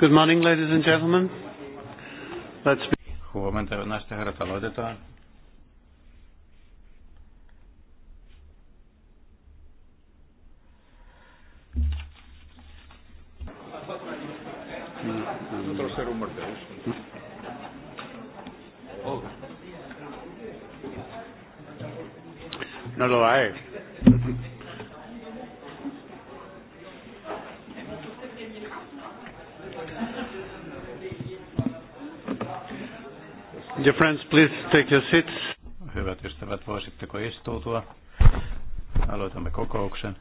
Good morning, ladies and gentlemen. Let's be... Huomenta, naiset herrat, aloitetaan. Take your seats. Hyvät ystävät, voisitteko istuutua? Aloitamme kokouksen.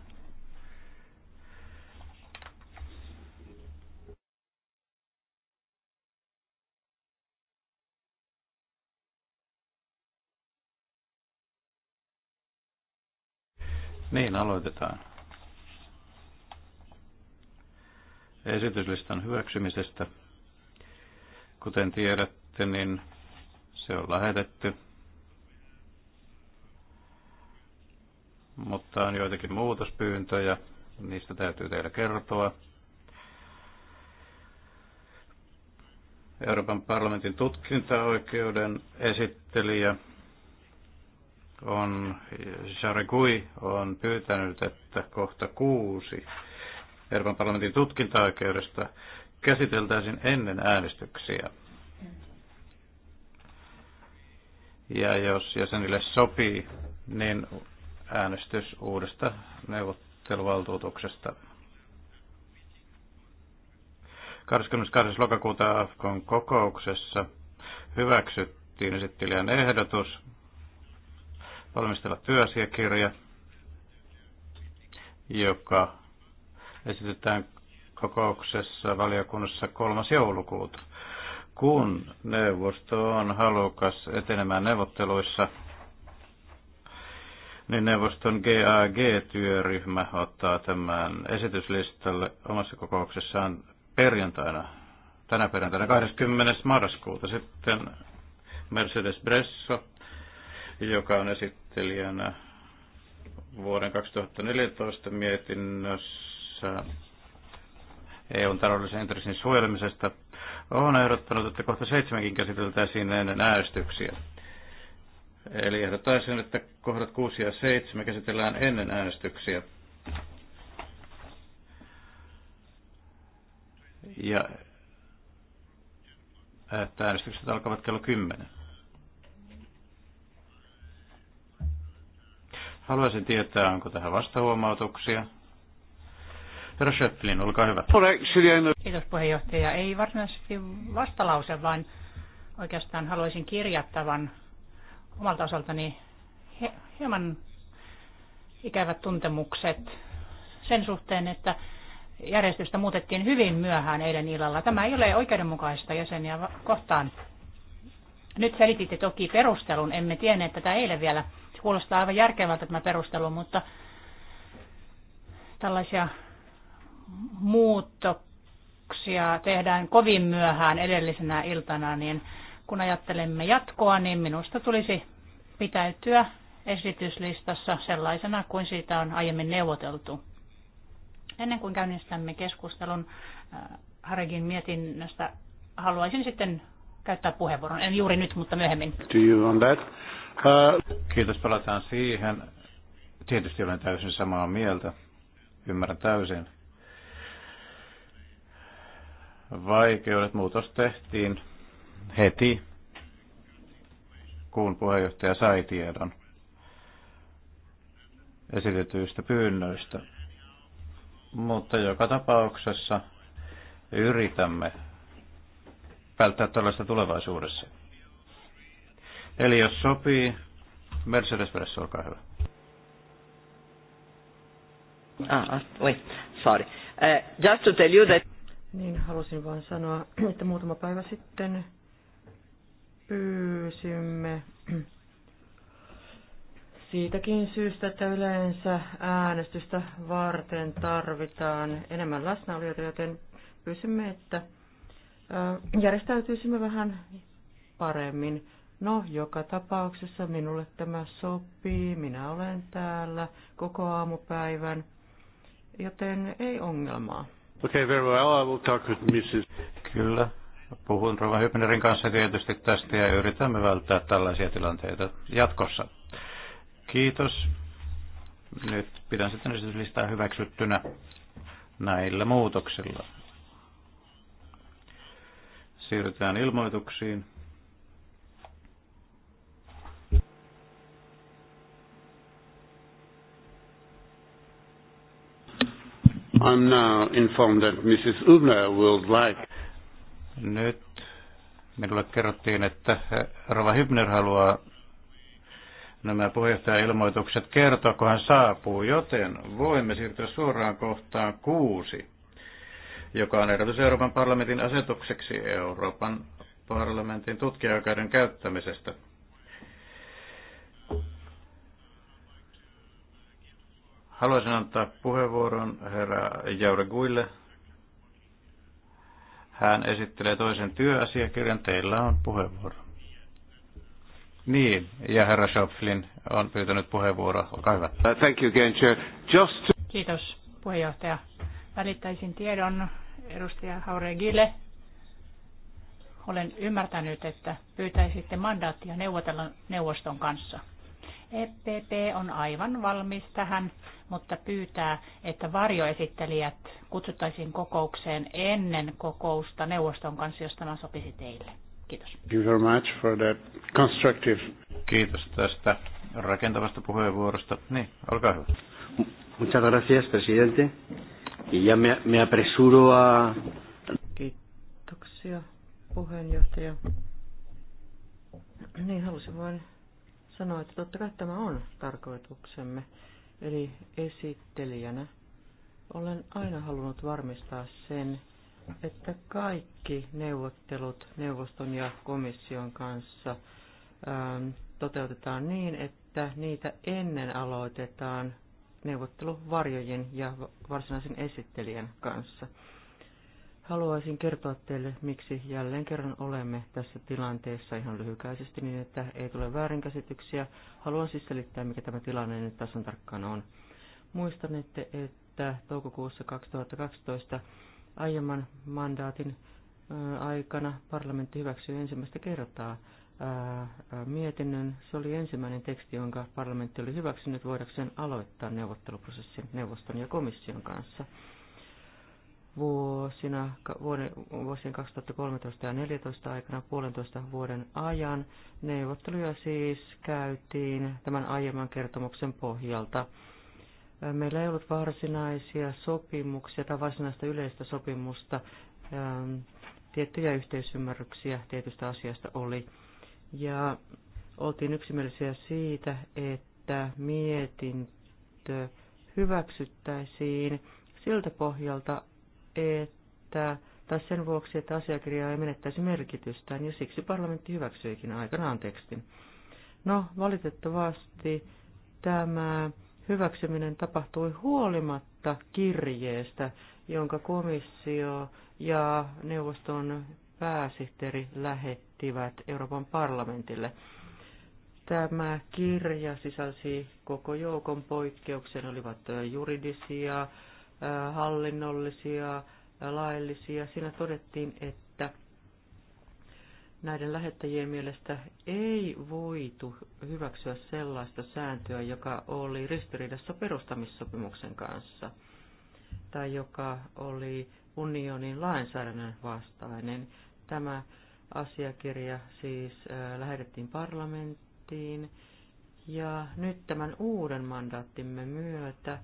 Niin, aloitetaan. Esityslistan hyväksymisestä. Kuten tiedätte, niin se on lähetetty. Mutta on joitakin muutospyyntöjä. Niistä täytyy teille kertoa. Euroopan parlamentin tutkintaoikeuden esittelijä on, Sharikui on pyytänyt, että kohta kuusi Euroopan parlamentin tutkintaoikeudesta käsiteltäisiin ennen äänestyksiä. Ja jos jäsenille sopii, niin äänestys uudesta neuvotteluvaltuutuksesta. 22. lokakuuta Afkon kokouksessa hyväksyttiin esittelijän ehdotus valmistella työasiakirja, joka esitetään kokouksessa valiokunnassa 3. joulukuuta kun neuvosto on halukas etenemään neuvotteluissa, niin neuvoston GAG-työryhmä ottaa tämän esityslistalle omassa kokouksessaan perjantaina, tänä perjantaina 20. marraskuuta. Sitten Mercedes Bresso, joka on esittelijänä vuoden 2014 mietinnössä EUn taloudellisen intressin suojelemisesta – on ehdottanut, että kohta seitsemänkin käsiteltäisiin ennen äänestyksiä. Eli ehdottaisin, että kohdat 6 ja 7 käsitellään ennen äänestyksiä. Ja että äänestykset alkavat kello 10. Haluaisin tietää, onko tähän vastahuomautuksia. Herra Schöpflin, olkaa hyvä. Kiitos puheenjohtaja. Ei varsinaisesti vastalause, vaan oikeastaan haluaisin kirjattavan omalta osaltani hieman ikävät tuntemukset sen suhteen, että järjestystä muutettiin hyvin myöhään eilen illalla. Tämä ei ole oikeudenmukaista jäseniä kohtaan. Nyt selititte toki perustelun, emme tienneet tätä eilen vielä. Se kuulostaa aivan järkevältä tämä perustelu, mutta tällaisia muutoksia tehdään kovin myöhään edellisenä iltana, niin kun ajattelemme jatkoa, niin minusta tulisi pitäytyä esityslistassa sellaisena kuin siitä on aiemmin neuvoteltu. Ennen kuin käynnistämme keskustelun äh, Harekin mietinnöstä, haluaisin sitten käyttää puheenvuoron. En juuri nyt, mutta myöhemmin. Uh, Kiitos, palataan siihen. Tietysti olen täysin samaa mieltä. Ymmärrän täysin vaikeudet. Muutos tehtiin heti, kun puheenjohtaja sai tiedon esitetyistä pyynnöistä. Mutta joka tapauksessa yritämme välttää tällaista tulevaisuudessa. Eli jos sopii, mercedes Press, olkaa hyvä. Ah, ah, wait, sorry. Uh, just to tell you that niin, halusin vain sanoa, että muutama päivä sitten pyysimme siitäkin syystä, että yleensä äänestystä varten tarvitaan enemmän läsnäolijoita, joten pyysimme, että järjestäytyisimme vähän paremmin. No, joka tapauksessa minulle tämä sopii. Minä olen täällä koko aamupäivän, joten ei ongelmaa. Okay, very well. I will talk with Mrs. Kyllä. Puhun Rova Hypnerin kanssa tietysti tästä ja yritämme välttää tällaisia tilanteita jatkossa. Kiitos. Nyt pidän sitten esityslistaa hyväksyttynä näillä muutoksilla. Siirrytään ilmoituksiin. I'm now informed that Mrs. Ubner would like... Nyt minulle kerrottiin, että eh, Rova Hybner haluaa nämä ilmoitukset kertoa, kun hän saapuu, joten voimme siirtyä suoraan kohtaan kuusi, joka on ehdotus Euroopan parlamentin asetukseksi Euroopan parlamentin tutkijakäyden käyttämisestä – Haluaisin antaa puheenvuoron herra Guille. Hän esittelee toisen työasiakirjan. Teillä on puheenvuoro. Niin, ja herra Schopflin on pyytänyt puheenvuoroa. Olkaa hyvä. Uh, thank you again, Chair. Just to... Kiitos, puheenjohtaja. Välittäisin tiedon edustaja Hauregille. Olen ymmärtänyt, että pyytäisitte mandaattia neuvotella neuvoston kanssa. EPP on aivan valmis tähän, mutta pyytää, että varjoesittelijät kutsuttaisiin kokoukseen ennen kokousta neuvoston kanssa, jos tämä sopisi teille. Kiitos. Thank you very much for that constructive. Kiitos tästä rakentavasta puheenvuorosta. Niin, olkaa hyvä. Muchas gracias, presidente. Y ya me, me apresuro a... Kiitoksia, puheenjohtaja. Niin, halusin vain sanoi, että totta kai tämä on tarkoituksemme. Eli esittelijänä olen aina halunnut varmistaa sen, että kaikki neuvottelut neuvoston ja komission kanssa ähm, toteutetaan niin, että niitä ennen aloitetaan neuvottelu ja varsinaisen esittelijän kanssa. Haluaisin kertoa teille, miksi jälleen kerran olemme tässä tilanteessa ihan lyhykäisesti niin, että ei tule väärinkäsityksiä. Haluan siis selittää, mikä tämä tilanne nyt tasan tarkkaan on. Muistanette, että toukokuussa 2012 aiemman mandaatin aikana parlamentti hyväksyi ensimmäistä kertaa mietinnön. Se oli ensimmäinen teksti, jonka parlamentti oli hyväksynyt voidakseen aloittaa neuvotteluprosessin neuvoston ja komission kanssa vuosina, vuosien 2013 ja 2014 aikana puolentoista vuoden ajan. Neuvotteluja siis käytiin tämän aiemman kertomuksen pohjalta. Meillä ei ollut varsinaisia sopimuksia tai varsinaista yleistä sopimusta. Tiettyjä yhteisymmärryksiä tietystä asiasta oli. Ja oltiin yksimielisiä siitä, että mietintö hyväksyttäisiin siltä pohjalta, että, tai sen vuoksi, että asiakirja ei menettäisi merkitystään, ja siksi parlamentti hyväksyikin aikanaan tekstin. No, valitettavasti tämä hyväksyminen tapahtui huolimatta kirjeestä, jonka komissio ja neuvoston pääsihteeri lähettivät Euroopan parlamentille. Tämä kirja sisälsi koko joukon poikkeuksen, olivat juridisia, hallinnollisia, laillisia. Siinä todettiin, että näiden lähettäjien mielestä ei voitu hyväksyä sellaista sääntöä, joka oli ristiriidassa perustamissopimuksen kanssa tai joka oli unionin lainsäädännön vastainen. Tämä asiakirja siis lähetettiin parlamenttiin ja nyt tämän uuden mandaattimme myötä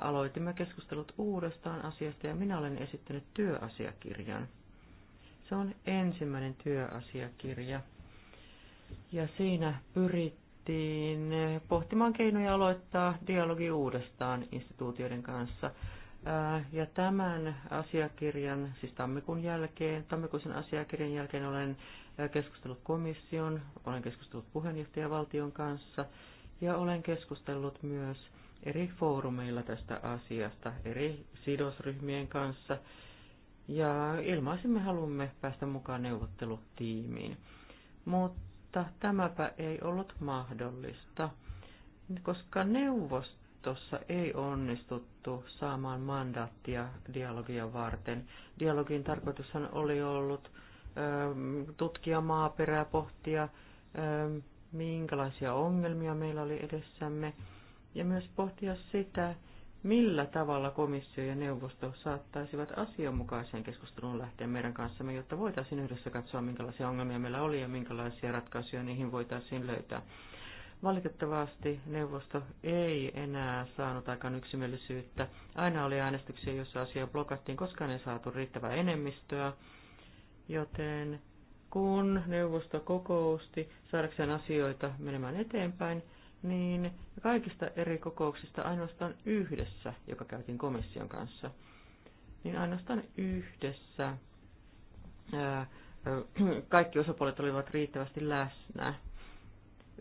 aloitimme keskustelut uudestaan asiasta ja minä olen esittänyt työasiakirjan. Se on ensimmäinen työasiakirja ja siinä pyrittiin pohtimaan keinoja aloittaa dialogi uudestaan instituutioiden kanssa. Ja tämän asiakirjan, siis tammikuun jälkeen, tammikuisen asiakirjan jälkeen olen keskustellut komission, olen keskustellut puheenjohtajavaltion kanssa ja olen keskustellut myös eri foorumeilla tästä asiasta eri sidosryhmien kanssa ja ilmaisimme haluamme päästä mukaan neuvottelutiimiin. Mutta tämäpä ei ollut mahdollista, koska neuvostossa ei onnistuttu saamaan mandaattia dialogia varten. Dialogin tarkoitushan oli ollut ähm, tutkia maaperää, pohtia, ähm, minkälaisia ongelmia meillä oli edessämme – ja myös pohtia sitä, millä tavalla komissio ja neuvosto saattaisivat asianmukaiseen keskusteluun lähteä meidän kanssamme, jotta voitaisiin yhdessä katsoa, minkälaisia ongelmia meillä oli ja minkälaisia ratkaisuja niihin voitaisiin löytää. Valitettavasti neuvosto ei enää saanut aikaan yksimielisyyttä. Aina oli äänestyksiä, joissa asia blokattiin, koska ei saatu riittävää enemmistöä, joten kun neuvosto kokousti saadakseen asioita menemään eteenpäin, niin kaikista eri kokouksista ainoastaan yhdessä, joka käytiin komission kanssa, niin ainoastaan yhdessä ää, kaikki osapuolet olivat riittävästi läsnä.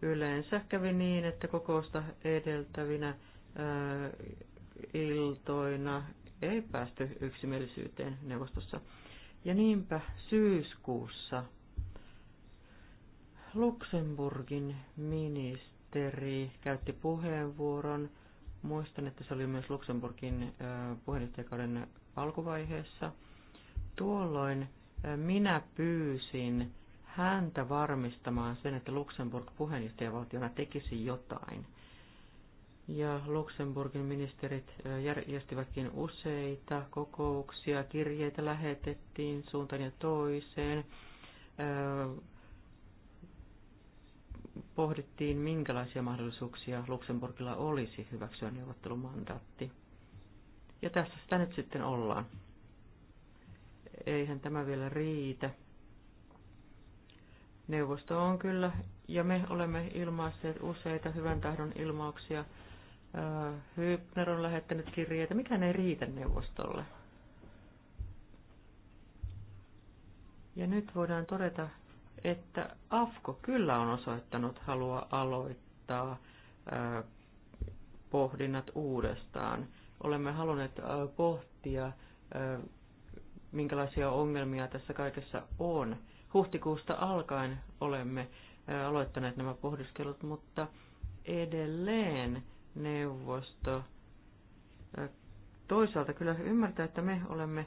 Yleensä kävi niin, että kokousta edeltävinä ää, iltoina ei päästy yksimielisyyteen neuvostossa. Ja niinpä syyskuussa Luxemburgin ministeri Walteri käytti puheenvuoron. Muistan, että se oli myös Luxemburgin puheenjohtajakauden alkuvaiheessa. Tuolloin minä pyysin häntä varmistamaan sen, että Luxemburg puheenjohtajavaltiona tekisi jotain. Ja Luxemburgin ministerit järjestivätkin useita kokouksia, kirjeitä lähetettiin suuntaan ja toiseen pohdittiin, minkälaisia mahdollisuuksia Luxemburgilla olisi hyväksyä neuvottelumandaatti. Ja tässä sitä nyt sitten ollaan. Eihän tämä vielä riitä. Neuvosto on kyllä, ja me olemme ilmaisseet useita hyvän tahdon ilmauksia. Hyypner on lähettänyt kirjeitä. Mikään ei riitä neuvostolle. Ja nyt voidaan todeta että AFKO kyllä on osoittanut halua aloittaa pohdinnat uudestaan. Olemme halunneet pohtia, minkälaisia ongelmia tässä kaikessa on. Huhtikuusta alkaen olemme aloittaneet nämä pohdiskelut, mutta edelleen neuvosto toisaalta kyllä ymmärtää, että me olemme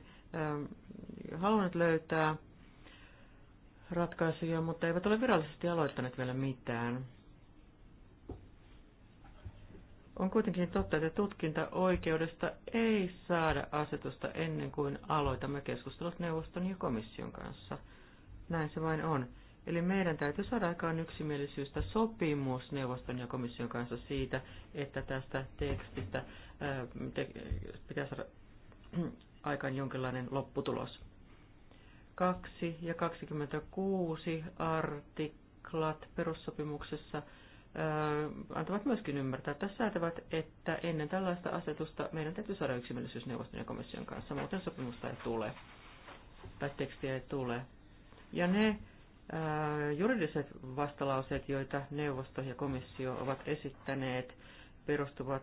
halunneet löytää ratkaisuja, mutta eivät ole virallisesti aloittaneet vielä mitään. On kuitenkin totta, että tutkintaoikeudesta ei saada asetusta ennen kuin aloitamme keskustelut neuvoston ja komission kanssa. Näin se vain on. Eli meidän täytyy saada aikaan yksimielisyystä sopimus neuvoston ja komission kanssa siitä, että tästä tekstistä ää, äh, te, pitää saada aikaan jonkinlainen lopputulos. 22 ja 26 artiklat perussopimuksessa äh, antavat myöskin ymmärtää, että säätävät, että ennen tällaista asetusta meidän täytyy saada yksimielisyys neuvoston ja komission kanssa, muuten sopimusta ei tule tai tekstiä ei tule. Ja ne ää, äh, juridiset vastalauseet, joita neuvosto ja komissio ovat esittäneet, perustuvat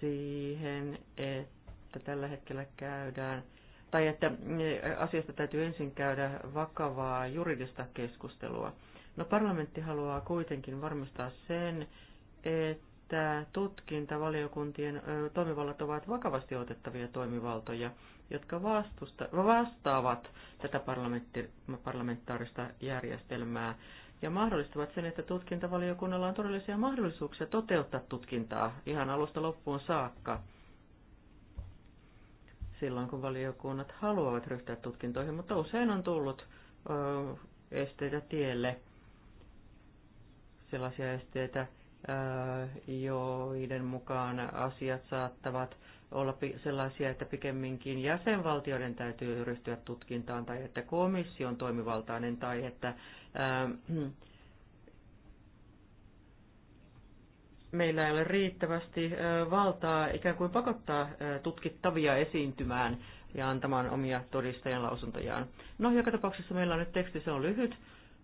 siihen, että tällä hetkellä käydään tai että mm, asiasta täytyy ensin käydä vakavaa juridista keskustelua. No parlamentti haluaa kuitenkin varmistaa sen, että tutkintavaliokuntien toimivallat ovat vakavasti otettavia toimivaltoja, jotka vastusta, vastaavat tätä parlamentaarista järjestelmää ja mahdollistavat sen, että tutkintavaliokunnalla on todellisia mahdollisuuksia toteuttaa tutkintaa ihan alusta loppuun saakka silloin, kun valiokunnat haluavat ryhtyä tutkintoihin, mutta usein on tullut ö, esteitä tielle, sellaisia esteitä, ö, joiden mukaan asiat saattavat olla sellaisia, että pikemminkin jäsenvaltioiden täytyy ryhtyä tutkintaan tai että komissio on toimivaltainen tai että ö, meillä ei ole riittävästi valtaa ikään kuin pakottaa tutkittavia esiintymään ja antamaan omia todistajan lausuntojaan. No, joka tapauksessa meillä on nyt teksti, se on lyhyt,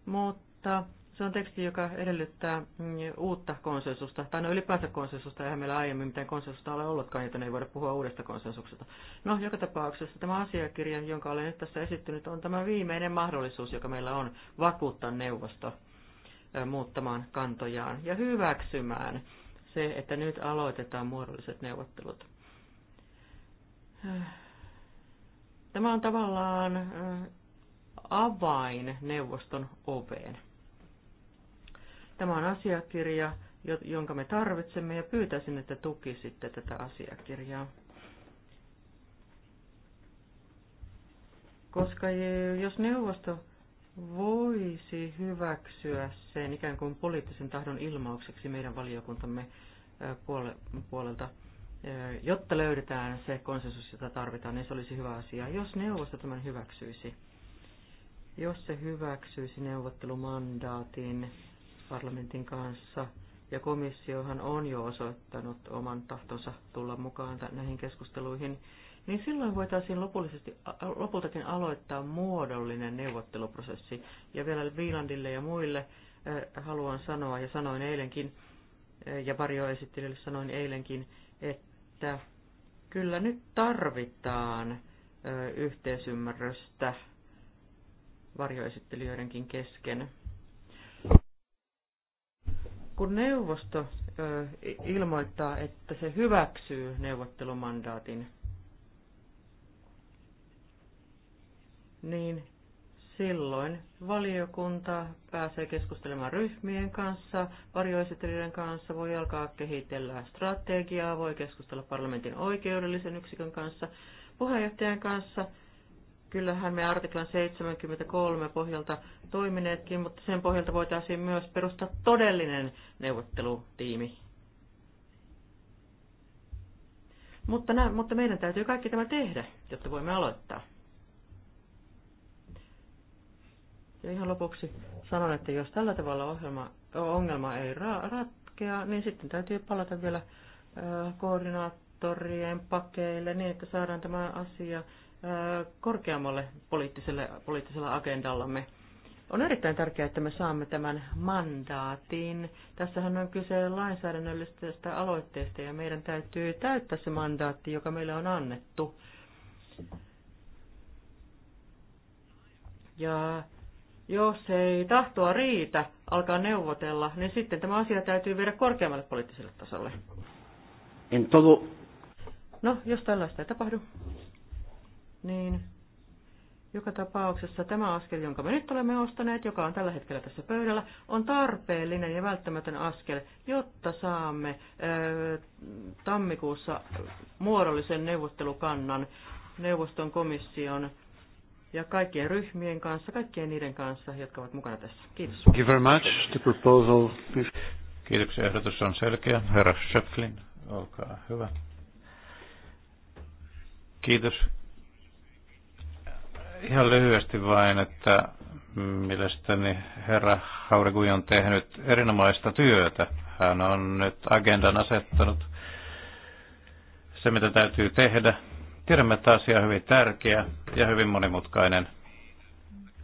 mutta se on teksti, joka edellyttää mm, uutta konsensusta, tai no ylipäänsä konsensusta, eihän meillä aiemmin mitään konsensusta ole ollutkaan, joten ei voida puhua uudesta konsensuksesta. No, joka tapauksessa tämä asiakirja, jonka olen nyt tässä esittynyt, on tämä viimeinen mahdollisuus, joka meillä on vakuuttaa neuvosto muuttamaan kantojaan ja hyväksymään se, että nyt aloitetaan muodolliset neuvottelut. Tämä on tavallaan avain neuvoston oveen. Tämä on asiakirja, jonka me tarvitsemme ja pyytäisin, että tukisitte tätä asiakirjaa. Koska e, jos neuvosto voisi hyväksyä sen ikään kuin poliittisen tahdon ilmaukseksi meidän valiokuntamme puolelta, jotta löydetään se konsensus, jota tarvitaan, niin se olisi hyvä asia. Jos neuvosto tämän hyväksyisi, jos se hyväksyisi neuvottelumandaatin parlamentin kanssa, ja komissiohan on jo osoittanut oman tahtonsa tulla mukaan näihin keskusteluihin, niin silloin voitaisiin lopullisesti, lopultakin aloittaa muodollinen neuvotteluprosessi. Ja vielä Viilandille ja muille eh, haluan sanoa, ja sanoin eilenkin, eh, ja esittelylle sanoin eilenkin, että kyllä nyt tarvitaan eh, yhteisymmärrystä varjoesittelijöidenkin kesken. Kun neuvosto ilmoittaa, että se hyväksyy neuvottelumandaatin, niin silloin valiokunta pääsee keskustelemaan ryhmien kanssa, varjoesittelijöiden kanssa, voi alkaa kehitellä strategiaa, voi keskustella parlamentin oikeudellisen yksikön kanssa, puheenjohtajan kanssa. Kyllähän me artiklan 73 pohjalta toimineetkin, mutta sen pohjalta voitaisiin myös perustaa todellinen neuvottelutiimi. Mutta, nämä, mutta meidän täytyy kaikki tämä tehdä, jotta voimme aloittaa. Ja ihan lopuksi sanon, että jos tällä tavalla ohjelma, ongelma ei ra- ratkea, niin sitten täytyy palata vielä koordinaattorien pakeille niin, että saadaan tämä asia korkeammalle poliittiselle, poliittisella agendallamme. On erittäin tärkeää, että me saamme tämän mandaatin. Tässähän on kyse lainsäädännöllisestä aloitteesta ja meidän täytyy täyttää se mandaatti, joka meille on annettu. Ja jos ei tahtoa riitä alkaa neuvotella, niin sitten tämä asia täytyy viedä korkeammalle poliittiselle tasolle. En todo. No, jos tällaista ei tapahdu, niin joka tapauksessa tämä askel, jonka me nyt olemme ostaneet, joka on tällä hetkellä tässä pöydällä, on tarpeellinen ja välttämätön askel, jotta saamme ö, tammikuussa muodollisen neuvottelukannan neuvoston komission ja kaikkien ryhmien kanssa, kaikkien niiden kanssa, jotka ovat mukana tässä. Kiitos. Thank you very much. The proposal is... Kiitoksia. Ehdotus on selkeä. Herra Schöpflin, olkaa hyvä. Kiitos. Ihan lyhyesti vain, että mielestäni herra Hauregui on tehnyt erinomaista työtä. Hän on nyt agendan asettanut se, mitä täytyy tehdä Tiedämme, että asia on hyvin tärkeä ja hyvin monimutkainen.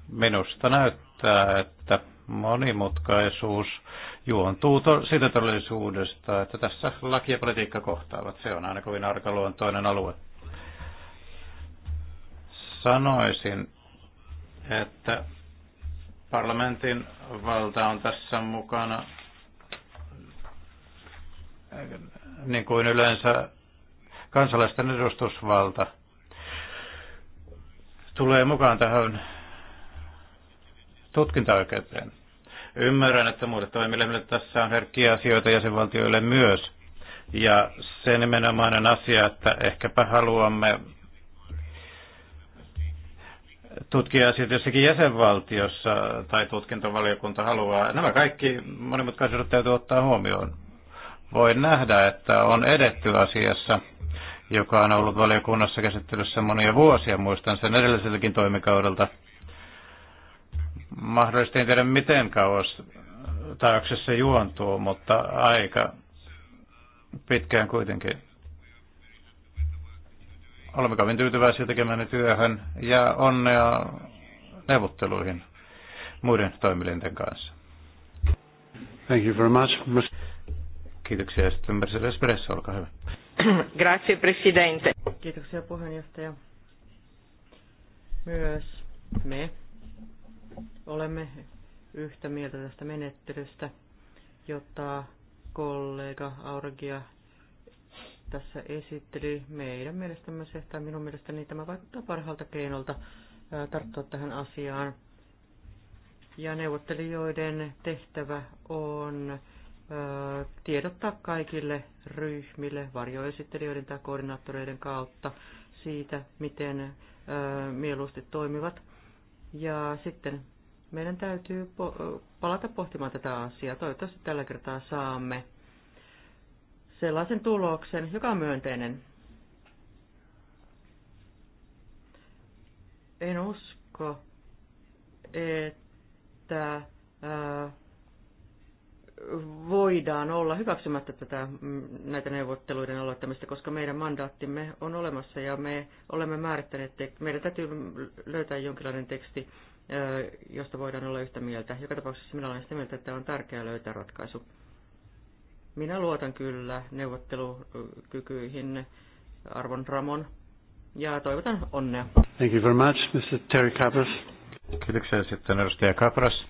Minusta näyttää, että monimutkaisuus juontuu to- siitä todellisuudesta, että tässä laki ja politiikka kohtaavat. Se on aina kovin arkaluontoinen alue. Sanoisin, että parlamentin valta on tässä mukana niin kuin yleensä kansalaisten edustusvalta tulee mukaan tähän tutkintaoikeuteen. Ymmärrän, että muille toimille tässä on herkkiä asioita jäsenvaltioille myös. Ja se nimenomainen asia, että ehkäpä haluamme tutkia asiat jossakin jäsenvaltiossa tai tutkintovaliokunta haluaa. Nämä kaikki monimutkaisuudet täytyy ottaa huomioon. Voi nähdä, että on edetty asiassa – joka on ollut valiokunnassa käsittelyssä monia vuosia, muistan sen edelliseltäkin toimikaudelta. Mahdollisesti en tiedä miten kauas taakse se juontuu, mutta aika pitkään kuitenkin. Olemme kovin tyytyväisiä tekemään työhön ja onnea neuvotteluihin muiden toimilinten kanssa. Thank you very much. Kiitoksia. Sitten Mercedes Press, olkaa hyvä. Grazie Presidente. Kiitoksia puheenjohtaja. Myös me olemme yhtä mieltä tästä menettelystä, jota kollega Aurgia tässä esitteli. Meidän mielestämme se, tai minun mielestäni tämä vaikuttaa parhaalta keinolta tarttua tähän asiaan. Ja neuvottelijoiden tehtävä on tiedottaa kaikille ryhmille varjoesittelijöiden tai koordinaattoreiden kautta siitä, miten mieluusti toimivat. Ja sitten meidän täytyy palata pohtimaan tätä asiaa. Toivottavasti tällä kertaa saamme sellaisen tuloksen, joka on myönteinen. En usko, että voidaan olla hyväksymättä tätä, mm, näitä neuvotteluiden aloittamista, koska meidän mandaattimme on olemassa ja me olemme määrittäneet, meidän täytyy löytää jonkinlainen teksti, josta voidaan olla yhtä mieltä. Joka tapauksessa minä olen sitä mieltä, että on tärkeää löytää ratkaisu. Minä luotan kyllä neuvottelukykyihin arvon Ramon ja toivotan onnea. Thank you very much, Mr. Terry Capras. Kiitoksia sitten edustaja Kapras.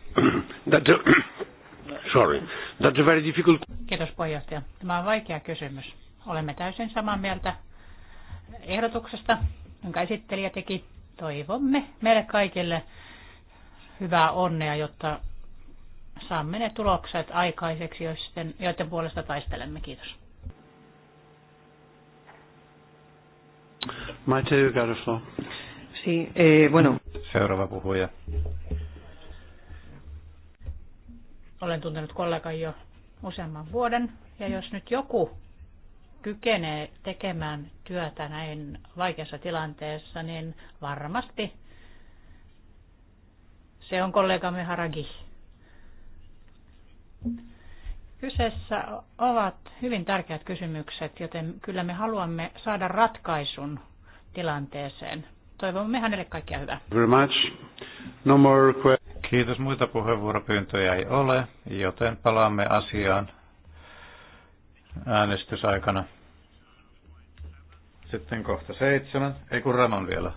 Sorry. That's a very difficult... Kiitos puheenjohtaja. Tämä on vaikea kysymys. Olemme täysin samaa mieltä ehdotuksesta, jonka esittelijä teki. Toivomme meille kaikille hyvää onnea, jotta saamme ne tulokset aikaiseksi, joiden puolesta taistelemme. Kiitos. Sí, eh, bueno. Seuraava puhuja. Olen tuntenut kollegan jo useamman vuoden, ja jos nyt joku kykenee tekemään työtä näin vaikeassa tilanteessa, niin varmasti se on kollegamme Haragi. Kyseessä ovat hyvin tärkeät kysymykset, joten kyllä me haluamme saada ratkaisun tilanteeseen. Toivomme hänelle kaikkea hyvää. Very much. No more Kiitos. Muita puheenvuoropyyntöjä ei ole, joten palaamme asiaan äänestysaikana. Sitten kohta seitsemän. Ei kun Ramon vielä.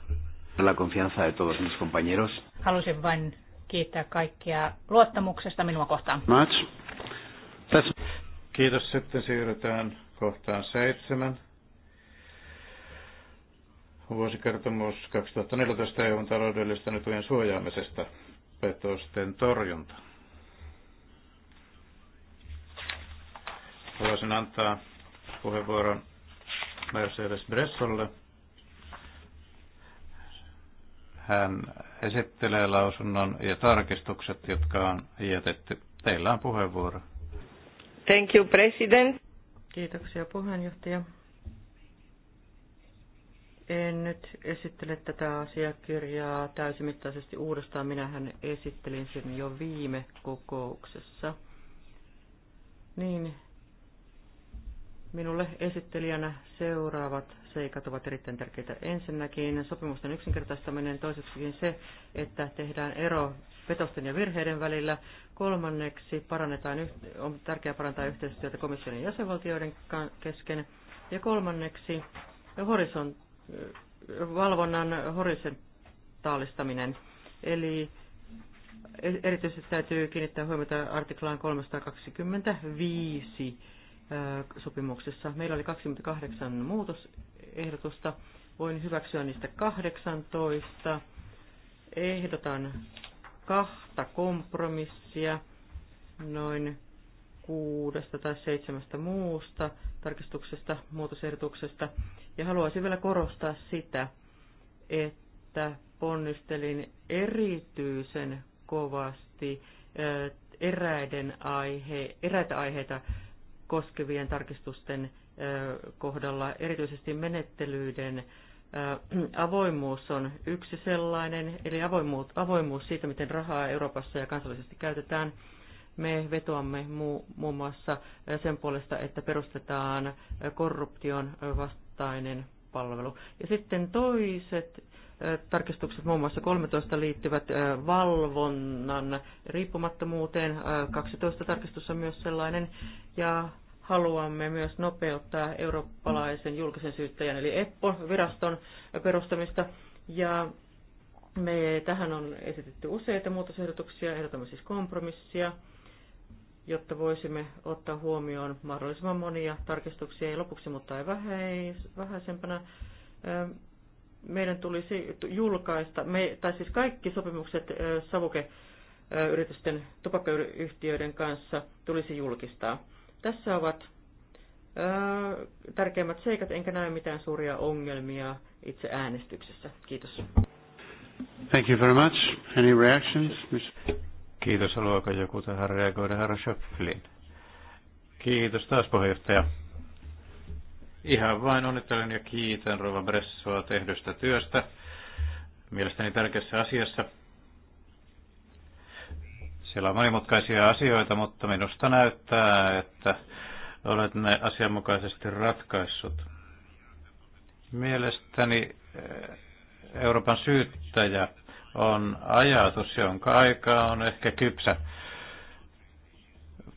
La confianza de todos mis compañeros. Halusin vain kiittää kaikkia luottamuksesta minua kohtaan. Much. Kiitos. Sitten siirrytään kohtaan seitsemän. Vuosikertomus 2014 eu taloudellisten etujen suojaamisesta petosten torjunta. Haluaisin antaa puheenvuoron Mercedes Bressolle. Hän esittelee lausunnon ja tarkistukset, jotka on jätetty. Teillä on puheenvuoro. Thank you, President. Kiitoksia puheenjohtaja. En nyt esittele tätä asiakirjaa täysimittaisesti uudestaan. Minähän esittelin sen jo viime kokouksessa. Niin, Minulle esittelijänä seuraavat seikat ovat erittäin tärkeitä. Ensinnäkin sopimusten yksinkertaistaminen, toiseksikin se, että tehdään ero petosten ja virheiden välillä. Kolmanneksi parannetaan, on tärkeää parantaa yhteistyötä komission ja jäsenvaltioiden kesken. Ja kolmanneksi horisont, valvonnan horisontaalistaminen. Eli erityisesti täytyy kiinnittää huomiota artiklaan 325 äh, sopimuksessa. Meillä oli 28 muutosehdotusta. Voin hyväksyä niistä 18. Ehdotan kahta kompromissia noin kuudesta tai seitsemästä muusta tarkistuksesta, muutosehdotuksesta. Ja haluaisin vielä korostaa sitä, että ponnistelin erityisen kovasti eräiden aihe, eräitä aiheita koskevien tarkistusten kohdalla, erityisesti menettelyiden avoimuus on yksi sellainen, eli avoimuus, avoimuus siitä, miten rahaa Euroopassa ja kansallisesti käytetään. Me vetoamme muun muassa sen puolesta, että perustetaan korruption vasta kohtainen palvelu. Ja sitten toiset tarkistukset, muun muassa 13 liittyvät valvonnan riippumattomuuteen, 12 tarkistus on myös sellainen, ja haluamme myös nopeuttaa eurooppalaisen julkisen syyttäjän eli EPPO-viraston perustamista, ja me tähän on esitetty useita muutosehdotuksia, ehdotamme siis kompromissia jotta voisimme ottaa huomioon mahdollisimman monia tarkistuksia ja lopuksi, mutta ei vähäisempänä. Ähm, meidän tulisi julkaista, me, tai siis kaikki sopimukset äh, savukeyritysten, äh, tupakkayhtiöiden kanssa tulisi julkistaa. Tässä ovat äh, tärkeimmät seikat, enkä näe mitään suuria ongelmia itse äänestyksessä. Kiitos. Thank you very much. Any reactions? Kiitos. Haluaako joku tähän reagoida, herra Schöpflin? Kiitos taas puheenjohtaja. Ihan vain onnittelen ja kiitän Rova Bressoa tehdystä työstä. Mielestäni tärkeässä asiassa. Siellä on monimutkaisia asioita, mutta minusta näyttää, että olet ne asianmukaisesti ratkaissut. Mielestäni eh, Euroopan syyttäjä on ajatus, jonka aika on ehkä kypsä.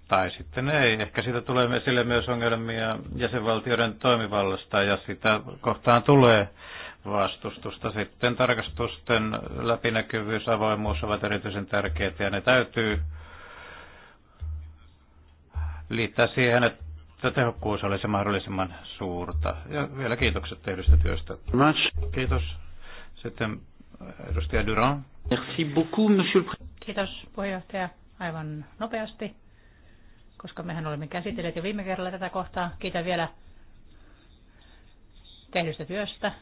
Tai sitten ei. Ehkä siitä tulee esille myös ongelmia jäsenvaltioiden toimivallasta ja sitä kohtaan tulee vastustusta. Sitten tarkastusten läpinäkyvyys, avoimuus ovat erityisen tärkeitä ja ne täytyy liittää siihen, että tehokkuus olisi mahdollisimman suurta. Ja vielä kiitokset tehdystä työstä. Kiitos. Sitten Edustaja Duran. Merci beaucoup, monsieur le Kiitos puheenjohtaja. Aivan nopeasti, koska mehän olemme käsitelleet jo viime kerralla tätä kohtaa. Kiitän vielä tehdystä työstä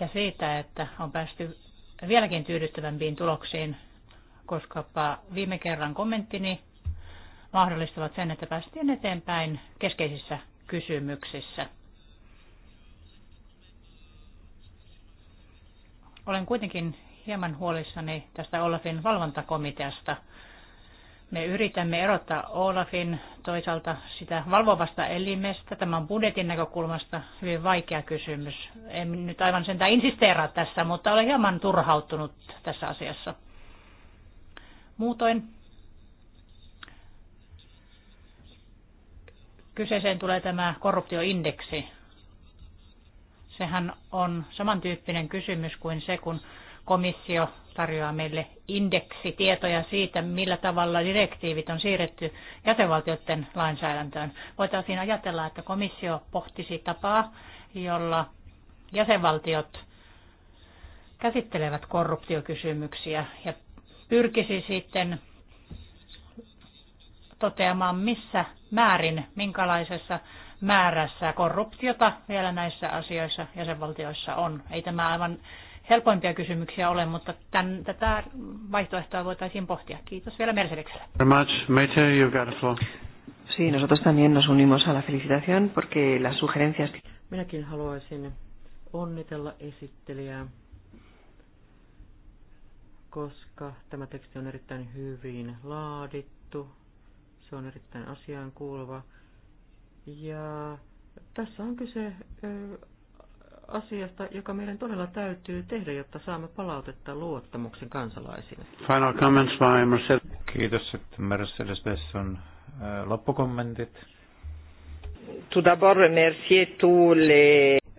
ja siitä, että on päästy vieläkin tyydyttävämpiin tuloksiin, koska viime kerran kommenttini mahdollistavat sen, että päästiin eteenpäin keskeisissä kysymyksissä. Olen kuitenkin hieman huolissani tästä Olafin valvontakomiteasta. Me yritämme erottaa Olafin toisaalta sitä valvovasta elimestä. Tämä on budjetin näkökulmasta hyvin vaikea kysymys. En nyt aivan sentään insisteeraa tässä, mutta olen hieman turhautunut tässä asiassa. Muutoin kyseeseen tulee tämä korruptioindeksi. Sehän on samantyyppinen kysymys kuin se, kun komissio tarjoaa meille indeksitietoja siitä, millä tavalla direktiivit on siirretty jäsenvaltioiden lainsäädäntöön. Voitaisiin ajatella, että komissio pohtisi tapaa, jolla jäsenvaltiot käsittelevät korruptiokysymyksiä ja pyrkisi sitten toteamaan, missä määrin, minkälaisessa määrässä korruptiota vielä näissä asioissa jäsenvaltioissa on. Ei tämä aivan helpoimpia kysymyksiä ole, mutta tämän, tätä vaihtoehtoa voitaisiin pohtia. Kiitos vielä Mercedekselle. Sí, nosotros también nos unimos a la felicitación porque las sugerencias... Minäkin haluaisin onnitella esittelijää, koska tämä teksti on erittäin hyvin laadittu. Se on erittäin asiaan kuuluva ja tässä on kyse asiasta, joka meidän todella täytyy tehdä, jotta saamme palautetta luottamuksen kansalaisille. Final comments by Mercedes. Kiitos, että Mercedes Besson loppukommentit. Tout d'abord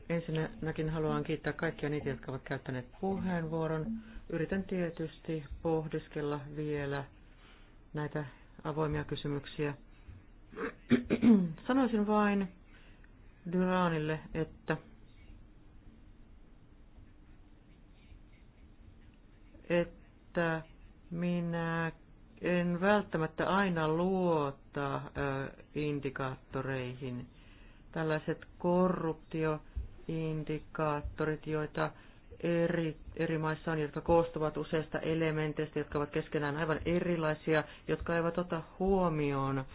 Ensinnäkin haluan kiittää kaikkia niitä, jotka ovat käyttäneet puheenvuoron. Yritän tietysti pohdiskella vielä näitä avoimia kysymyksiä Sanoisin vain Duranille, että että minä en välttämättä aina luota ö, indikaattoreihin. Tällaiset korruptioindikaattorit, joita eri, eri maissa on, jotka koostuvat useista elementeistä, jotka ovat keskenään aivan erilaisia, jotka eivät ota huomioon,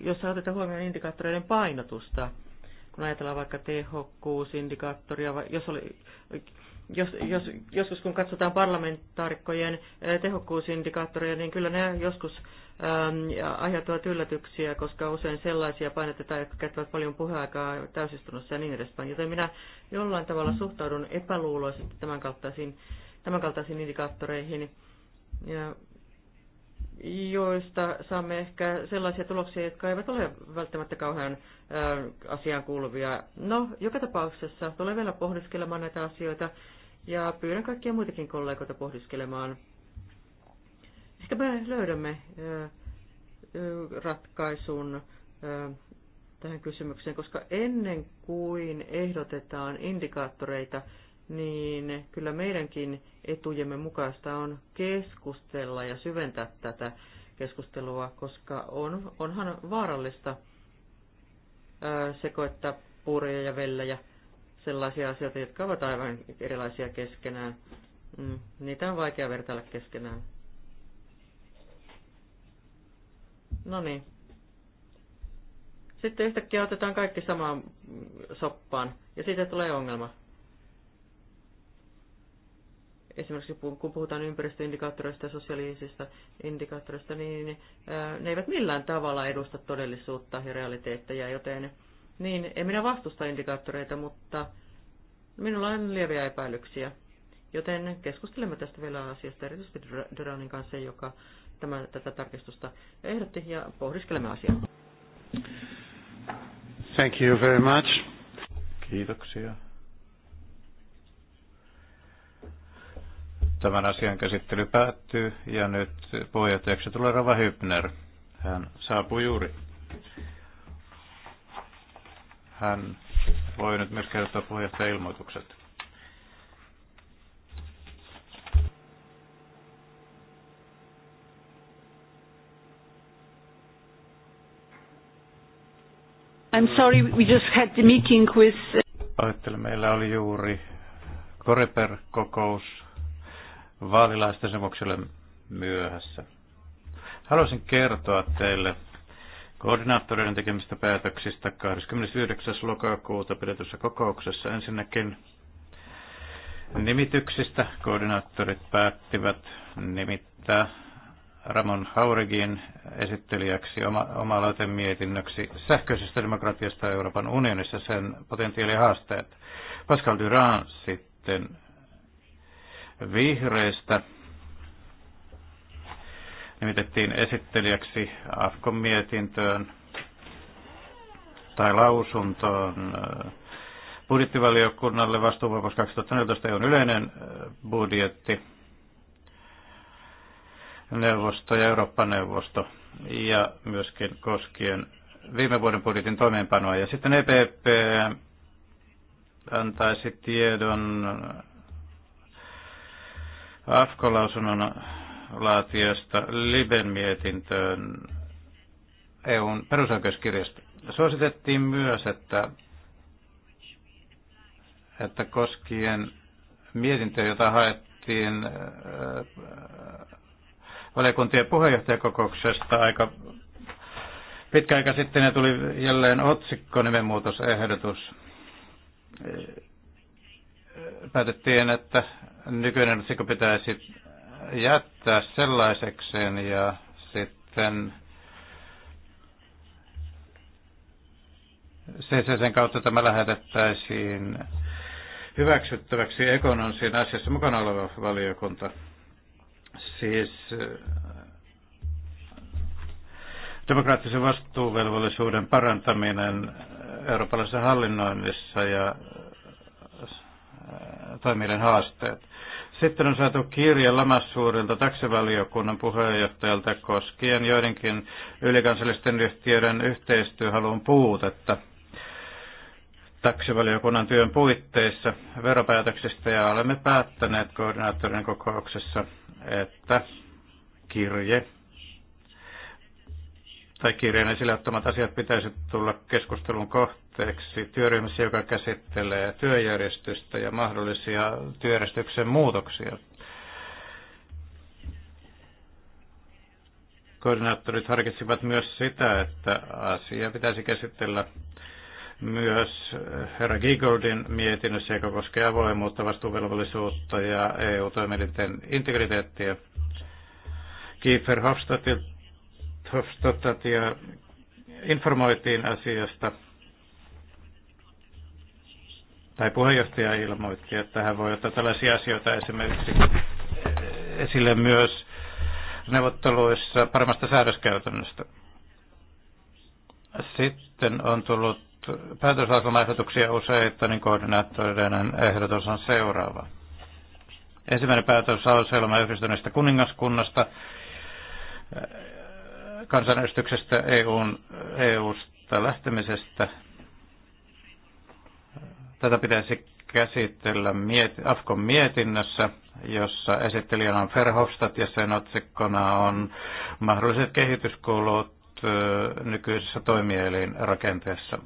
jos otetaan huomioon indikaattoreiden painotusta, kun ajatellaan vaikka tehokkuusindikaattoria, jos, oli, jos, jos, joskus kun katsotaan parlamentaarikkojen tehokkuusindikaattoria, niin kyllä ne joskus Ähm, ja aiheuttavat yllätyksiä, koska usein sellaisia painotetaan, jotka käyttävät paljon puheaikaa täysistunnossa ja niin edespäin. Joten minä jollain tavalla suhtaudun epäluuloisesti tämänkaltaisiin, kaltaisiin indikaattoreihin, ja joista saamme ehkä sellaisia tuloksia, jotka eivät ole välttämättä kauhean äh, asiaan kuuluvia. No, joka tapauksessa tulee vielä pohdiskelemaan näitä asioita, ja pyydän kaikkia muitakin kollegoita pohdiskelemaan sitten me löydämme ratkaisun tähän kysymykseen, koska ennen kuin ehdotetaan indikaattoreita, niin kyllä meidänkin etujemme mukaista on keskustella ja syventää tätä keskustelua, koska on, onhan vaarallista sekoittaa puureja ja vellejä, sellaisia asioita, jotka ovat aivan erilaisia keskenään. Mm, niitä on vaikea vertailla keskenään. No niin. Sitten yhtäkkiä otetaan kaikki samaan soppaan ja siitä tulee ongelma. Esimerkiksi kun puhutaan ympäristöindikaattoreista ja sosiaalisista indikaattoreista, niin ne eivät millään tavalla edusta todellisuutta ja realiteetteja, joten niin, en minä vastusta indikaattoreita, mutta minulla on lieviä epäilyksiä. Joten keskustelemme tästä vielä asiasta erityisesti Dronin kanssa, joka tämän, tätä tarkistusta ehdotti ja pohdiskelemme asiaa. Thank you very much. Kiitoksia. Tämän asian käsittely päättyy ja nyt puheenjohtajaksi tulee Rava Hypner. Hän saapuu juuri. Hän voi nyt myös kertoa puheenjohtajan ilmoitukset. I'm sorry, we just had the meeting with... Uh, meillä oli juuri Koreper-kokous vaalilaisten sen myöhässä. Haluaisin kertoa teille koordinaattoreiden tekemistä päätöksistä 29. lokakuuta pidetyssä kokouksessa. Ensinnäkin nimityksistä koordinaattorit päättivät nimittää Ramon Hauregin esittelijäksi oma, oma mietinnöksi sähköisestä demokratiasta Euroopan unionissa sen potentiaalihaasteet. Pascal Durand sitten vihreistä nimitettiin esittelijäksi Afkon mietintöön tai lausuntoon äh, budjettivaliokunnalle vastuuvuokos 2014 on yleinen äh, budjetti neuvosto ja Eurooppa-neuvosto ja myöskin koskien viime vuoden budjetin toimeenpanoa. Ja sitten EPP antaisi tiedon afko lausunnon laatiosta Liben mietintöön EUn perusoikeuskirjasta. Suositettiin myös, että, että koskien mietintöä, jota haettiin valiokuntien puheenjohtajakokouksesta aika pitkä aika sitten ja tuli jälleen otsikko nimenmuutosehdotus. Päätettiin, että nykyinen otsikko pitäisi jättää sellaisekseen ja sitten sen kautta tämä lähetettäisiin hyväksyttäväksi Ekonon siinä asiassa mukana oleva valiokunta Siis äh, demokraattisen vastuuvelvollisuuden parantaminen eurooppalaisessa hallinnoinnissa ja äh, toimijoiden haasteet. Sitten on saatu kirje Lamassuurilta taksivaliokunnan puheenjohtajalta koskien joidenkin ylikansallisten yhtiöiden yhteistyöhalun puutetta taksivaliokunnan työn puitteissa veropäätöksistä ja olemme päättäneet koordinaattorin kokouksessa että kirje tai kirjeen esille ottamat asiat pitäisi tulla keskustelun kohteeksi työryhmässä, joka käsittelee työjärjestystä ja mahdollisia työjärjestyksen muutoksia. Koordinaattorit harkitsivat myös sitä, että asia pitäisi käsitellä myös eh, herra Gigoldin mietinnössä, joka koskee avoimuutta, vastuuvelvollisuutta ja EU-toimielinten integriteettiä. Kiefer Hofstadtia informoitiin asiasta, tai puheenjohtaja ilmoitti, että hän voi ottaa tällaisia asioita esimerkiksi eh, esille myös neuvotteluissa paremmasta säädöskäytännöstä. Sitten on tullut päätöslauselmaehdotuksia useita, niin koordinaattoreiden ehdotus on seuraava. Ensimmäinen päätöslauselma yhdistyneestä kuningaskunnasta, äh, kansanäänestyksestä EUn, EUsta lähtemisestä. Tätä pitäisi käsitellä mieti, Afkon mietinnössä, jossa esittelijänä on Verhofstadt ja sen otsikkona on mahdolliset kehityskulut äh, nykyisessä toimielin rakenteessa.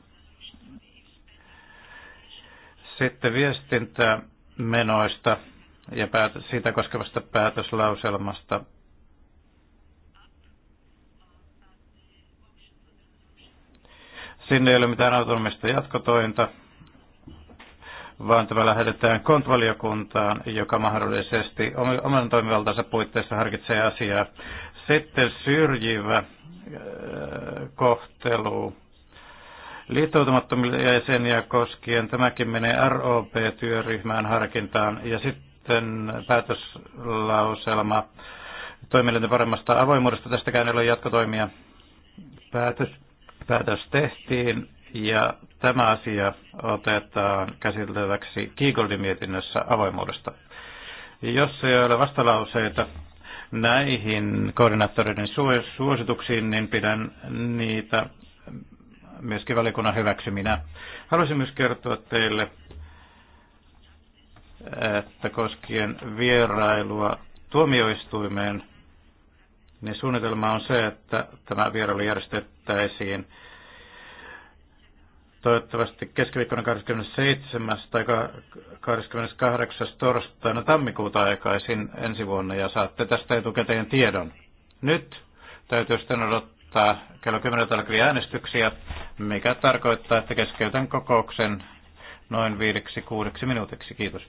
Sitten viestintämenoista ja päät- siitä koskevasta päätöslauselmasta. Sinne ei ole mitään autonomista jatkotointa, vaan tämä lähetetään kontvaliokuntaan, joka mahdollisesti oman toimivaltansa puitteissa harkitsee asiaa. Sitten syrjivä äh, kohtelu liittoutumattomia jäseniä koskien. Tämäkin menee ROP-työryhmään harkintaan ja sitten päätöslauselma toimielinten paremmasta avoimuudesta. Tästäkään ei ole jatkotoimia. Päätös, päätös tehtiin ja tämä asia otetaan käsiteltäväksi Kiikoldin mietinnössä avoimuudesta. Jos ei ole vastalauseita näihin koordinaattoreiden suosituksiin, niin pidän niitä myöskin valikunnan hyväksyminä. Haluaisin myös kertoa teille, että koskien vierailua tuomioistuimeen, niin suunnitelma on se, että tämä vierailu järjestettäisiin toivottavasti keskiviikkona 27. tai 28. torstaina tammikuuta aikaisin ensi vuonna ja saatte tästä etukäteen tiedon. Nyt täytyy sitten odottaa aloittaa kello 10 alkavia äänestyksiä, mikä tarkoittaa, että keskeytän kokouksen noin 5-6 minuutiksi. Kiitos.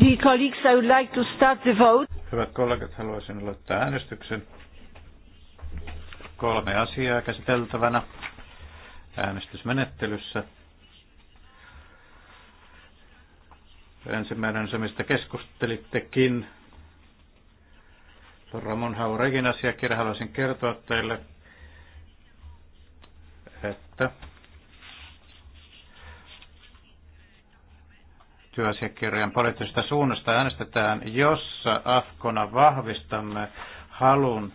Dear colleagues, I would like to start the vote. Hyvät kollegat, haluaisin aloittaa äänestyksen. Kolme asiaa käsiteltävänä äänestysmenettelyssä. Ensimmäinen se, mistä keskustelittekin. Ramon Hauregin asiakirja haluaisin kertoa teille, että yhteistyöasiakirjan poliittisesta suunnasta äänestetään, jossa Afkona vahvistamme halun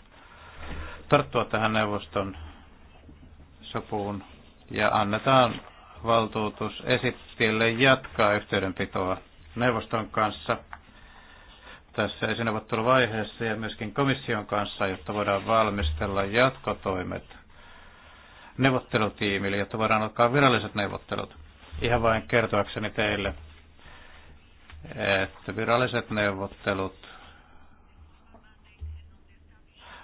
tarttua tähän neuvoston sopuun ja annetaan valtuutus esittille jatkaa yhteydenpitoa neuvoston kanssa tässä esineuvotteluvaiheessa ja myöskin komission kanssa, jotta voidaan valmistella jatkotoimet neuvottelutiimille, jotta voidaan alkaa viralliset neuvottelut. Ihan vain kertoakseni teille että viralliset neuvottelut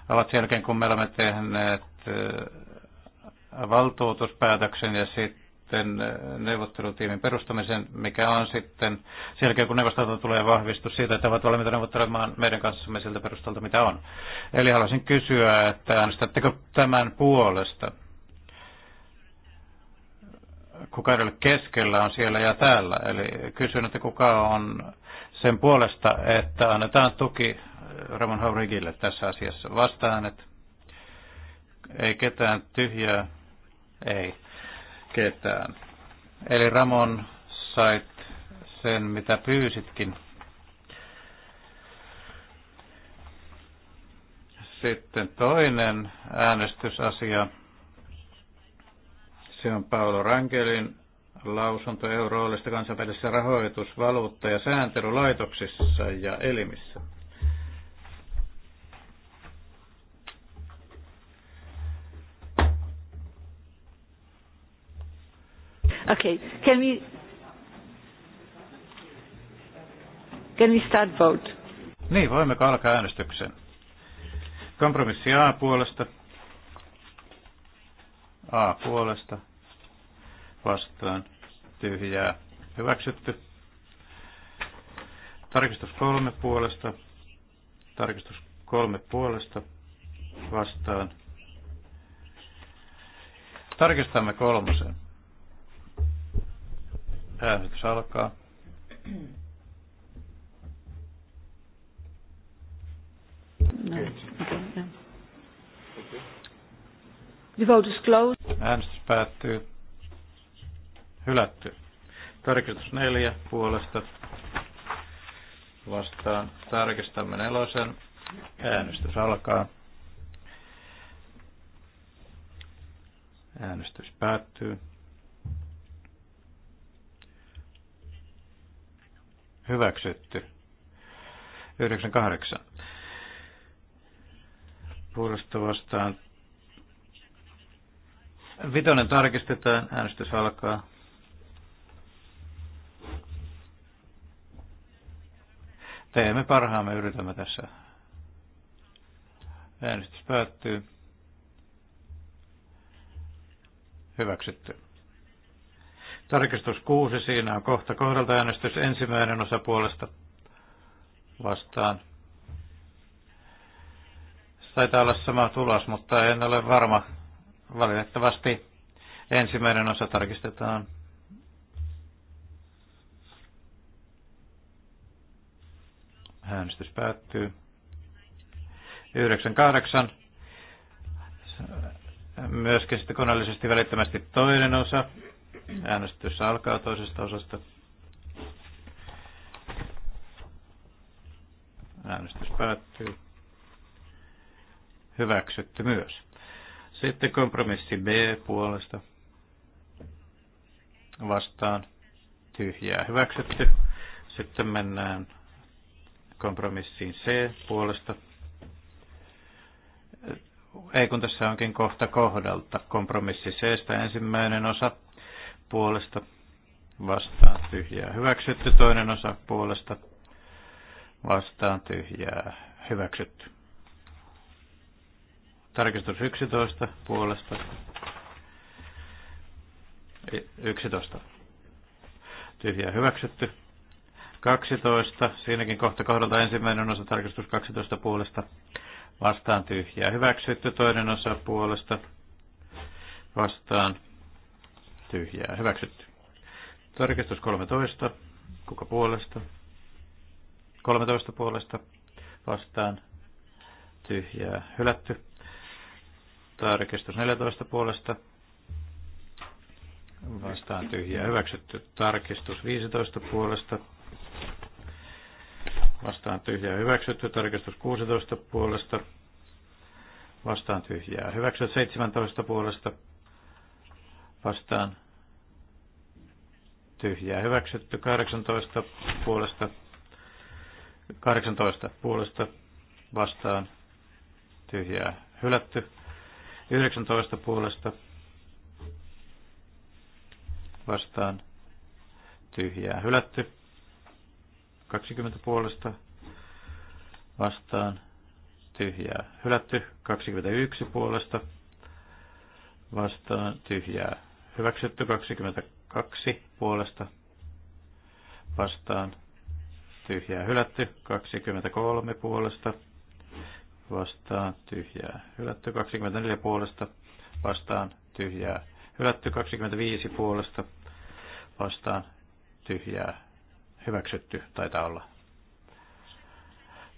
ovat jälkeen, kun me olemme tehneet äh, valtuutuspäätöksen ja sitten äh, neuvottelutiimin perustamisen, mikä on sitten sen jälkeen, kun neuvostolta tulee vahvistus siitä, että ovat valmiita neuvottelemaan meidän kanssamme siltä perustalta, mitä on. Eli haluaisin kysyä, että äänestättekö tämän puolesta? kuka ei ole keskellä, on siellä ja täällä. Eli kysyn, että kuka on sen puolesta, että annetaan tuki Ramon Haurigille tässä asiassa. Vastaan, että ei ketään tyhjää, ei ketään. Eli Ramon sait sen, mitä pyysitkin. Sitten toinen äänestysasia. Se on Paolo Rankelin lausunto euroolista kansainvälisessä rahoitus-, valuutta- ja sääntelylaitoksissa ja elimissä. Okay, can we can we start vote? Niin, voimme alkaa äänestyksen. Kompromissi A puolesta. A puolesta vastaan tyhjää hyväksytty. Tarkistus kolme puolesta. Tarkistus kolme puolesta vastaan. Tarkistamme kolmosen. Äänestys alkaa. No. The vote is closed. Äänestys päättyy. Hylätty. Tarkistus neljä puolesta vastaan. Tarkistamme nelosen. Äänestys alkaa. Äänestys päättyy. Hyväksytty. 98. Puolesta vastaan. Vitonen tarkistetaan. Äänestys alkaa. Teemme parhaamme, yritämme tässä. Äänestys päättyy. Hyväksytty. Tarkistus kuusi siinä on kohta kohdalta äänestys ensimmäinen osa puolesta vastaan. Taitaa olla sama tulos, mutta en ole varma. Valitettavasti ensimmäinen osa tarkistetaan. Äänestys päättyy. 98. Myöskin sitten koneellisesti välittömästi toinen osa. Äänestys alkaa toisesta osasta. Äänestys päättyy. Hyväksytty myös. Sitten kompromissi B puolesta. Vastaan. Tyhjää hyväksytty. Sitten mennään kompromissiin C puolesta. Ei kun tässä onkin kohta kohdalta. Kompromissi C ensimmäinen osa puolesta vastaan tyhjää. Hyväksytty toinen osa puolesta vastaan tyhjää. Hyväksytty. Tarkistus 11 puolesta. 11. Tyhjää hyväksytty. 12, siinäkin kohta kohdalta ensimmäinen osa tarkistus 12 puolesta vastaan tyhjää. Hyväksytty toinen osa puolesta vastaan tyhjää. Hyväksytty. Tarkistus 13. Kuka puolesta? 13 puolesta vastaan tyhjää. Hylätty. Tarkistus 14 puolesta vastaan tyhjää. Hyväksytty. Tarkistus 15 puolesta vastaan tyhjää hyväksytty, tarkistus 16 puolesta, vastaan tyhjää hyväksytty, 17 puolesta, vastaan tyhjää hyväksytty, 18 puolesta, 18 puolesta, vastaan tyhjää hylätty, 19 puolesta, vastaan tyhjää hylätty, 20 puolesta vastaan tyhjää hylätty. 21 puolesta vastaan tyhjää hyväksytty. 22 puolesta vastaan tyhjää hylätty. 23 puolesta vastaan tyhjää hylätty. 24 puolesta vastaan tyhjää hylätty. 25 puolesta vastaan tyhjää hyväksytty taitaa olla.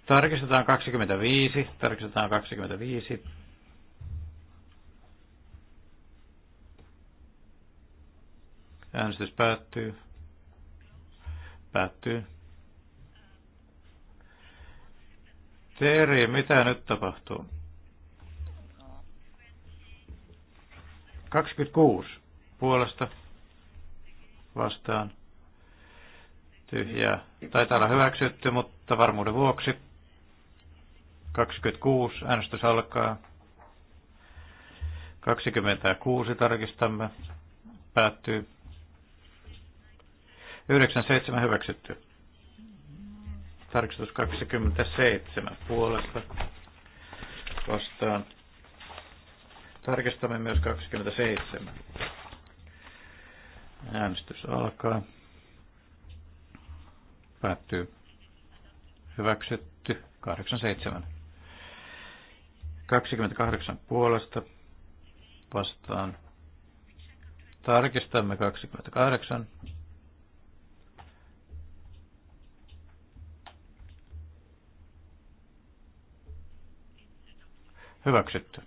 Tarkistetaan 25, tarkistetaan 25. Äänestys päättyy. Päättyy. Teri, mitä nyt tapahtuu? 26 puolesta vastaan tyhjää. Taitaa olla hyväksytty, mutta varmuuden vuoksi. 26 äänestys alkaa. 26 tarkistamme. Päättyy. 97 hyväksytty. Tarkistus 27 puolesta vastaan. Tarkistamme myös 27. Äänestys alkaa. Päättyy. Hyväksytty. 87. 28 puolesta vastaan. Tarkistamme 28. Hyväksytty.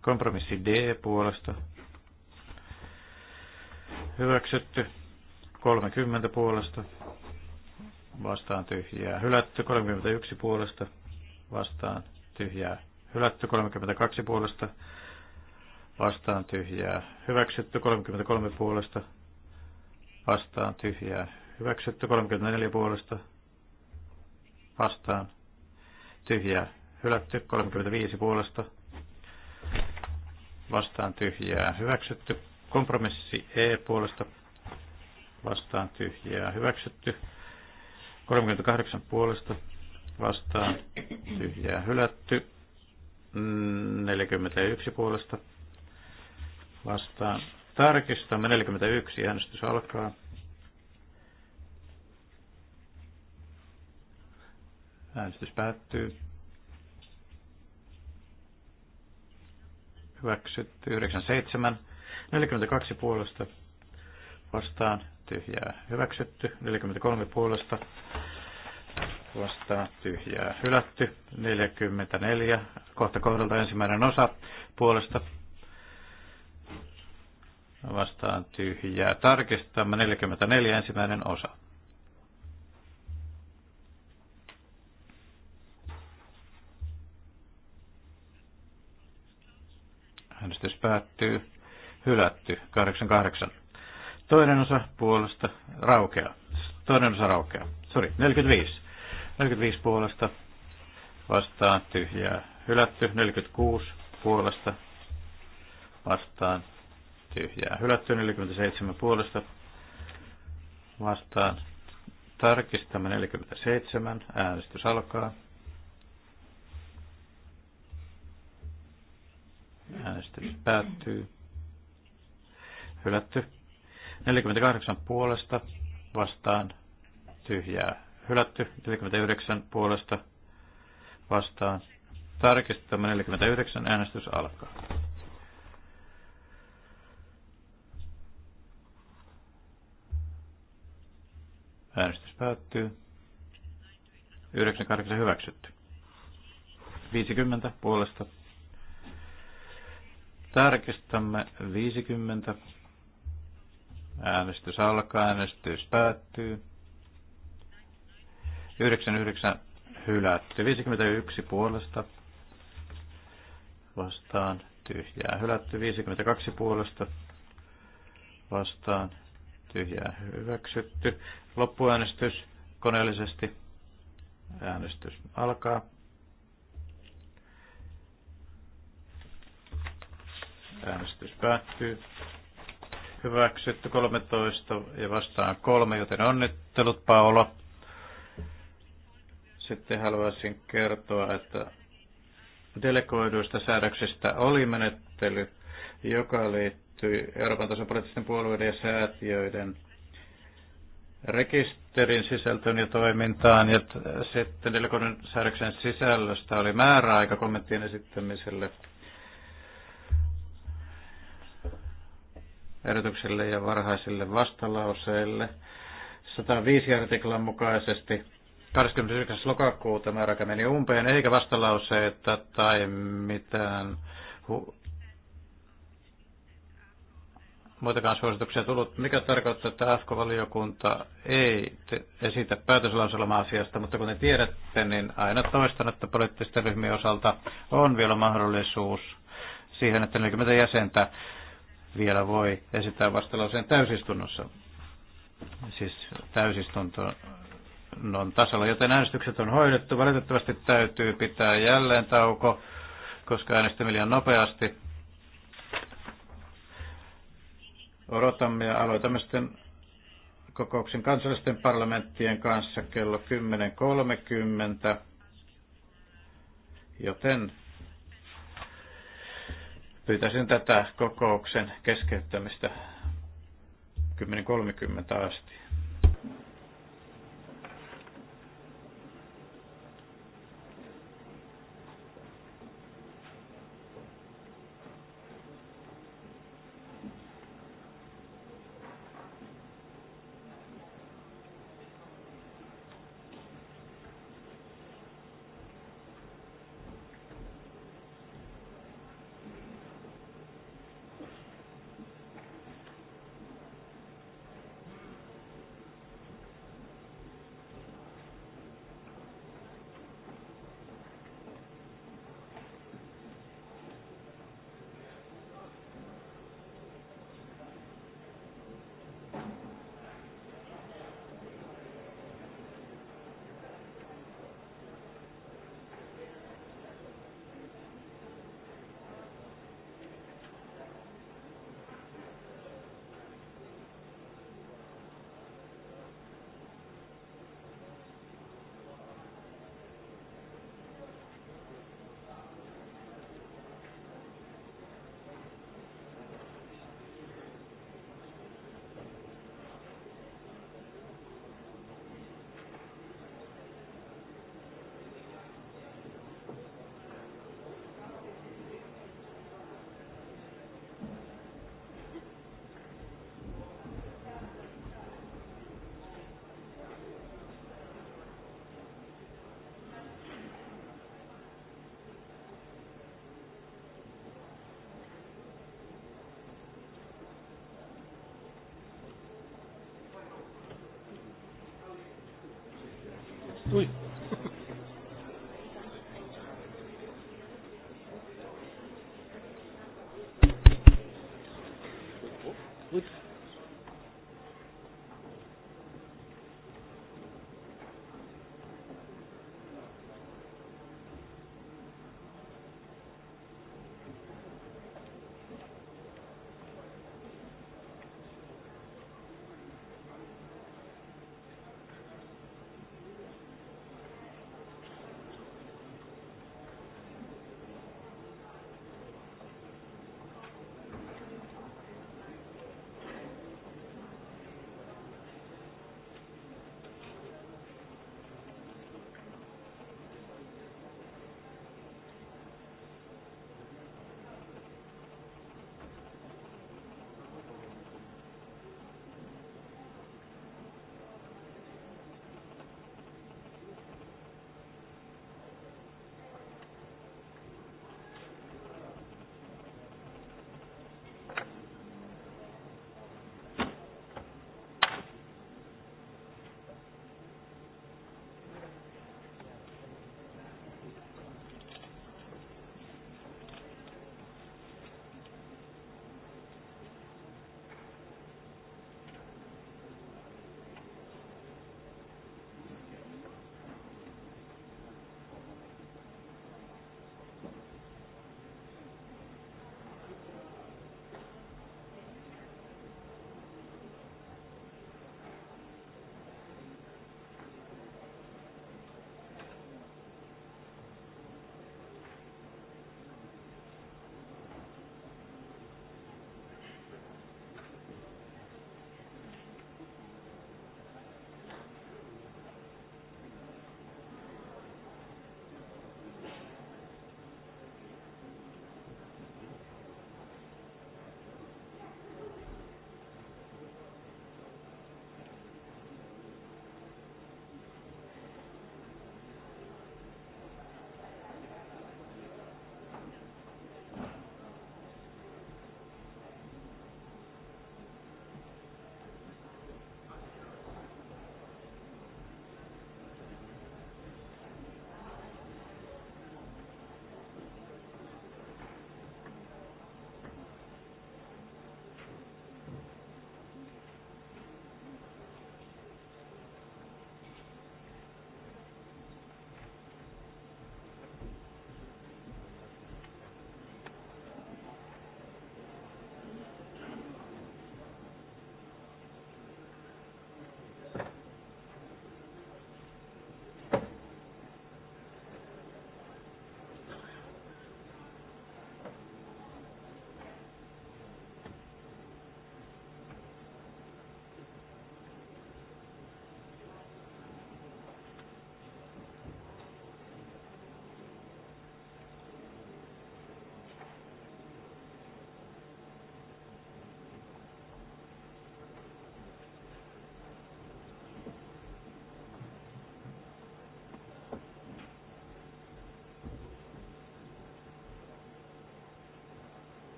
Kompromissi D puolesta. Hyväksytty. 30 puolesta vastaan tyhjää, hylätty 31 puolesta vastaan tyhjää, hylätty 32 puolesta vastaan tyhjää, hyväksytty 33 puolesta vastaan tyhjää, hyväksytty 34 puolesta vastaan tyhjää, hylätty 35 puolesta vastaan tyhjää, hyväksytty kompromissi E puolesta vastaan tyhjää, hyväksytty 38 puolesta vastaan tyhjää hylätty. 41 puolesta vastaan. Tarkistamme 41. Äänestys alkaa. Äänestys päättyy. Hyväksytty 97. 42 puolesta vastaan tyhjää hyväksytty, 43 puolesta vastaan tyhjää hylätty, 44 kohta kohdalta ensimmäinen osa puolesta vastaan tyhjää. Tarkistamme 44 ensimmäinen osa. Äänestys päättyy. Hylätty 88. Toinen osa puolesta raukeaa. Toinen osa raukeaa. Sori, 45. 45 puolesta vastaan tyhjää hylätty. 46 puolesta vastaan tyhjää hylätty. 47 puolesta vastaan tarkistamme 47. Äänestys alkaa. Äänestys päättyy. Hylätty. 48 puolesta vastaan tyhjää hylätty. 49 puolesta vastaan. Tarkistamme 49. Äänestys alkaa. Äänestys päättyy. 98 hyväksytty. 50 puolesta. Tarkistamme 50. Äänestys alkaa, äänestys päättyy. 99 hylätty. 51 puolesta vastaan tyhjää hylätty. 52 puolesta vastaan tyhjää hyväksytty. Loppuäänestys koneellisesti. Äänestys alkaa. Äänestys päättyy hyväksytty 13 ja vastaan kolme, joten onnittelut Paolo. Sitten haluaisin kertoa, että delegoiduista säädöksistä oli menettely, joka liittyy Euroopan tason poliittisten puolueiden ja säätiöiden rekisterin sisältöön ja toimintaan. Ja sitten delegoidun säädöksen sisällöstä oli määräaika kommenttien esittämiselle erotukselle ja varhaisille vastalauseille. 105 artiklan mukaisesti 29. lokakuuta määräkä meni umpeen, eikä vastalauseita tai mitään hu- muitakaan suosituksia tullut, mikä tarkoittaa, että AFK-valiokunta ei esitä päätöslauselmaa asiasta, mutta kuten tiedätte, niin aina toistan, että poliittisten ryhmien osalta on vielä mahdollisuus siihen, että 40 jäsentä vielä voi esittää vastalauseen täysistunnossa, siis on tasolla, joten äänestykset on hoidettu. Valitettavasti täytyy pitää jälleen tauko, koska äänestämme liian nopeasti. Odotamme ja aloitamme sitten kokouksen kansallisten parlamenttien kanssa kello 10.30, joten Pyytäisin tätä kokouksen keskeyttämistä 10.30 asti.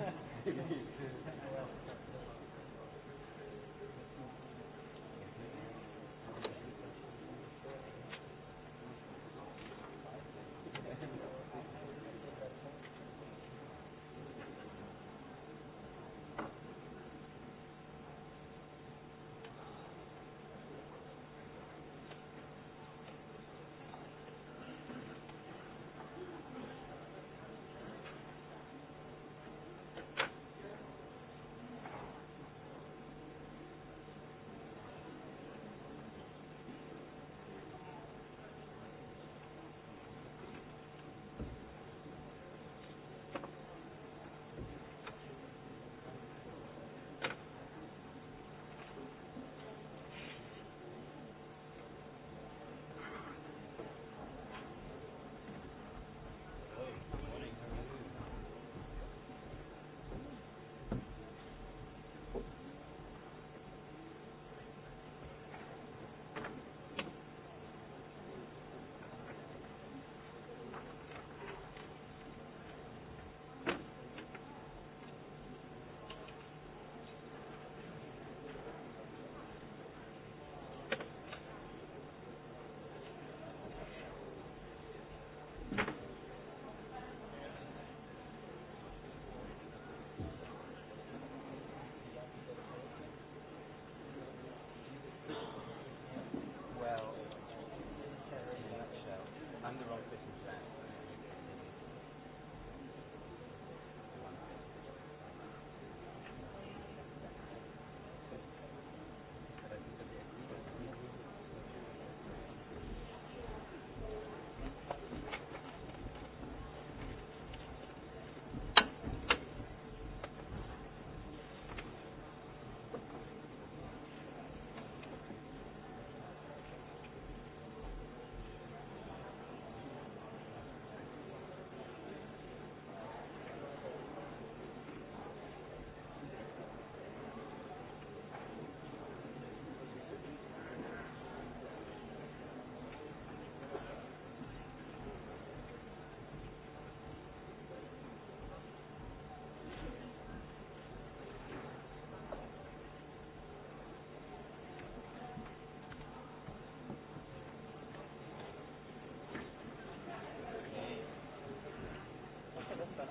Amen. Niin.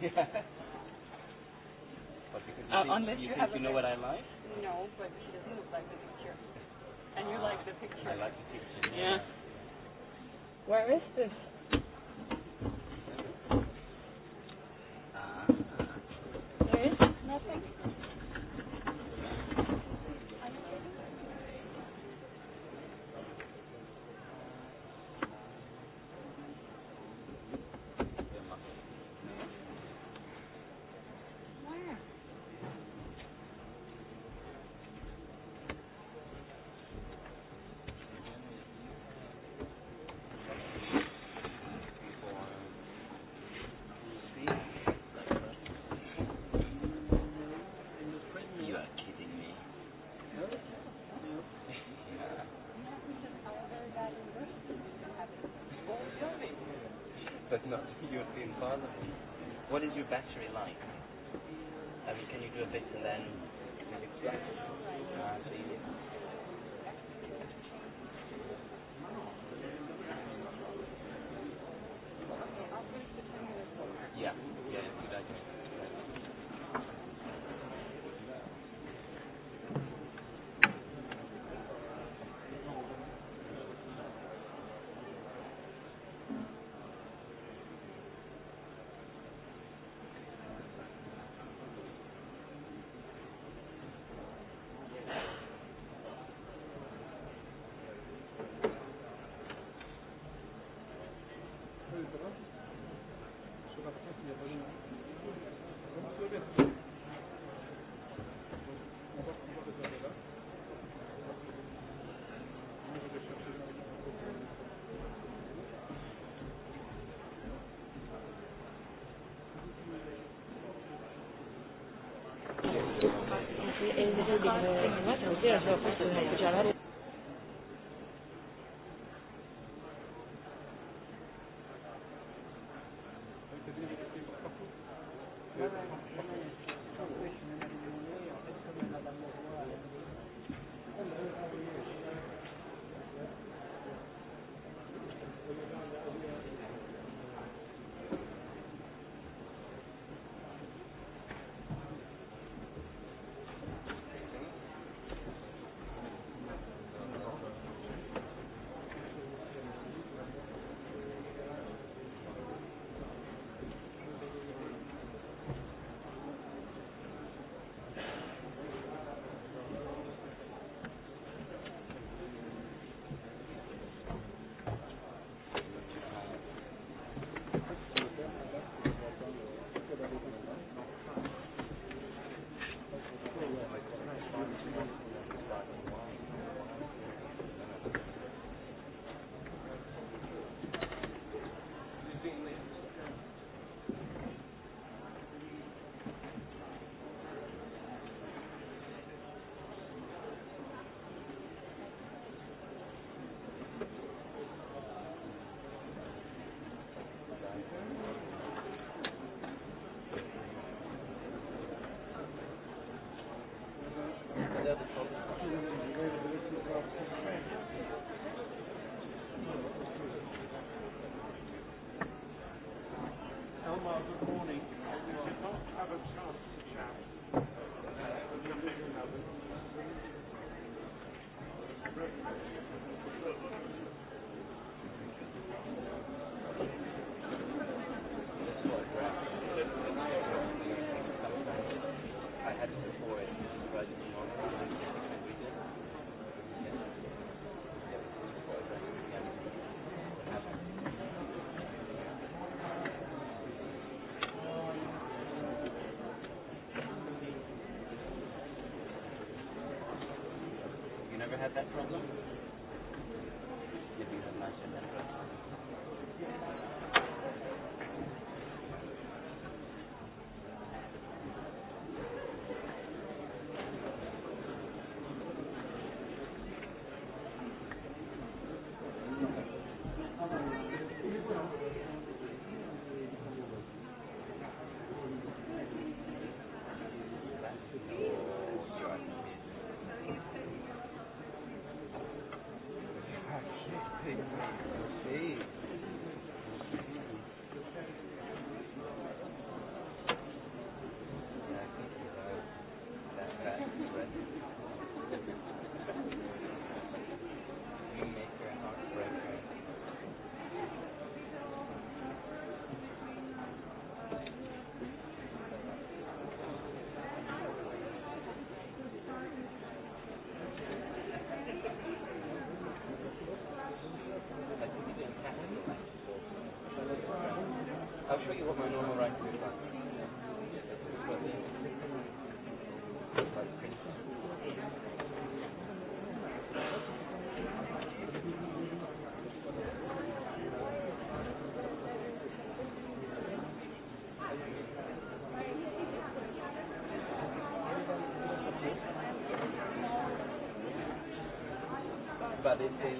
yeah. uh, unless you, you, think you know what I like? No, but she doesn't look like the picture. And you uh, like the picture. I like the picture. Yeah. yeah. Where is this Gracias. have that problem? I'll show you what my normal writing is like. But it's in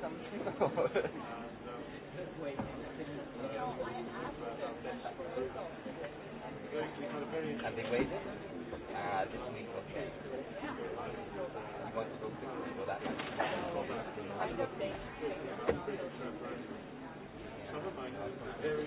Have they waited? Ah, uh, this week, okay. You want to go quickly for that? Some of mine are very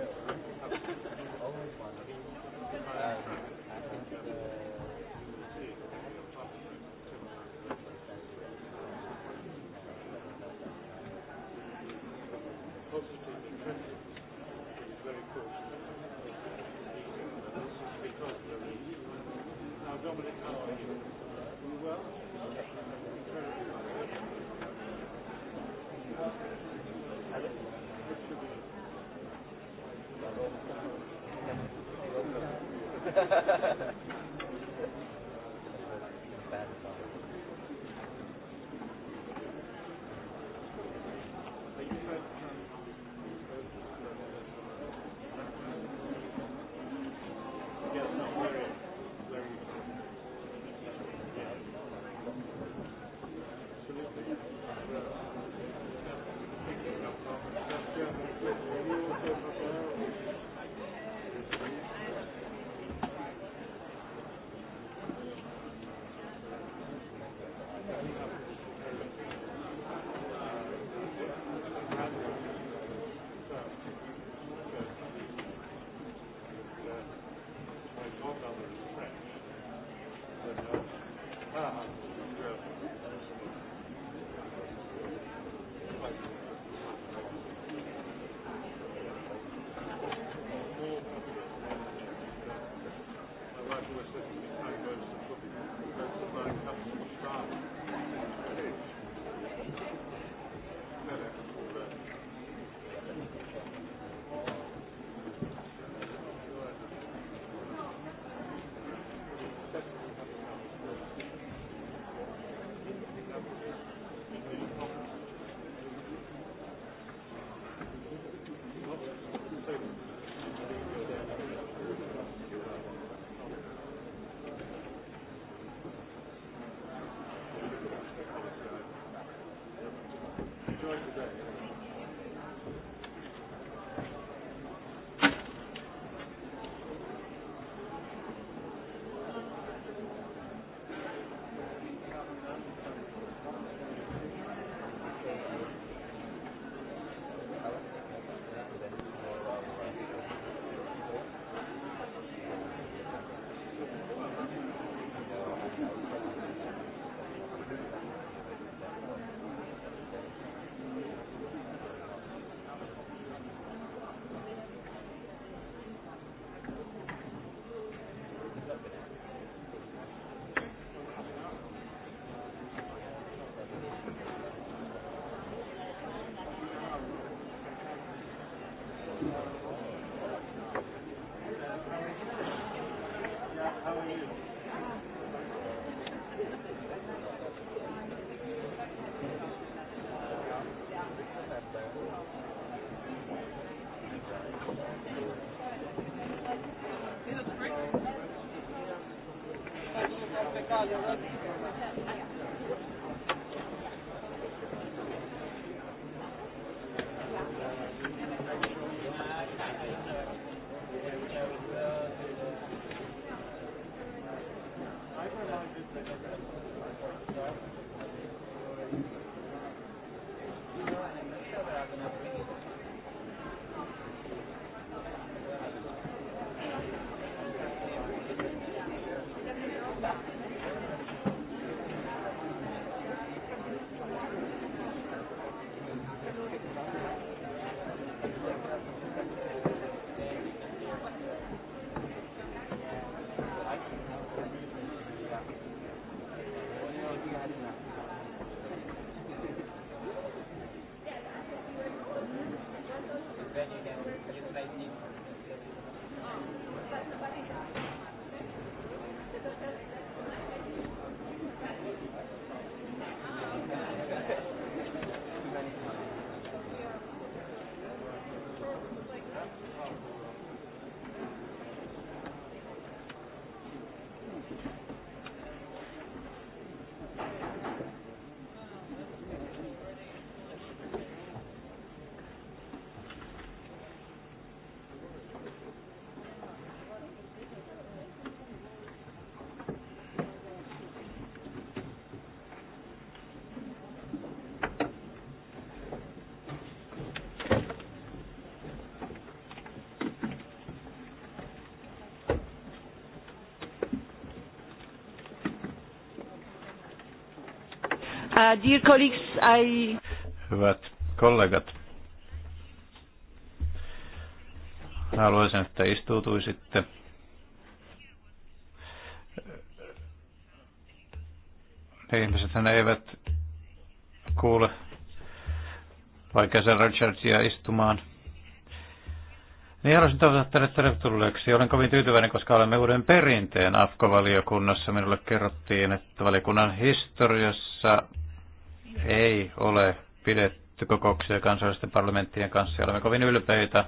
today. Italia already. Uh, dear colleagues, I... Hyvät kollegat, haluaisin, että istuutuisitte. Ne ihmisethän eivät kuule vaikka sen Richardsia istumaan. Niin haluaisin toivottaa teidät tervetulleeksi. Olen kovin tyytyväinen, koska olemme uuden perinteen AFKO-valiokunnassa. Minulle kerrottiin, että valiokunnan historiassa ei ole pidetty kokouksia kansallisten parlamenttien kanssa. Olemme kovin ylpeitä,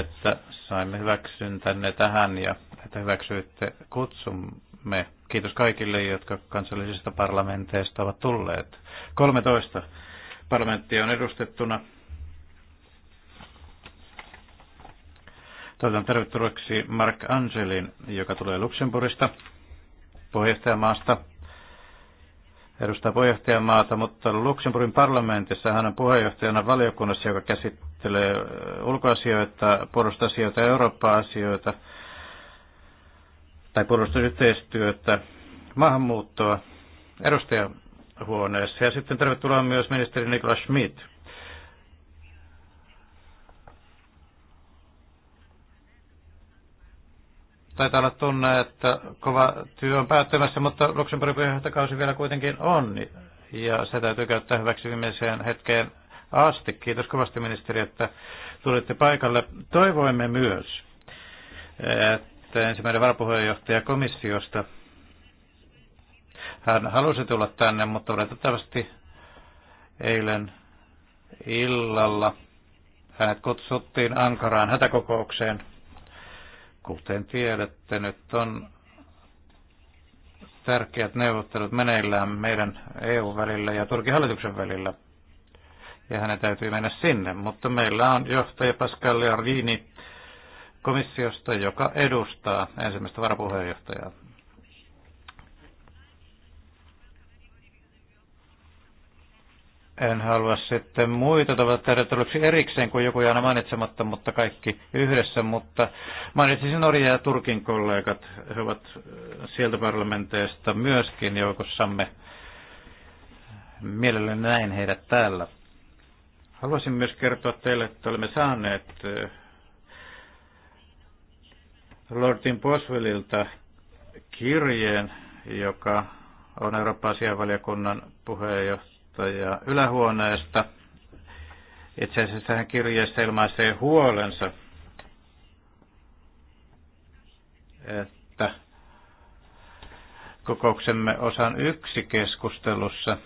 että saimme hyväksyn tänne tähän ja että hyväksyitte kutsumme. Kiitos kaikille, jotka kansallisista parlamenteista ovat tulleet. 13 parlamenttia on edustettuna. Toivotan tervetulleeksi Mark Angelin, joka tulee Luxemburgista, puheenjohtajamaasta. maasta edustaa puheenjohtajamaata, mutta Luxemburgin parlamentissa hän on puheenjohtajana valiokunnassa, joka käsittelee äh, ulkoasioita, puolustusasioita ja Eurooppa-asioita tai puolustusyhteistyötä, maahanmuuttoa edustajahuoneessa. Ja sitten tervetuloa myös ministeri Niklas Schmidt taitaa olla tunne, että kova työ on päättämässä, mutta Luxemburgin puheenjohtajakausi vielä kuitenkin on, ja se täytyy käyttää hyväksi viimeiseen hetkeen asti. Kiitos kovasti ministeri, että tulitte paikalle. Toivoimme myös, että ensimmäinen varapuheenjohtaja komissiosta, hän halusi tulla tänne, mutta oletettavasti eilen illalla hänet kutsuttiin Ankaraan hätäkokoukseen – Kuten tiedätte, nyt on tärkeät neuvottelut meneillään meidän EU-välillä ja Turkin hallituksen välillä. Ja hänen täytyy mennä sinne. Mutta meillä on johtaja Pascal Jardini komissiosta, joka edustaa ensimmäistä varapuheenjohtajaa. en halua sitten muita tervetulleeksi erikseen, kun joku ei aina mainitsematta, mutta kaikki yhdessä. Mutta mainitsisin Norja ja Turkin kollegat, he ovat äh, sieltä parlamenteista myöskin joukossamme. Mielelläni näin heidät täällä. Haluaisin myös kertoa teille, että olemme saaneet äh, Lordin Boswellilta kirjeen, joka on Eurooppa-asianvaliokunnan puheenjohtaja ja ylähuoneesta. Itse asiassa hän kirjeessä ilmaisee huolensa, että kokouksemme osan yksi keskustelussa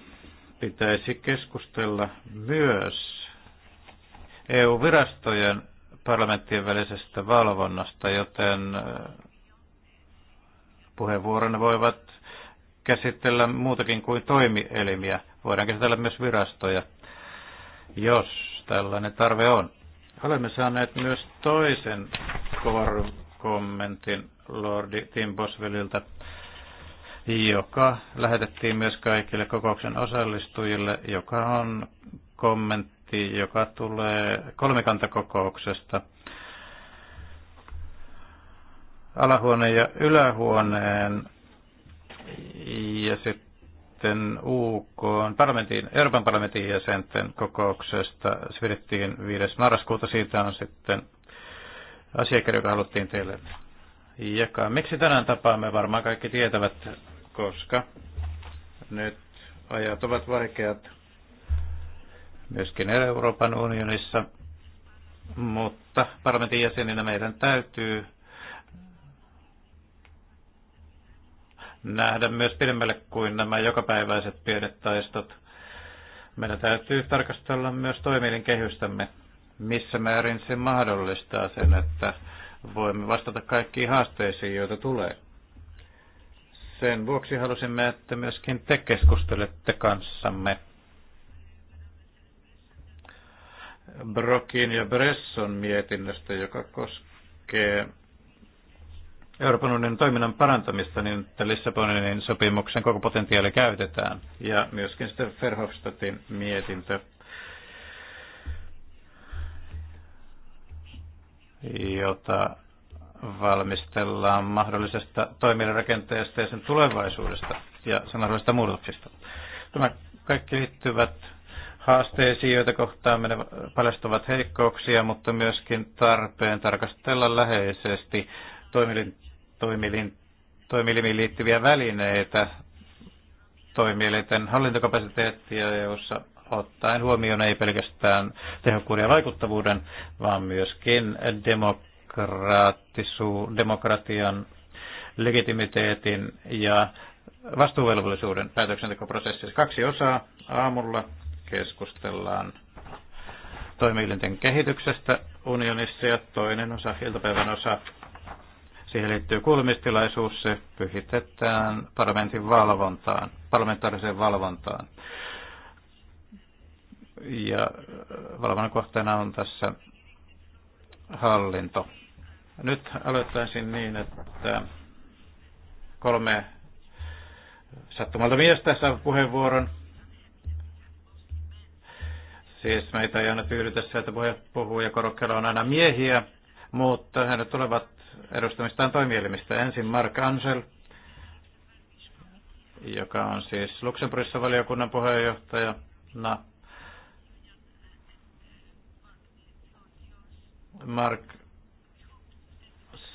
pitäisi keskustella myös EU-virastojen parlamenttien välisestä valvonnasta, joten äh, puheenvuoron voivat käsitellä muutakin kuin toimielimiä. Voidaan käsitellä myös virastoja, jos tällainen tarve on. Olemme saaneet myös toisen kommentin Lordi Tim Bosvelilta, joka lähetettiin myös kaikille kokouksen osallistujille, joka on kommentti, joka tulee kolmikantakokouksesta. Alahuoneen ja ylähuoneen ja sitten sitten UK parlamentin, Euroopan parlamentin jäsenten kokouksesta. Se pidettiin 5. marraskuuta. Siitä on sitten asiakirja, joka haluttiin teille jakaa. Miksi tänään tapaamme? Varmaan kaikki tietävät, koska nyt ajat ovat vaikeat myöskin Euroopan unionissa, mutta parlamentin jäseninä meidän täytyy nähdä myös pidemmälle kuin nämä jokapäiväiset pienet taistot. Meidän täytyy tarkastella myös toimielin kehystämme, missä määrin se mahdollistaa sen, että voimme vastata kaikkiin haasteisiin, joita tulee. Sen vuoksi halusimme, että myöskin te keskustelette kanssamme. Brokin ja Bresson mietinnöstä, joka koskee Euroopan unionin toiminnan parantamista, niin että Lissabonin sopimuksen koko potentiaali käytetään. Ja myöskin sitten Verhofstadtin mietintö, jota valmistellaan mahdollisesta toimintarakenteesta ja sen tulevaisuudesta ja sen mahdollisista muutoksista. Tämä kaikki liittyvät haasteisiin, joita kohtaan menevät, paljastuvat heikkouksia, mutta myöskin tarpeen tarkastella läheisesti toimielin toimilimiin liittyviä välineitä toimielinten hallintokapasiteettia, jossa e ottaen huomioon ei pelkästään tehokkuuden ja vaikuttavuuden, vaan myöskin demokratian legitimiteetin ja vastuuvelvollisuuden päätöksentekoprosessissa. Kaksi osaa. Aamulla keskustellaan toimielinten kehityksestä unionissa ja toinen osa, iltapäivän osa, Siihen liittyy kuulemistilaisuus, se pyhitetään parlamentin valvontaan, parlamentaariseen valvontaan. Ja äh, valvonnan kohteena on tässä hallinto. Nyt aloittaisin niin, että kolme sattumalta miestä saa puheenvuoron. Siis meitä ei aina tyydytä sieltä puhuja korokkeella on aina miehiä, mutta hänet tulevat edustamistaan toimielimistä. Ensin Mark Ansel, joka on siis Luxemburgissa valiokunnan puheenjohtajana. Mark,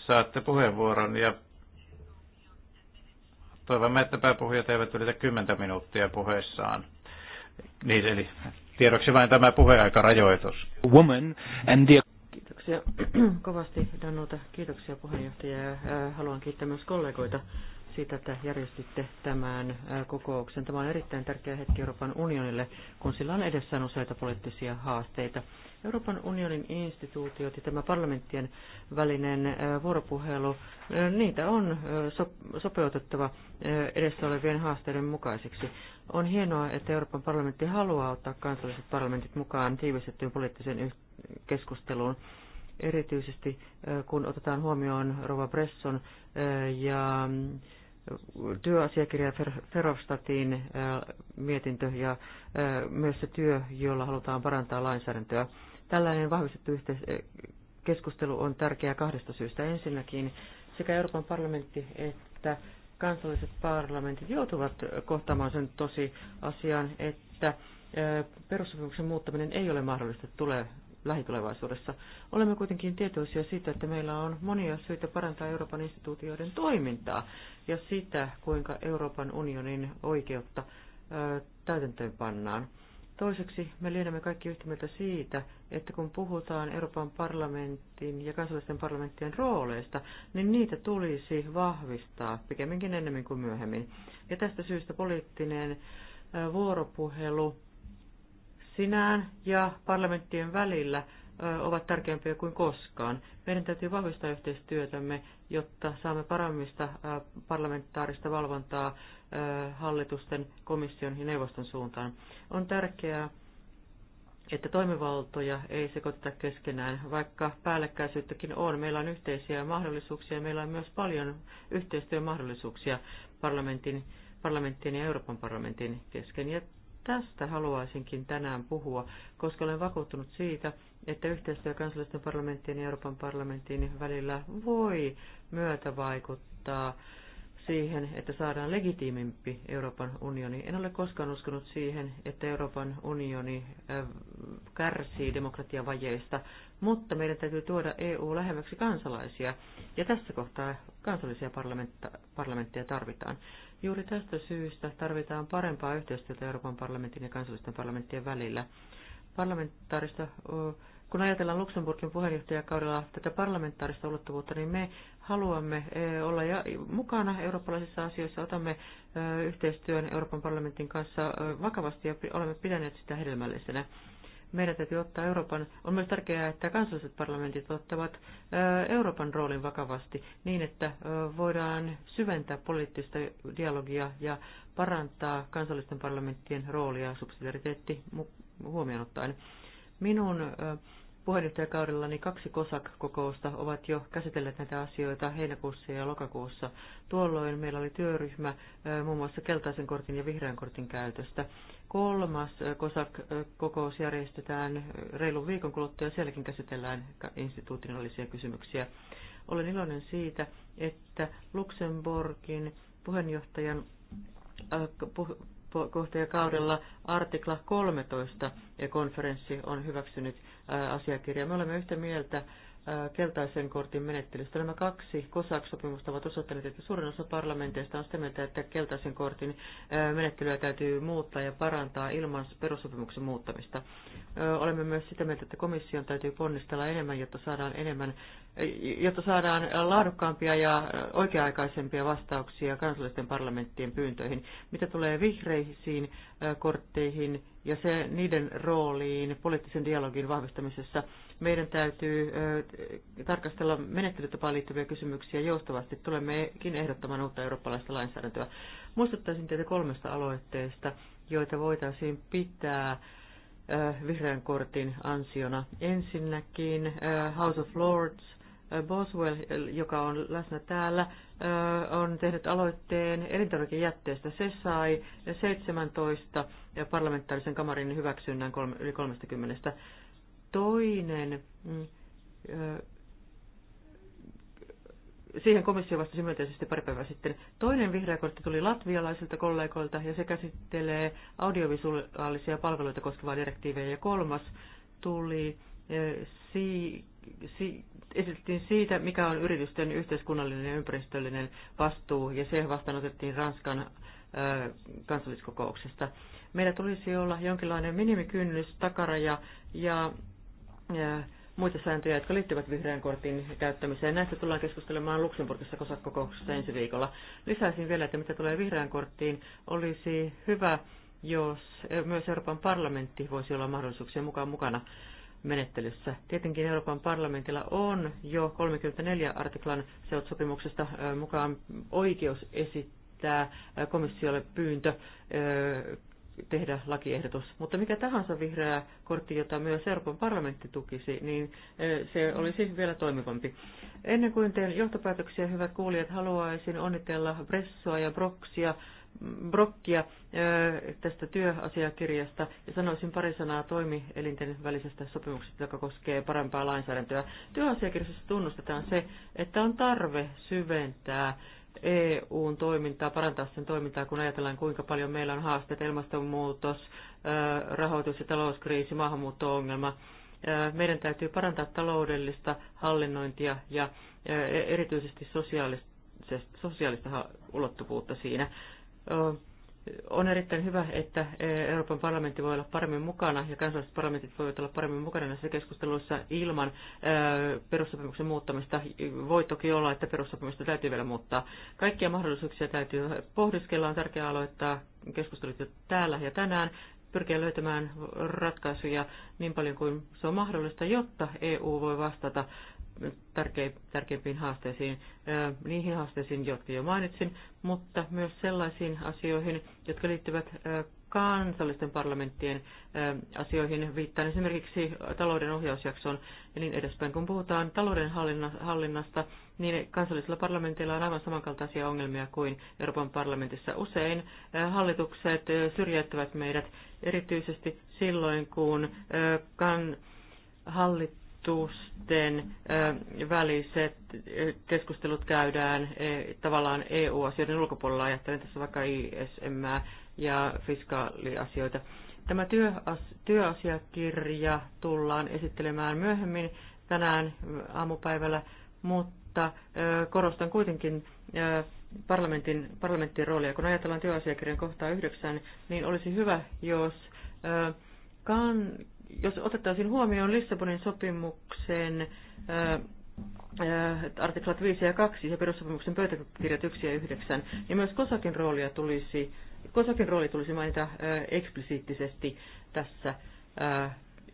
saatte puheenvuoron ja toivomme, että pääpuhujat eivät ylitä 10 minuuttia puheessaan. Niin, eli tiedoksi vain tämä puheaikarajoitus. Woman and the Kiitoksia kovasti Danuta, kiitoksia puheenjohtaja. Haluan kiittää myös kollegoita siitä, että järjestitte tämän kokouksen. Tämä on erittäin tärkeä hetki Euroopan unionille, kun sillä on edessään useita poliittisia haasteita. Euroopan unionin instituutiot ja tämä parlamenttien välinen vuoropuhelu, niitä on sopeutettava edessä olevien haasteiden mukaisiksi. On hienoa, että Euroopan parlamentti haluaa ottaa kansalliset parlamentit mukaan tiivistettyyn poliittiseen keskusteluun erityisesti kun otetaan huomioon Rova Bresson ja työasiakirja Ferrostatin mietintö ja myös se työ, jolla halutaan parantaa lainsäädäntöä. Tällainen vahvistettu keskustelu on tärkeää kahdesta syystä. Ensinnäkin sekä Euroopan parlamentti että kansalliset parlamentit joutuvat kohtaamaan sen tosi asian, että perussopimuksen muuttaminen ei ole mahdollista tulee lähitulevaisuudessa. Olemme kuitenkin tietoisia siitä, että meillä on monia syitä parantaa Euroopan instituutioiden toimintaa ja sitä, kuinka Euroopan unionin oikeutta täytäntöön pannaan. Toiseksi me lienemme kaikki yhtä mieltä siitä, että kun puhutaan Euroopan parlamentin ja kansallisten parlamenttien rooleista, niin niitä tulisi vahvistaa pikemminkin ennemmin kuin myöhemmin. Ja tästä syystä poliittinen vuoropuhelu sinään ja parlamenttien välillä ovat tärkeämpiä kuin koskaan. Meidän täytyy vahvistaa yhteistyötämme, jotta saamme paremmista parlamentaarista valvontaa hallitusten, komission ja neuvoston suuntaan. On tärkeää, että toimivaltoja ei sekoiteta keskenään, vaikka päällekkäisyyttäkin on. Meillä on yhteisiä mahdollisuuksia, meillä on myös paljon yhteistyömahdollisuuksia parlamentin, parlamenttien ja Euroopan parlamentin kesken. Ja Tästä haluaisinkin tänään puhua, koska olen vakuuttunut siitä, että yhteistyö kansallisten parlamenttien ja Euroopan parlamenttien välillä voi myötävaikuttaa siihen, että saadaan legitiimimpi Euroopan unioni. En ole koskaan uskonut siihen, että Euroopan unioni kärsii demokratiavajeista, mutta meidän täytyy tuoda EU lähemmäksi kansalaisia, ja tässä kohtaa kansallisia parlamentteja tarvitaan. Juuri tästä syystä tarvitaan parempaa yhteistyötä Euroopan parlamentin ja kansallisten parlamenttien välillä. Parlamentaarista, kun ajatellaan Luxemburgin puheenjohtajakaudella tätä parlamentaarista ulottuvuutta, niin me haluamme olla mukana eurooppalaisissa asioissa, otamme yhteistyön Euroopan parlamentin kanssa vakavasti ja olemme pidäneet sitä hedelmällisenä meidän täytyy ottaa Euroopan, on myös tärkeää, että kansalliset parlamentit ottavat Euroopan roolin vakavasti niin, että voidaan syventää poliittista dialogia ja parantaa kansallisten parlamenttien roolia subsidiariteetti huomioon ottaen. Minun puheenjohtajakaudellani kaksi COSAC-kokousta ovat jo käsitelleet näitä asioita heinäkuussa ja lokakuussa. Tuolloin meillä oli työryhmä muun muassa keltaisen kortin ja vihreän kortin käytöstä. Kolmas eh, COSAC-kokous järjestetään eh, reilun viikon kuluttua ja sielläkin käsitellään instituutinallisia kysymyksiä. Olen iloinen siitä, että Luxemburgin puheenjohtajan eh, kohtajakaudella artikla 13 konferenssi on hyväksynyt asiakirjaa. Me olemme yhtä mieltä keltaisen kortin menettelystä. Nämä kaksi COSAC-sopimusta ovat osoittaneet, että suurin osa parlamenteista on sitä mieltä, että keltaisen kortin menettelyä täytyy muuttaa ja parantaa ilman perussopimuksen muuttamista. Olemme myös sitä mieltä, että komission täytyy ponnistella enemmän, jotta saadaan enemmän jotta saadaan laadukkaampia ja oikea-aikaisempia vastauksia kansallisten parlamenttien pyyntöihin. Mitä tulee vihreisiin kortteihin ja se, niiden rooliin poliittisen dialogin vahvistamisessa, meidän täytyy tarkastella menettelytapaan liittyviä kysymyksiä joustavasti. Tulemmekin ehdottamaan uutta eurooppalaista lainsäädäntöä. Muistuttaisin teitä kolmesta aloitteesta, joita voitaisiin pitää vihreän kortin ansiona. Ensinnäkin House of Lords – Boswell, joka on läsnä täällä, on tehnyt aloitteen elintarvikejätteestä. Se sai 17 parlamentaarisen kamarin hyväksynnän yli 30. Toinen, mm, siihen komissio vastasi myönteisesti pari päivää sitten. Toinen vihreä kortti tuli latvialaisilta kollegoilta ja se käsittelee audiovisuaalisia palveluita koskevaa direktiivejä. Ja kolmas tuli esitettiin siitä, mikä on yritysten yhteiskunnallinen ja ympäristöllinen vastuu, ja se vastaanotettiin Ranskan kansalliskokouksesta. Meillä tulisi olla jonkinlainen minimikynnys, takaraja ja, ja muita sääntöjä, jotka liittyvät vihreän kortin käyttämiseen. Näistä tullaan keskustelemaan Luxemburgissa kosakokouksessa ensi viikolla. Lisäisin vielä, että mitä tulee vihreän korttiin, olisi hyvä, jos myös Euroopan parlamentti voisi olla mahdollisuuksien mukaan mukana menettelyssä. Tietenkin Euroopan parlamentilla on jo 34 artiklan SEUT-sopimuksesta mukaan oikeus esittää komissiolle pyyntö tehdä lakiehdotus. Mutta mikä tahansa vihreä kortti, jota myös Euroopan parlamentti tukisi, niin se olisi vielä toimivampi. Ennen kuin teen johtopäätöksiä, hyvät kuulijat, haluaisin onnitella Bressoa ja Broxia Brokkia tästä työasiakirjasta ja sanoisin pari sanaa toimielinten välisestä sopimuksesta, joka koskee parempaa lainsäädäntöä. Työasiakirjassa tunnustetaan se, että on tarve syventää EUn toimintaa, parantaa sen toimintaa, kun ajatellaan kuinka paljon meillä on haasteet, ilmastonmuutos, rahoitus- ja talouskriisi, maahanmuutto-ongelma. Meidän täytyy parantaa taloudellista hallinnointia ja e-, erityisesti sosiaalista, sosiaalista ulottuvuutta siinä on erittäin hyvä, että Euroopan parlamentti voi olla paremmin mukana ja kansalliset parlamentit voivat olla paremmin mukana näissä keskusteluissa ilman perussopimuksen muuttamista. Voi toki olla, että perussopimusta täytyy vielä muuttaa. Kaikkia mahdollisuuksia täytyy pohdiskella. On tärkeää aloittaa keskustelut jo täällä ja tänään pyrkiä löytämään ratkaisuja niin paljon kuin se on mahdollista, jotta EU voi vastata tärkeimpiin haasteisiin, niihin haasteisiin, jotka jo mainitsin, mutta myös sellaisiin asioihin, jotka liittyvät kansallisten parlamenttien asioihin, viittaan esimerkiksi talouden ohjausjaksoon ja niin edespäin. Kun puhutaan talouden hallinnasta, niin kansallisilla parlamenteilla on aivan samankaltaisia ongelmia kuin Euroopan parlamentissa. Usein hallitukset syrjäyttävät meidät erityisesti silloin, kun kan, hallit, hallitusten väliset keskustelut käydään e, tavallaan EU-asioiden ulkopuolella, ajattelen tässä vaikka ISM ja fiskaaliasioita. Tämä työasiakirja tullaan esittelemään myöhemmin tänään aamupäivällä, mutta korostan kuitenkin parlamentin, parlamentin roolia. Kun ajatellaan työasiakirjan kohtaa yhdeksän, niin olisi hyvä, jos jos otettaisiin huomioon Lissabonin sopimuksen artiklat 5 ja 2 ja perussopimuksen pöytäkirjat 1 ja 9, niin myös Kosakin, roolia tulisi, Kosakin rooli tulisi mainita eksplisiittisesti tässä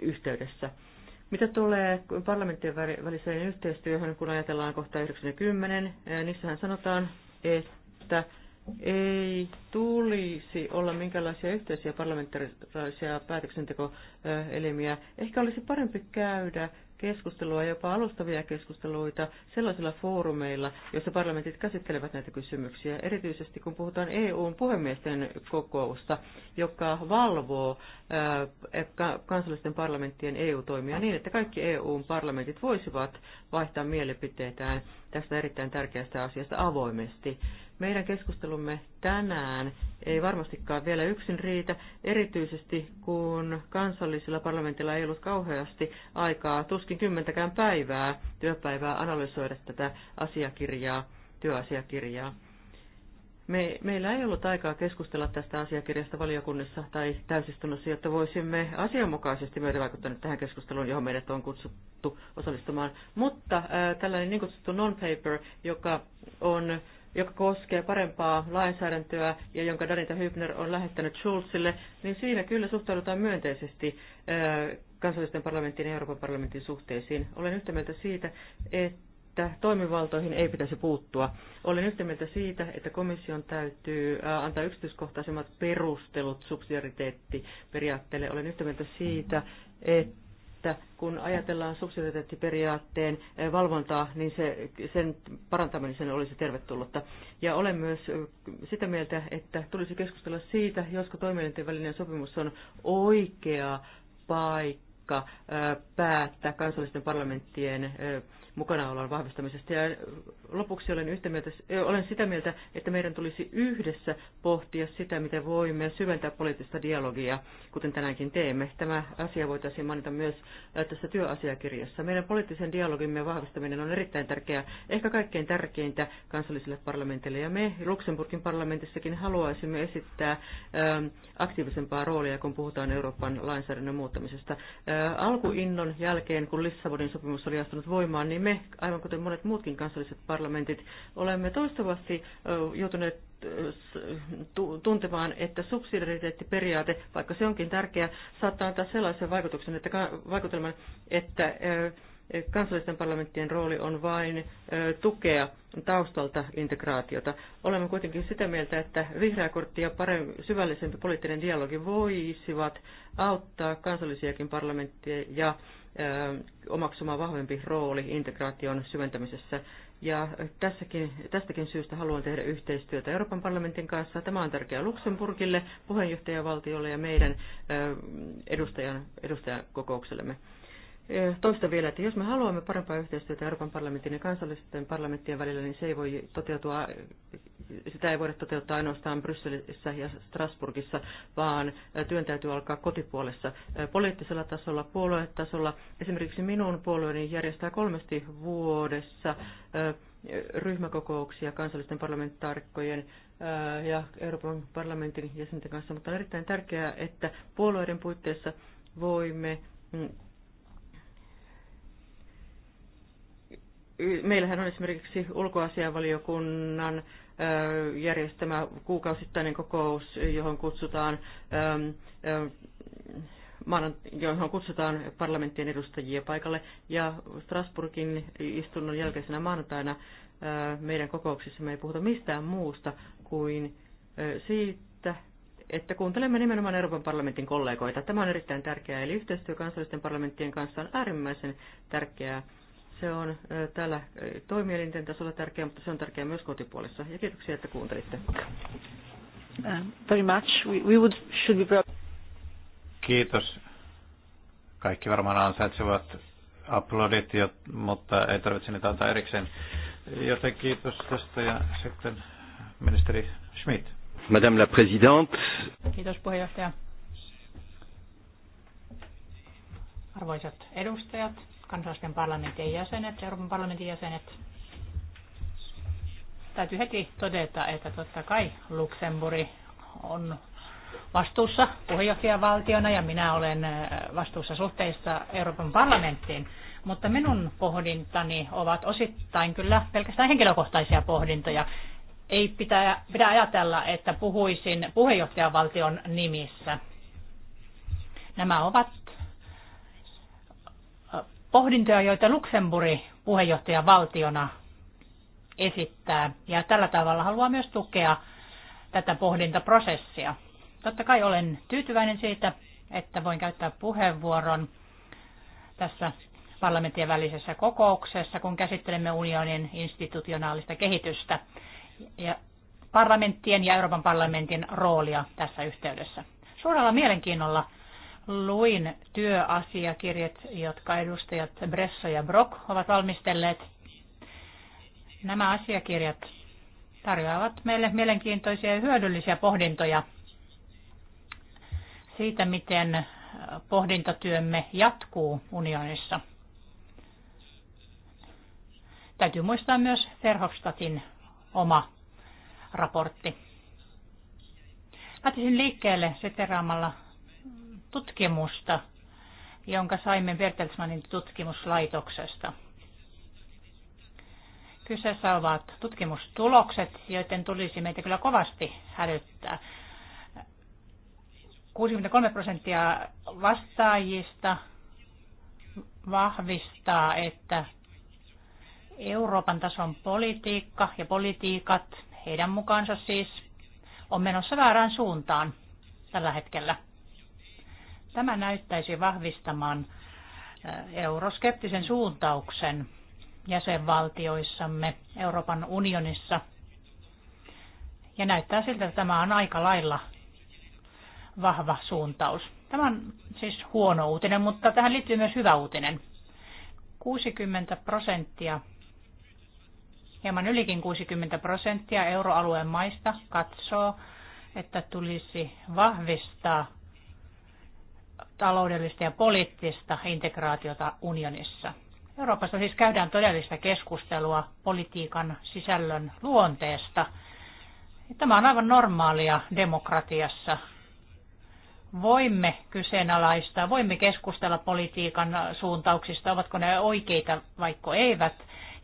yhteydessä. Mitä tulee parlamenttien väliseen yhteistyöhön, kun ajatellaan kohta 90, niissähän sanotaan, että ei tulisi olla minkälaisia yhteisiä parlamentaarisia päätöksentekoelimiä. Ehkä olisi parempi käydä keskustelua, jopa alustavia keskusteluita sellaisilla foorumeilla, joissa parlamentit käsittelevät näitä kysymyksiä, erityisesti kun puhutaan EUn puhemiesten kokousta, joka valvoo kansallisten parlamenttien EU-toimia niin, että kaikki EUn parlamentit voisivat vaihtaa mielipiteitään tästä erittäin tärkeästä asiasta avoimesti. Meidän keskustelumme tänään ei varmastikaan vielä yksin riitä, erityisesti kun kansallisilla parlamentilla ei ollut kauheasti aikaa, tuskin kymmentäkään päivää, työpäivää analysoida tätä asiakirjaa, työasiakirjaa. Me, meillä ei ollut aikaa keskustella tästä asiakirjasta valiokunnissa tai täysistunnossa, jotta voisimme asianmukaisesti myötä vaikuttaa tähän keskusteluun, johon meidät on kutsuttu osallistumaan. Mutta äh, tällainen niin kutsuttu non-paper, joka on joka koskee parempaa lainsäädäntöä ja jonka Danita Hübner on lähettänyt Schulzille, niin siinä kyllä suhtaudutaan myönteisesti kansallisten parlamenttien ja Euroopan parlamentin suhteisiin. Olen yhtä mieltä siitä, että toimivaltoihin ei pitäisi puuttua. Olen yhtä mieltä siitä, että komission täytyy antaa yksityiskohtaisemmat perustelut subsidiariteettiperiaatteelle. Olen yhtä mieltä siitä, että että kun ajatellaan subsidiariteettiperiaatteen eh, valvontaa, niin se, sen parantaminen sen olisi tervetullutta. Ja olen myös eh, sitä mieltä, että tulisi keskustella siitä, josko toimielinten välinen sopimus on oikea paikka eh, päättää kansallisten parlamenttien mukanaolon vahvistamisesta. Ja lopuksi olen, yhtä mieltä, olen sitä mieltä, että meidän tulisi yhdessä pohtia sitä, miten voimme syventää poliittista dialogia, kuten tänäänkin teemme. Tämä asia voitaisiin mainita myös tässä työasiakirjassa. Meidän poliittisen dialogimme vahvistaminen on erittäin tärkeää, ehkä kaikkein tärkeintä kansallisille parlamenteille. Ja me Luxemburgin parlamentissakin haluaisimme esittää aktiivisempaa roolia, kun puhutaan Euroopan lainsäädännön muuttamisesta. Alkuinnon jälkeen, kun Lissabonin sopimus oli astunut voimaan, niin me me, aivan kuten monet muutkin kansalliset parlamentit, olemme toistuvasti joutuneet tuntemaan, että subsidiariteettiperiaate, vaikka se onkin tärkeä, saattaa antaa sellaisen vaikutuksen, että, vaikutelman, että kansallisten parlamenttien rooli on vain tukea taustalta integraatiota. Olemme kuitenkin sitä mieltä, että vihreä kortti ja parempi, syvällisempi poliittinen dialogi voisivat auttaa kansallisiakin parlamentteja ja omaksuma vahvempi rooli integraation syventämisessä. Ja tässäkin, tästäkin syystä haluan tehdä yhteistyötä Euroopan parlamentin kanssa. Tämä on tärkeää Luxemburgille, puheenjohtajavaltiolle ja meidän edustajan, edustajakokouksellemme. kokouksellemme. Toista vielä, että jos me haluamme parempaa yhteistyötä Euroopan parlamentin ja kansallisten parlamenttien välillä, niin se ei voi toteutua, sitä ei voida toteuttaa ainoastaan Brysselissä ja Strasburgissa, vaan työn täytyy alkaa kotipuolessa. Poliittisella tasolla, puoluetasolla, esimerkiksi minun puolueeni järjestää kolmesti vuodessa ryhmäkokouksia kansallisten parlamentaarikkojen ja Euroopan parlamentin jäsenten kanssa, mutta on erittäin tärkeää, että puolueiden puitteissa voimme mm, meillähän on esimerkiksi ulkoasianvaliokunnan järjestämä kuukausittainen kokous, johon kutsutaan, johon kutsutaan parlamenttien edustajia paikalle. Ja Strasburgin istunnon jälkeisenä maanantaina meidän kokouksissamme ei puhuta mistään muusta kuin siitä, että kuuntelemme nimenomaan Euroopan parlamentin kollegoita. Tämä on erittäin tärkeää, eli yhteistyö kansallisten parlamenttien kanssa on äärimmäisen tärkeää se on täällä toimielinten tasolla tärkeä, mutta se on tärkeää myös kotipuolessa. Ja kiitoksia, että kuuntelitte. Um, very much. We, we would, should be... Kiitos. Kaikki varmaan ansaitsevat uploadit, mutta ei tarvitse niitä antaa erikseen. Joten kiitos tästä ja sitten ministeri Schmidt. Madame la Présidente. Kiitos puheenjohtaja. Arvoisat edustajat, kansallisten parlamentin jäsenet, Euroopan parlamentin jäsenet. Täytyy heti todeta, että totta kai Luxemburg on vastuussa puheenjohtajavaltiona ja minä olen äh, vastuussa suhteessa Euroopan parlamenttiin. Mutta minun pohdintani ovat osittain kyllä pelkästään henkilökohtaisia pohdintoja. Ei pitä, pidä ajatella, että puhuisin puheenjohtajavaltion nimissä. Nämä ovat pohdintoja, joita Luxemburgi puheenjohtajavaltiona esittää. Ja tällä tavalla haluaa myös tukea tätä pohdintaprosessia. Totta kai olen tyytyväinen siitä, että voin käyttää puheenvuoron tässä parlamenttien välisessä kokouksessa, kun käsittelemme unionin institutionaalista kehitystä ja parlamenttien ja Euroopan parlamentin roolia tässä yhteydessä. Suurella mielenkiinnolla luin työasiakirjat, jotka edustajat Bresso ja Brock ovat valmistelleet. Nämä asiakirjat tarjoavat meille mielenkiintoisia ja hyödyllisiä pohdintoja siitä, miten pohdintatyömme jatkuu unionissa. Täytyy muistaa myös Verhofstadtin oma raportti. Lähtisin liikkeelle seteraamalla tutkimusta, jonka saimme Bertelsmannin tutkimuslaitoksesta. Kyseessä ovat tutkimustulokset, joiden tulisi meitä kyllä kovasti hälyttää. 63 prosenttia vastaajista vahvistaa, että Euroopan tason politiikka ja politiikat, heidän mukaansa siis, on menossa väärään suuntaan tällä hetkellä. Tämä näyttäisi vahvistamaan euroskeptisen suuntauksen jäsenvaltioissamme Euroopan unionissa. Ja näyttää siltä, että tämä on aika lailla vahva suuntaus. Tämä on siis huono uutinen, mutta tähän liittyy myös hyvä uutinen. 60 prosenttia, hieman ylikin 60 prosenttia euroalueen maista katsoo, että tulisi vahvistaa taloudellista ja poliittista integraatiota unionissa. Euroopassa siis käydään todellista keskustelua politiikan sisällön luonteesta. Tämä on aivan normaalia demokratiassa. Voimme kyseenalaistaa, voimme keskustella politiikan suuntauksista, ovatko ne oikeita vaikka eivät.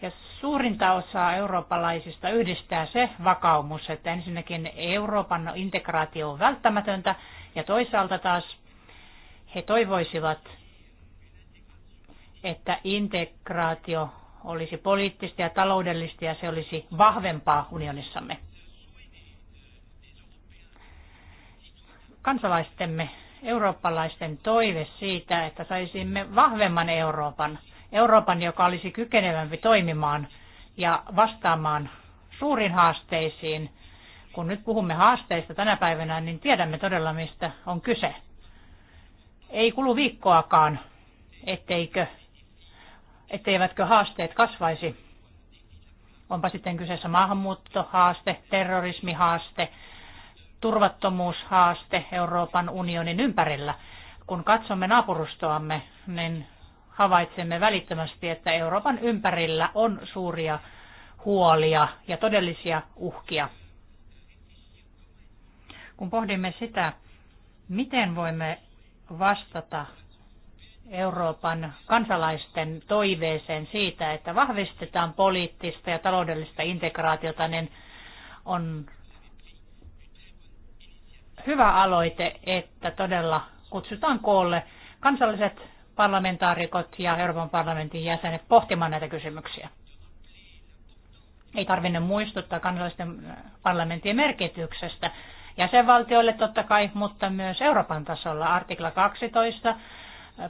Ja suurinta osaa eurooppalaisista yhdistää se vakaumus, että ensinnäkin Euroopan integraatio on välttämätöntä ja toisaalta taas he toivoisivat, että integraatio olisi poliittista ja taloudellista ja se olisi vahvempaa unionissamme. Kansalaistemme, eurooppalaisten toive siitä, että saisimme vahvemman Euroopan, Euroopan, joka olisi kykenevämpi toimimaan ja vastaamaan suurin haasteisiin. Kun nyt puhumme haasteista tänä päivänä, niin tiedämme todella, mistä on kyse. Ei kulu viikkoakaan, etteikö, etteivätkö haasteet kasvaisi. Onpa sitten kyseessä maahanmuuttohaaste, terrorismihaaste, turvattomuushaaste Euroopan unionin ympärillä. Kun katsomme naapurustoamme, niin havaitsemme välittömästi, että Euroopan ympärillä on suuria huolia ja todellisia uhkia. Kun pohdimme sitä, miten voimme vastata Euroopan kansalaisten toiveeseen siitä, että vahvistetaan poliittista ja taloudellista integraatiota, niin on hyvä aloite, että todella kutsutaan koolle kansalliset parlamentaarikot ja Euroopan parlamentin jäsenet pohtimaan näitä kysymyksiä. Ei tarvinne muistuttaa kansallisten parlamenttien merkityksestä jäsenvaltioille totta kai, mutta myös Euroopan tasolla. Artikla 12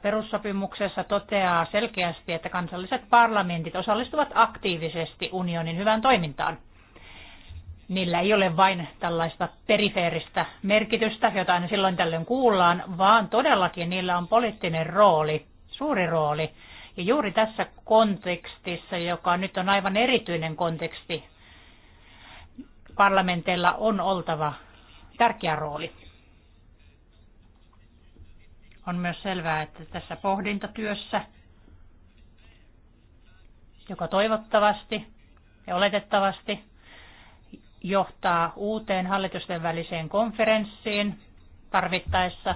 perussopimuksessa toteaa selkeästi, että kansalliset parlamentit osallistuvat aktiivisesti unionin hyvään toimintaan. Niillä ei ole vain tällaista perifeeristä merkitystä, jota aina silloin tällöin kuullaan, vaan todellakin niillä on poliittinen rooli, suuri rooli. Ja juuri tässä kontekstissa, joka nyt on aivan erityinen konteksti, parlamenteilla on oltava tärkeä rooli. On myös selvää, että tässä pohdintatyössä, joka toivottavasti ja oletettavasti johtaa uuteen hallitusten väliseen konferenssiin tarvittaessa.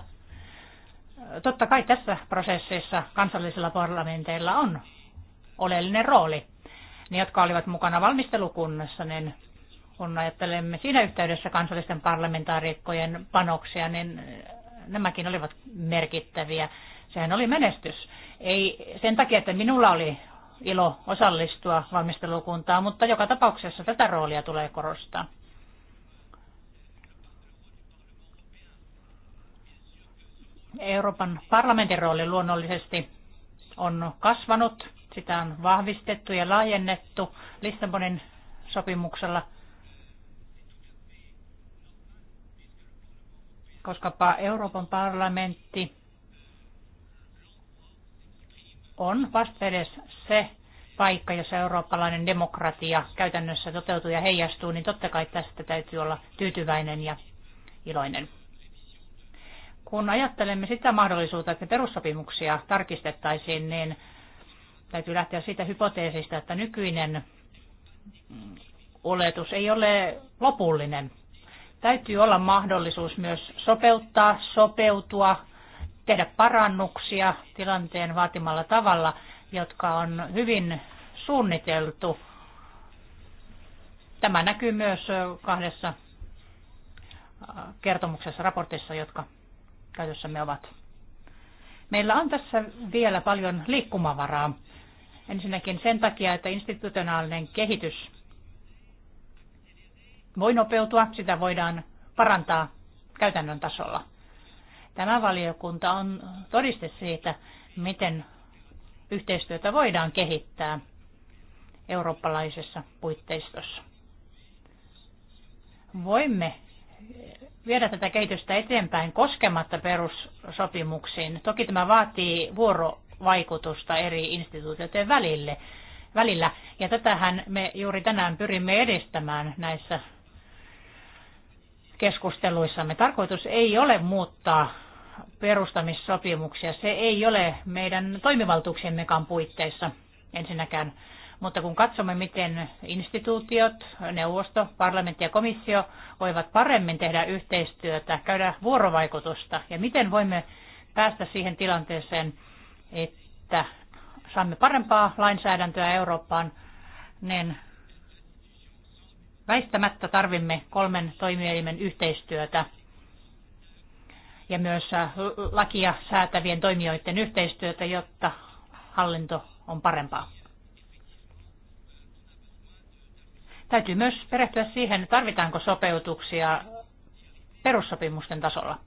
Totta kai tässä prosessissa kansallisilla parlamenteilla on oleellinen rooli. Ne, jotka olivat mukana valmistelukunnassa, niin kun ajattelemme siinä yhteydessä kansallisten parlamentaarikkojen panoksia, niin nämäkin olivat merkittäviä. Sehän oli menestys. Ei sen takia, että minulla oli ilo osallistua valmistelukuntaan, mutta joka tapauksessa tätä roolia tulee korostaa. Euroopan parlamentin rooli luonnollisesti on kasvanut, sitä on vahvistettu ja laajennettu Lissabonin sopimuksella – koska Euroopan parlamentti on vastedes se paikka, jossa eurooppalainen demokratia käytännössä toteutuu ja heijastuu, niin totta kai tästä täytyy olla tyytyväinen ja iloinen. Kun ajattelemme sitä mahdollisuutta, että perussopimuksia tarkistettaisiin, niin täytyy lähteä siitä hypoteesista, että nykyinen oletus ei ole lopullinen. Täytyy olla mahdollisuus myös sopeuttaa, sopeutua, tehdä parannuksia tilanteen vaatimalla tavalla, jotka on hyvin suunniteltu. Tämä näkyy myös kahdessa kertomuksessa, raportissa, jotka käytössämme ovat. Meillä on tässä vielä paljon liikkumavaraa. Ensinnäkin sen takia, että institutionaalinen kehitys voi nopeutua, sitä voidaan parantaa käytännön tasolla. Tämä valiokunta on todiste siitä, miten yhteistyötä voidaan kehittää eurooppalaisessa puitteistossa. Voimme viedä tätä kehitystä eteenpäin koskematta perussopimuksiin. Toki tämä vaatii vuorovaikutusta eri instituutioiden välille, välillä, ja tätähän me juuri tänään pyrimme edistämään näissä keskusteluissamme. Tarkoitus ei ole muuttaa perustamissopimuksia. Se ei ole meidän toimivaltuuksiemmekaan puitteissa ensinnäkään. Mutta kun katsomme, miten instituutiot, neuvosto, parlamentti ja komissio voivat paremmin tehdä yhteistyötä, käydä vuorovaikutusta ja miten voimme päästä siihen tilanteeseen, että saamme parempaa lainsäädäntöä Eurooppaan, niin Väistämättä tarvimme kolmen toimielimen yhteistyötä ja myös lakia säätävien toimijoiden yhteistyötä, jotta hallinto on parempaa. Täytyy myös perehtyä siihen, tarvitaanko sopeutuksia perussopimusten tasolla.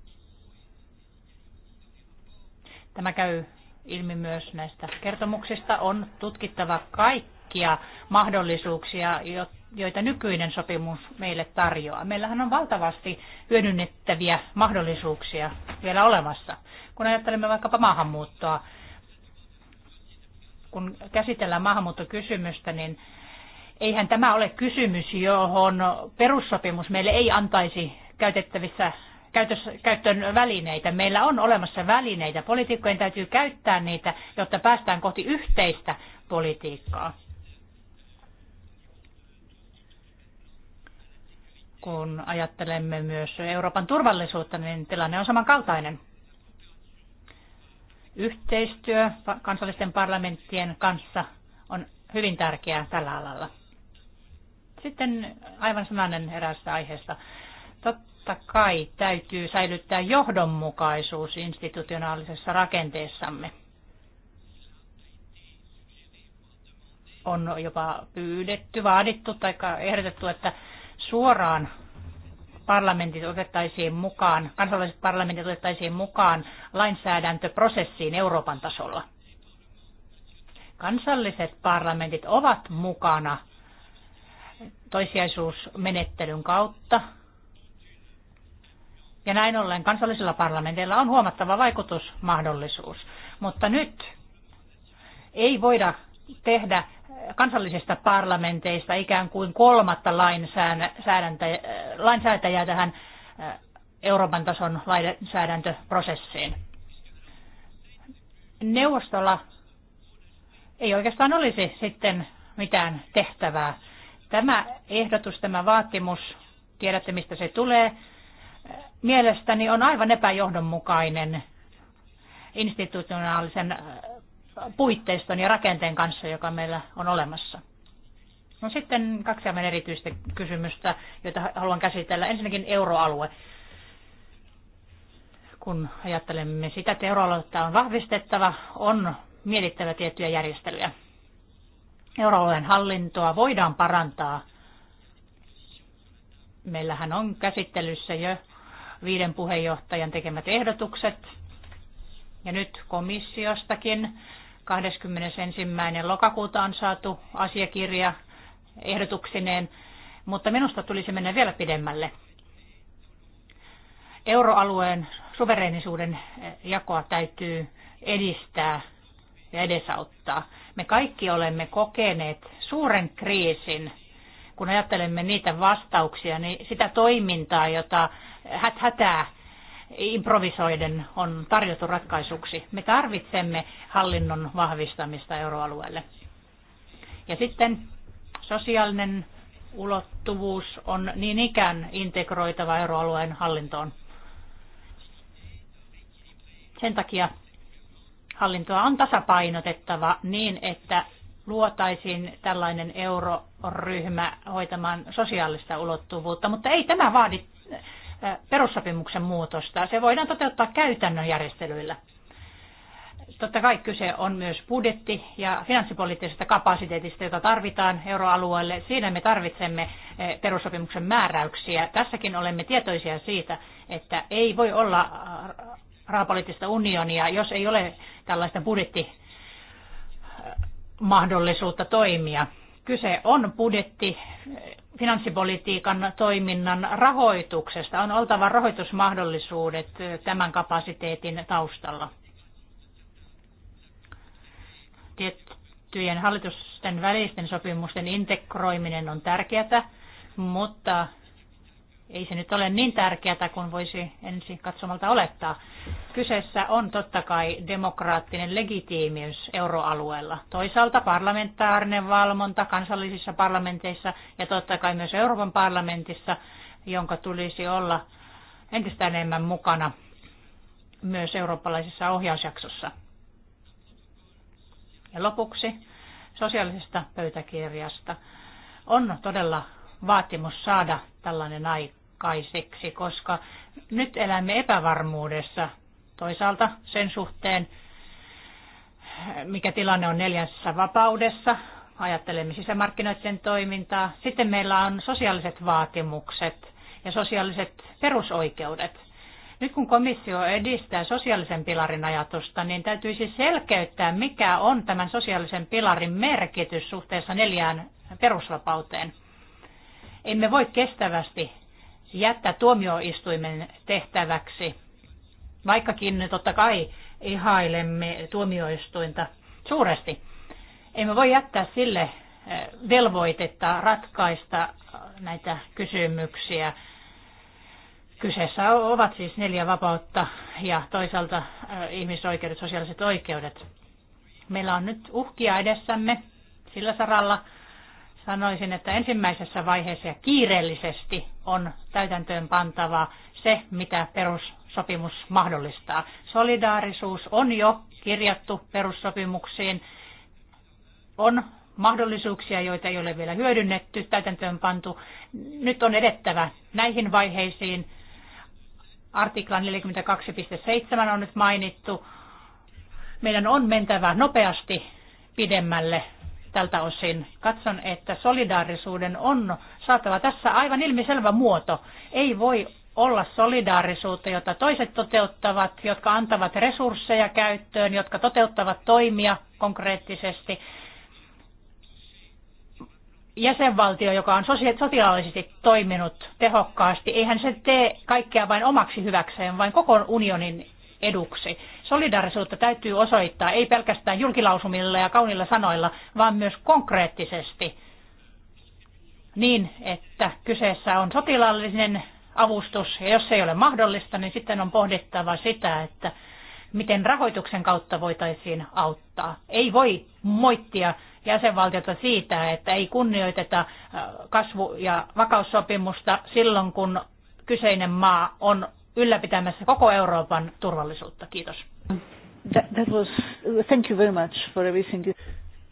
Tämä käy ilmi myös näistä kertomuksista. On tutkittava kaikkia mahdollisuuksia, jotta joita nykyinen sopimus meille tarjoaa. Meillähän on valtavasti hyödynnettäviä mahdollisuuksia vielä olemassa. Kun ajattelemme vaikkapa maahanmuuttoa, kun käsitellään maahanmuuttokysymystä, niin eihän tämä ole kysymys, johon perussopimus meille ei antaisi käytettävissä käyttöön välineitä. Meillä on olemassa välineitä. Poliitikkojen täytyy käyttää niitä, jotta päästään kohti yhteistä politiikkaa. kun ajattelemme myös Euroopan turvallisuutta, niin tilanne on samankaltainen. Yhteistyö kansallisten parlamenttien kanssa on hyvin tärkeää tällä alalla. Sitten aivan sananen eräästä aiheesta. Totta kai täytyy säilyttää johdonmukaisuus institutionaalisessa rakenteessamme. On jopa pyydetty, vaadittu tai ehdotettu, että suoraan parlamentit otettaisiin mukaan, kansalliset parlamentit otettaisiin mukaan lainsäädäntöprosessiin Euroopan tasolla. Kansalliset parlamentit ovat mukana toisiaisuusmenettelyn kautta. Ja näin ollen kansallisilla parlamenteilla on huomattava vaikutusmahdollisuus. Mutta nyt ei voida tehdä kansallisista parlamenteista ikään kuin kolmatta lainsäätäjää tähän eh, Euroopan tason lainsäädäntöprosessiin. Neuvostolla ei oikeastaan olisi sitten mitään tehtävää. Tämä ehdotus, tämä vaatimus, tiedätte mistä se tulee, mielestäni on aivan epäjohdonmukainen institutionaalisen eh, puitteiston ja rakenteen kanssa, joka meillä on olemassa. No sitten kaksi aivan erityistä kysymystä, joita haluan käsitellä. Ensinnäkin euroalue. Kun ajattelemme sitä, että euroaluetta on vahvistettava, on mietittävä tiettyjä järjestelyjä. Euroalueen hallintoa voidaan parantaa. Meillähän on käsittelyssä jo viiden puheenjohtajan tekemät ehdotukset. Ja nyt komissiostakin 21. lokakuuta on saatu asiakirja ehdotuksineen, mutta minusta tulisi mennä vielä pidemmälle. Euroalueen suvereenisuuden jakoa täytyy edistää ja edesauttaa. Me kaikki olemme kokeneet suuren kriisin, kun ajattelemme niitä vastauksia, niin sitä toimintaa, jota hätää improvisoiden on tarjottu ratkaisuksi. Me tarvitsemme hallinnon vahvistamista euroalueelle. Ja sitten sosiaalinen ulottuvuus on niin ikään integroitava euroalueen hallintoon. Sen takia hallintoa on tasapainotettava niin, että luotaisiin tällainen euroryhmä hoitamaan sosiaalista ulottuvuutta, mutta ei tämä vaadi perussopimuksen muutosta. Se voidaan toteuttaa käytännön järjestelyillä. Totta kai kyse on myös budjetti- ja finanssipoliittisesta kapasiteetista, jota tarvitaan euroalueelle. Siinä me tarvitsemme perussopimuksen määräyksiä. Tässäkin olemme tietoisia siitä, että ei voi olla rahapoliittista unionia, jos ei ole tällaista budjettimahdollisuutta mahdollisuutta toimia. Kyse on budjetti finanssipolitiikan toiminnan rahoituksesta. On oltava rahoitusmahdollisuudet tämän kapasiteetin taustalla. Tiettyjen hallitusten välisten sopimusten integroiminen on tärkeää, mutta ei se nyt ole niin tärkeää kuin voisi ensin katsomalta olettaa. Kyseessä on totta kai demokraattinen legitiimiys euroalueella. Toisaalta parlamentaarinen valvonta kansallisissa parlamenteissa ja totta kai myös Euroopan parlamentissa, jonka tulisi olla entistä enemmän mukana myös eurooppalaisessa ohjausjaksossa. Ja lopuksi sosiaalisesta pöytäkirjasta. On todella vaatimus saada tällainen aika monimutkaiseksi, koska nyt elämme epävarmuudessa toisaalta sen suhteen, mikä tilanne on neljässä vapaudessa, ajattelemme sisämarkkinoiden toimintaa. Sitten meillä on sosiaaliset vaatimukset ja sosiaaliset perusoikeudet. Nyt kun komissio edistää sosiaalisen pilarin ajatusta, niin täytyisi selkeyttää, mikä on tämän sosiaalisen pilarin merkitys suhteessa neljään perusvapauteen. Emme voi kestävästi jättää tuomioistuimen tehtäväksi, vaikkakin totta kai ihailemme tuomioistuinta suuresti. Emme voi jättää sille eh, velvoitetta ratkaista näitä kysymyksiä. Kyseessä ovat siis neljä vapautta ja toisaalta eh, ihmisoikeudet, sosiaaliset oikeudet. Meillä on nyt uhkia edessämme sillä saralla, Sanoisin, että ensimmäisessä vaiheessa ja kiireellisesti on täytäntöön pantava se, mitä perussopimus mahdollistaa. Solidaarisuus on jo kirjattu perussopimuksiin. On mahdollisuuksia, joita ei ole vielä hyödynnetty, täytäntöön pantu. Nyt on edettävä näihin vaiheisiin. Artikla 42.7 on nyt mainittu. Meidän on mentävä nopeasti pidemmälle tältä osin. Katson, että solidaarisuuden on saatava tässä aivan ilmiselvä muoto. Ei voi olla solidaarisuutta, jota toiset toteuttavat, jotka antavat resursseja käyttöön, jotka toteuttavat toimia konkreettisesti. Jäsenvaltio, joka on sotilaallisesti toiminut tehokkaasti, eihän se tee kaikkea vain omaksi hyväkseen, vaan koko unionin eduksi solidarisuutta täytyy osoittaa ei pelkästään julkilausumilla ja kaunilla sanoilla, vaan myös konkreettisesti niin, että kyseessä on sotilaallinen avustus, ja jos se ei ole mahdollista, niin sitten on pohdittava sitä, että miten rahoituksen kautta voitaisiin auttaa. Ei voi moittia jäsenvaltiota siitä, että ei kunnioiteta äh, kasvu- ja vakaussopimusta silloin, kun kyseinen maa on ylläpitämässä koko Euroopan turvallisuutta. Kiitos. That, was, thank you very much for everything.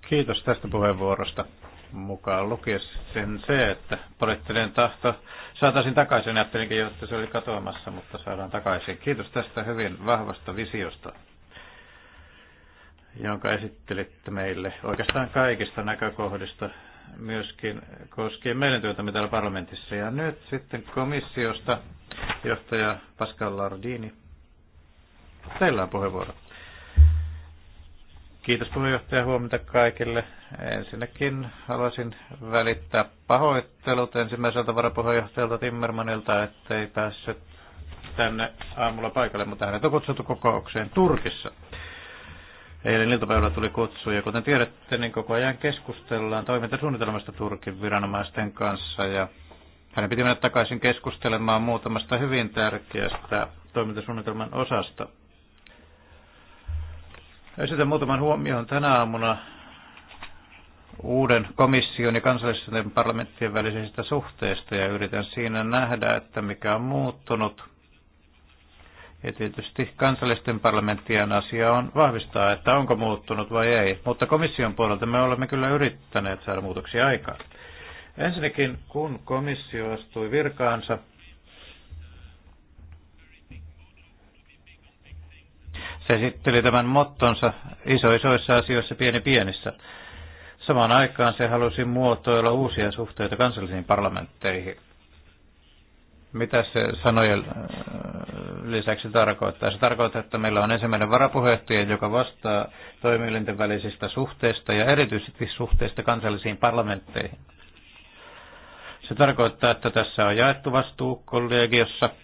Kiitos tästä puheenvuorosta mukaan lukien sen se, että poliittinen tahto saataisiin takaisin. Ajattelinkin jo, että se oli katoamassa, mutta saadaan takaisin. Kiitos tästä hyvin vahvasta visiosta, jonka esittelitte meille oikeastaan kaikista näkökohdista, myöskin koskien meidän työtämme täällä parlamentissa. Ja nyt sitten komissiosta johtaja Pascal Lardini. Teillä on puheenvuoro. Kiitos puheenjohtaja, huomenta kaikille. Ensinnäkin haluaisin välittää pahoittelut ensimmäiseltä varapuheenjohtajalta Timmermanilta, ettei päässyt tänne aamulla paikalle, mutta hänet on kutsuttu kokoukseen Turkissa. Eilen iltapäivällä tuli kutsu ja kuten tiedätte, niin koko ajan keskustellaan toimintasuunnitelmasta Turkin viranomaisten kanssa ja hänen piti mennä takaisin keskustelemaan muutamasta hyvin tärkeästä toimintasuunnitelman osasta – Esitän muutaman huomioon tänä aamuna uuden komission ja kansallisten parlamenttien välisistä suhteista ja yritän siinä nähdä, että mikä on muuttunut. Ja tietysti kansallisten parlamenttien asia on vahvistaa, että onko muuttunut vai ei. Mutta komission puolelta me olemme kyllä yrittäneet saada muutoksia aikaan. Ensinnäkin, kun komissio astui virkaansa, se esitteli tämän mottonsa iso isoissa asioissa, pieni pienissä. Samaan aikaan se halusi muotoilla uusia suhteita kansallisiin parlamentteihin. Mitä se sanojen äh, lisäksi tarkoittaa? Se tarkoittaa, että meillä on ensimmäinen varapuheenjohtaja, joka vastaa toimielinten välisistä suhteista ja erityisesti suhteista kansallisiin parlamentteihin. Se tarkoittaa, että tässä on jaettu vastuu kollegiossa –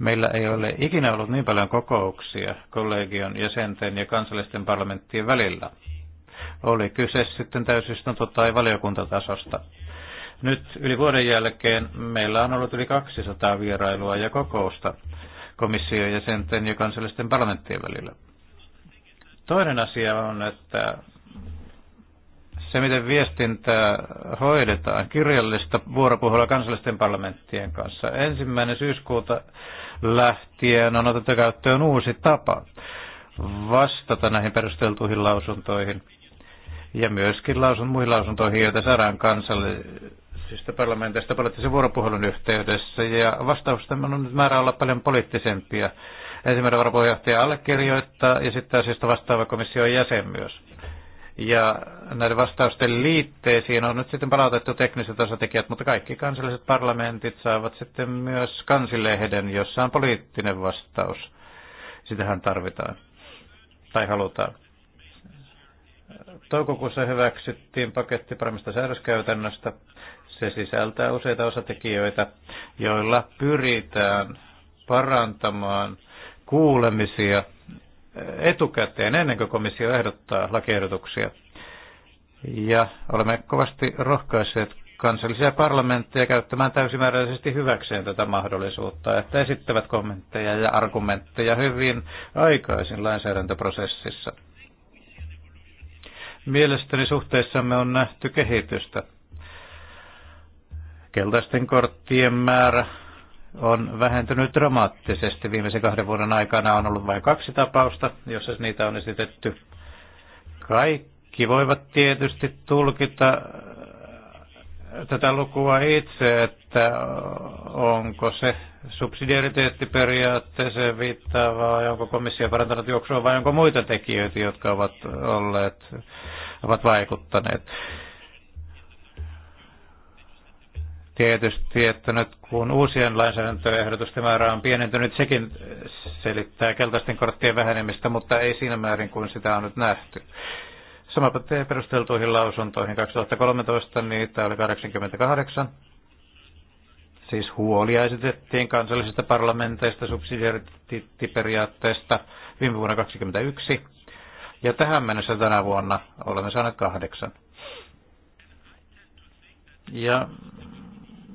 Meillä ei ole ikinä ollut niin paljon kokouksia kollegion jäsenten ja kansallisten parlamenttien välillä. Oli kyse sitten täysistunto- tai valiokuntatasosta. Nyt yli vuoden jälkeen meillä on ollut yli 200 vierailua ja kokousta komission jäsenten ja kansallisten parlamenttien välillä. Toinen asia on, että se, miten viestintää hoidetaan, kirjallista vuoropuhelua kansallisten parlamenttien kanssa. Ensimmäinen syyskuuta lähtien on otettu käyttöön uusi tapa vastata näihin perusteltuihin lausuntoihin ja myöskin lausun, muihin lausuntoihin, joita saadaan kansallisista parlamenteista poliittisen vuoropuhelun yhteydessä. Ja vastausta on nyt määrä olla paljon poliittisempia. Ensimmäinen varapuheenjohtaja allekirjoittaa ja sitten asiasta vastaava komission jäsen myös. Ja näiden vastausten liitteisiin on nyt sitten palautettu tekniset osatekijät, mutta kaikki kansalliset parlamentit saavat sitten myös kansilehden, jossa on poliittinen vastaus. Sitähän tarvitaan tai halutaan. Toukokuussa hyväksyttiin paketti paremmasta säädöskäytännöstä. Se sisältää useita osatekijöitä, joilla pyritään parantamaan kuulemisia etukäteen ennen kuin komissio ehdottaa lakiehdotuksia. Ja olemme kovasti rohkaisseet kansallisia parlamentteja käyttämään täysimääräisesti hyväkseen tätä mahdollisuutta, että esittävät kommentteja ja argumentteja hyvin aikaisin lainsäädäntöprosessissa. Mielestäni suhteessamme on nähty kehitystä. Keltaisten korttien määrä on vähentynyt dramaattisesti. Viimeisen kahden vuoden aikana on ollut vain kaksi tapausta, jossa niitä on esitetty. Kaikki voivat tietysti tulkita äh, tätä lukua itse, että onko se subsidiariteettiperiaatteeseen viittaava, vai onko komissio parantanut juoksua vai onko muita tekijöitä, jotka ovat olleet, ovat vaikuttaneet. tietysti, että nyt kun uusien lainsäädäntöehdotusten määrä on pienentynyt, sekin selittää keltaisten korttien vähenemistä, mutta ei siinä määrin kuin sitä on nyt nähty. Sama pätee perusteltuihin lausuntoihin. 2013 niitä oli 88. Siis huolia esitettiin kansallisista parlamenteista, subsidiariteettiperiaatteesta viime vuonna 21. Ja tähän mennessä tänä vuonna olemme saaneet kahdeksan. Ja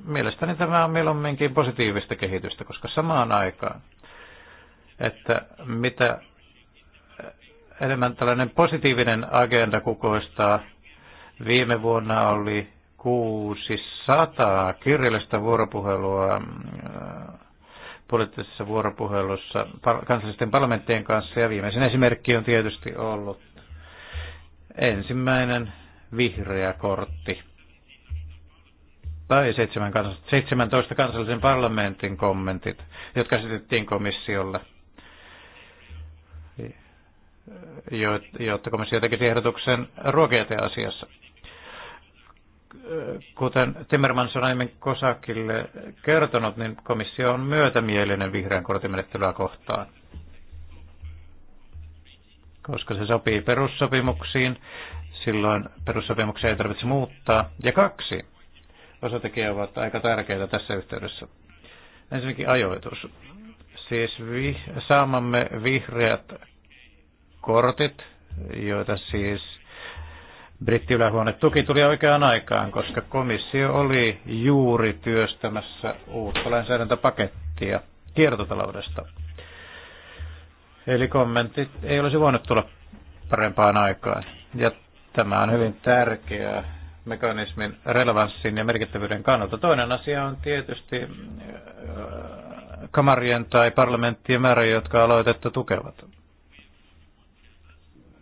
Mielestäni tämä on mieluumminkin positiivista kehitystä, koska samaan aikaan, että mitä enemmän tällainen positiivinen agenda kukoistaa, viime vuonna oli 600 kirjallista vuoropuhelua äh, poliittisessa vuoropuhelussa kansallisten parlamenttien kanssa. Ja viimeisin esimerkki on tietysti ollut ensimmäinen vihreä kortti tai 17 kansallisen parlamentin kommentit, jotka esitettiin komissiolle, jotta komissio tekisi ehdotuksen asiassa Kuten Timmermans on aiemmin Kosakille kertonut, niin komissio on myötämielinen vihreän kortimenettelyä kohtaan, koska se sopii perussopimuksiin. Silloin perussopimuksia ei tarvitse muuttaa. Ja kaksi, osatekijä ovat aika tärkeitä tässä yhteydessä. Ensinnäkin ajoitus. Siis vi, saamamme vihreät kortit, joita siis brittiylähuone tuki tuli oikeaan aikaan, koska komissio oli juuri työstämässä uutta lainsäädäntöpakettia kiertotaloudesta. Eli kommentit ei olisi voinut tulla parempaan aikaan. Ja tämä on hyvin tärkeää mekanismin relevanssin ja merkittävyyden kannalta. Toinen asia on tietysti äh, kamarien tai parlamenttien määrä, jotka aloitetta tukevat.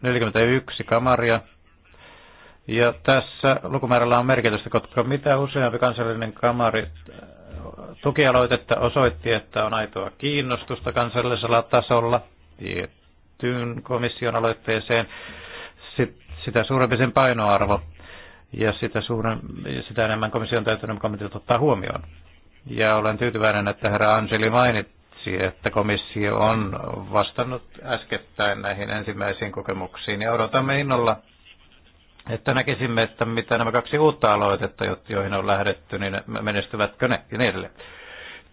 41 kamaria. Ja tässä lukumäärällä on merkitystä, koska mitä useampi kansallinen kamari äh, tukialoitetta osoitti, että on aitoa kiinnostusta kansallisella tasolla tiettyyn komission aloitteeseen, sitä suurempi sen painoarvo ja sitä, suuren, sitä enemmän komission täytyy kommentit ottaa huomioon. Ja olen tyytyväinen, että herra Angeli mainitsi, että komissio on vastannut äskettäin näihin ensimmäisiin kokemuksiin ja odotamme innolla, että näkisimme, että mitä nämä kaksi uutta aloitetta, joihin on lähdetty, niin menestyvätkö ne ja niin edelleen.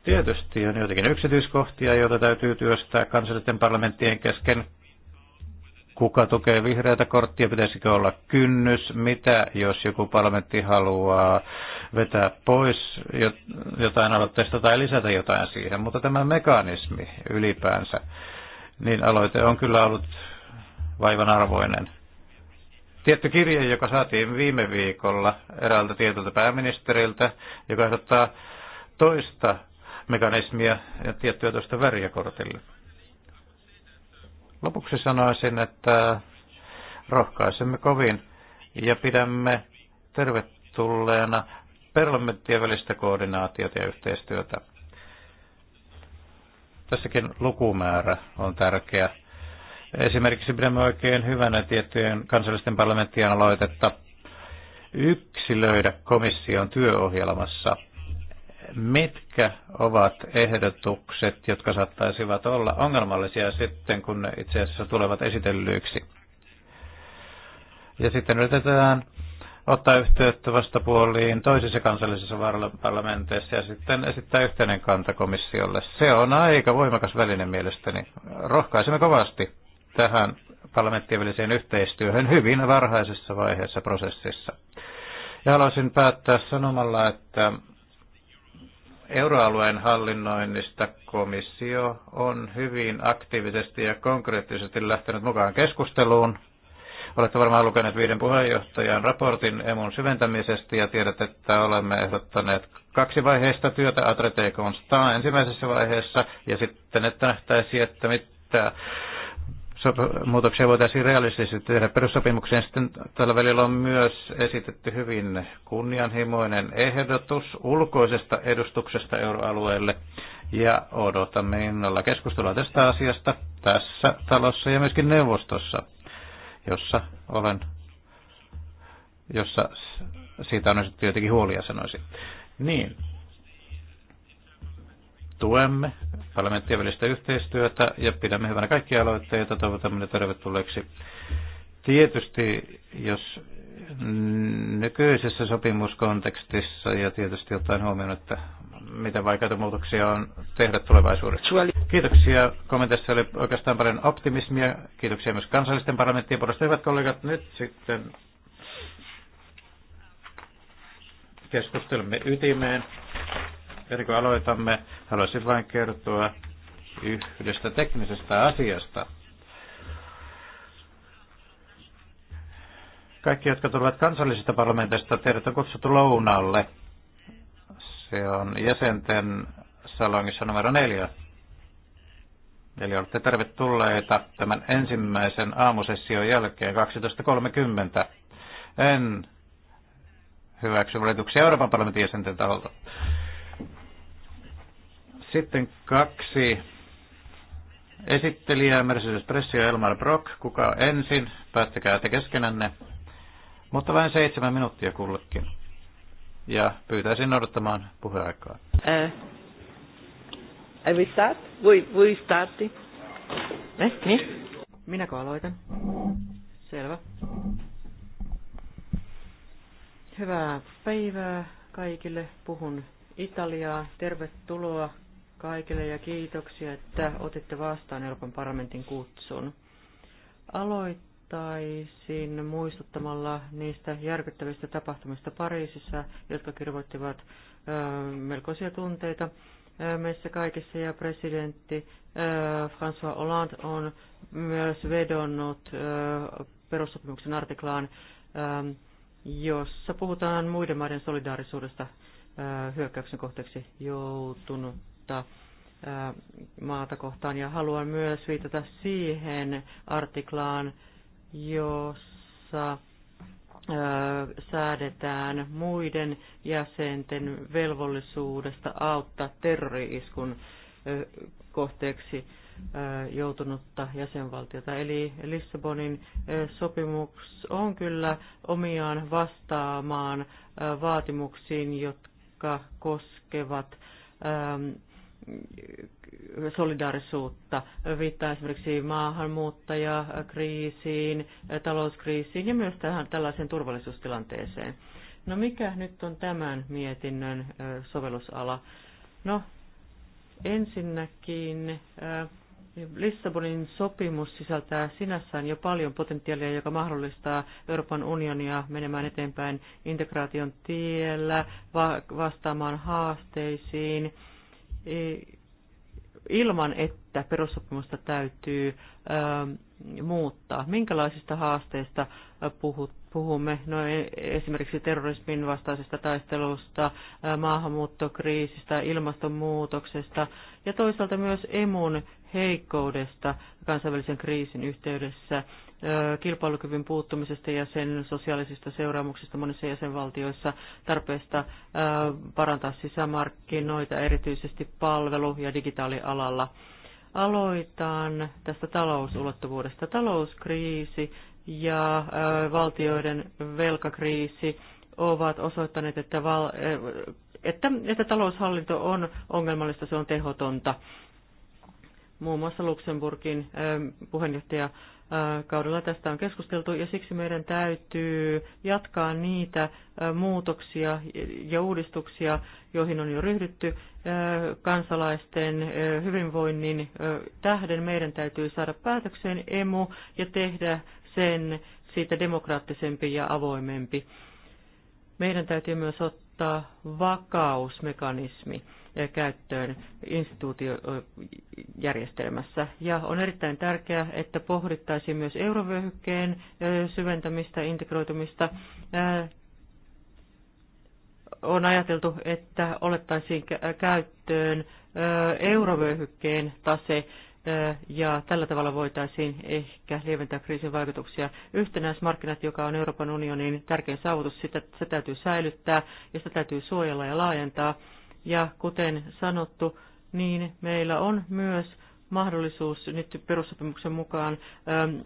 Tietysti on joitakin yksityiskohtia, joita täytyy työstää kansallisten parlamenttien kesken kuka tukee vihreätä korttia, pitäisikö olla kynnys, mitä jos joku parlamentti haluaa vetää pois jotain aloitteesta tai lisätä jotain siihen, mutta tämä mekanismi ylipäänsä, niin aloite on kyllä ollut vaivan arvoinen. Tietty kirje, joka saatiin viime viikolla eräältä tietolta pääministeriltä, joka ehdottaa toista mekanismia ja tiettyä toista väriä kortille. Lopuksi sanoisin, että rohkaisemme kovin ja pidämme tervetulleena parlamenttien välistä koordinaatiota ja yhteistyötä. Tässäkin lukumäärä on tärkeä. Esimerkiksi pidämme oikein hyvänä tiettyjen kansallisten parlamenttien aloitetta yksilöidä komission työohjelmassa – mitkä ovat ehdotukset, jotka saattaisivat olla ongelmallisia sitten, kun ne itse asiassa tulevat esitellyiksi. Ja sitten yritetään ottaa yhteyttä vastapuoliin toisissa kansallisissa parlamenteissa ja sitten esittää yhteinen kanta komissiolle. Se on aika voimakas väline mielestäni. Rohkaisemme kovasti tähän parlamenttien väliseen yhteistyöhön hyvin varhaisessa vaiheessa prosessissa. Ja haluaisin päättää sanomalla, että Euroalueen hallinnoinnista komissio on hyvin aktiivisesti ja konkreettisesti lähtenyt mukaan keskusteluun. Olette varmaan lukeneet viiden puheenjohtajan raportin emun syventämisestä ja tiedät, että olemme ehdottaneet kaksi vaiheista työtä Atreteikonstaan ensimmäisessä vaiheessa ja sitten, että nähtäisiin, että mitä muutoksia voitaisiin realistisesti tehdä perussopimukseen. Sitten tällä välillä on myös esitetty hyvin kunnianhimoinen ehdotus ulkoisesta edustuksesta euroalueelle. Ja odotamme innolla keskustelua tästä asiasta tässä talossa ja myöskin neuvostossa, jossa olen, jossa siitä on esitetty jotenkin huolia sanoisin. Niin, tuemme parlamenttien välistä yhteistyötä ja pidämme hyvänä kaikkia aloitteita. Toivotamme ne tervetulleeksi. Tietysti, jos nykyisessä sopimuskontekstissa ja tietysti ottaen huomioon, että mitä vaikeita muutoksia on tehdä tulevaisuudessa. Kiitoksia. Kommentissa oli oikeastaan paljon optimismia. Kiitoksia myös kansallisten parlamenttien puolesta. Hyvät kollegat, nyt sitten keskustelemme ytimeen. Ennen kuin aloitamme, haluaisin vain kertoa yhdestä teknisestä asiasta. Kaikki, jotka tulevat kansallisista parlamenteista, teidät on kutsuttu lounalle. Se on jäsenten salongissa numero neljä. Eli olette tervetulleita tämän ensimmäisen aamusession jälkeen 12.30. En hyväksy valituksia Euroopan parlamentin jäsenten taholta. Sitten kaksi esittelijää, Mercedes Pressi ja Elmar Brock. Kuka ensin? Päättäkää te keskenänne. Mutta vain seitsemän minuuttia kullekin. Ja pyytäisin noudattamaan puheaikaa. Äh. Eh, I start? We, we start. Eh, niin? Minäkö aloitan? Selvä. Hyvää päivää kaikille. Puhun Italiaa. Tervetuloa kaikille ja kiitoksia, että otitte vastaan Euroopan parlamentin kutsun. Aloittaisin muistuttamalla niistä järkyttävistä tapahtumista Pariisissa, jotka kirvoittivat melkoisia tunteita meissä kaikissa ja presidentti François Hollande on myös vedonnut perussopimuksen artiklaan, jossa puhutaan muiden maiden solidaarisuudesta hyökkäyksen kohteeksi joutunut ää, maata kohtaan. Ja haluan myös viitata siihen artiklaan, jossa säädetään muiden jäsenten velvollisuudesta auttaa terrori-iskun kohteeksi joutunutta jäsenvaltiota. Eli Lissabonin sopimus on kyllä omiaan vastaamaan vaatimuksiin, jotka koskevat solidaarisuutta, viittaa esimerkiksi maahanmuuttajakriisiin, talouskriisiin ja myös tähän tällaiseen turvallisuustilanteeseen. No mikä nyt on tämän mietinnön sovellusala? No ensinnäkin Lissabonin sopimus sisältää sinässään jo paljon potentiaalia, joka mahdollistaa Euroopan unionia menemään eteenpäin integraation tiellä, vastaamaan haasteisiin, E, ilman, että perussopimusta täytyy muuttaa. Minkälaisista haasteista puhumme? No, e, esimerkiksi terrorismin vastaisesta taistelusta, maahanmuuttokriisistä, ilmastonmuutoksesta ja toisaalta myös emun heikkoudesta kansainvälisen kriisin yhteydessä kilpailukyvyn puuttumisesta ja sen sosiaalisista seuraamuksista monissa jäsenvaltioissa, tarpeesta parantaa sisämarkkinoita, erityisesti palvelu- ja digitaalialalla. Aloitan tästä talousulottuvuudesta. Talouskriisi ja valtioiden velkakriisi ovat osoittaneet, että, val, että, että taloushallinto on ongelmallista, se on tehotonta muun muassa Luxemburgin puheenjohtaja kaudella tästä on keskusteltu ja siksi meidän täytyy jatkaa niitä muutoksia ja uudistuksia, joihin on jo ryhdytty kansalaisten hyvinvoinnin tähden. Meidän täytyy saada päätökseen emu ja tehdä sen siitä demokraattisempi ja avoimempi. Meidän täytyy myös ottaa ottaa vakausmekanismi eh, käyttöön instituutiojärjestelmässä. Ja on erittäin tärkeää, että pohdittaisiin myös eurovyöhykkeen eh, syventämistä, integroitumista. Eh, on ajateltu, että olettaisiin käyttöön eurovyöhykkeen tase ja tällä tavalla voitaisiin ehkä lieventää kriisin vaikutuksia. Yhtenäismarkkinat, joka on Euroopan unionin tärkein saavutus, sitä, se täytyy säilyttää ja sitä täytyy suojella ja laajentaa. Ja kuten sanottu, niin meillä on myös mahdollisuus nyt perussopimuksen mukaan ö,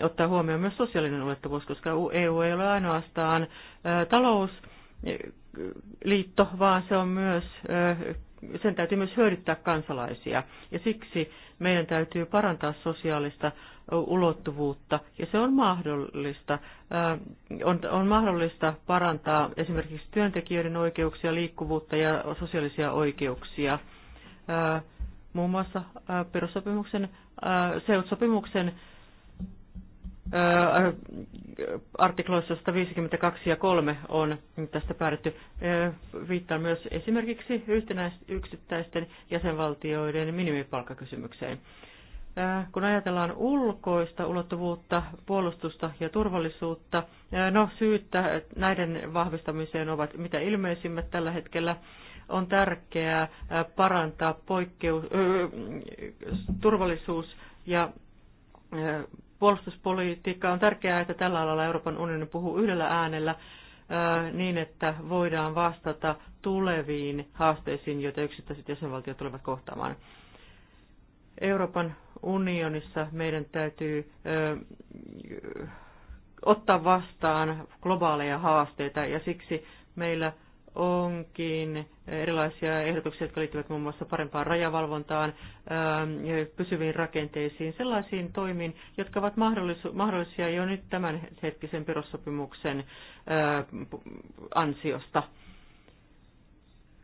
ottaa huomioon myös sosiaalinen ulottuvuus, koska EU e ei ole ainoastaan ö, talousliitto, vaan se on myös, ö, sen täytyy myös hyödyttää kansalaisia. Ja siksi meidän täytyy parantaa sosiaalista ulottuvuutta ja se on mahdollista. On, on mahdollista parantaa esimerkiksi työntekijöiden oikeuksia, liikkuvuutta ja sosiaalisia oikeuksia. Muun muassa perussopimuksen, seut-sopimuksen artikloissa 152 ja 3 on tästä päädytty. Viittaan myös esimerkiksi yksittäisten jäsenvaltioiden minimipalkkakysymykseen. Kun ajatellaan ulkoista ulottuvuutta, puolustusta ja turvallisuutta, no syyttä näiden vahvistamiseen ovat mitä ilmeisimmät tällä hetkellä on tärkeää parantaa poikkeus, turvallisuus- ja puolustuspolitiikka on tärkeää, että tällä alalla Euroopan unioni puhuu yhdellä äänellä niin, että voidaan vastata tuleviin haasteisiin, joita yksittäiset jäsenvaltiot tulevat kohtaamaan. Euroopan unionissa meidän täytyy ottaa vastaan globaaleja haasteita ja siksi meillä onkin erilaisia ehdotuksia, jotka liittyvät muun muassa parempaan rajavalvontaan, ähm, pysyviin rakenteisiin, sellaisiin toimiin, jotka ovat mahdollisia jo nyt tämän hetkisen perussopimuksen äh, ansiosta.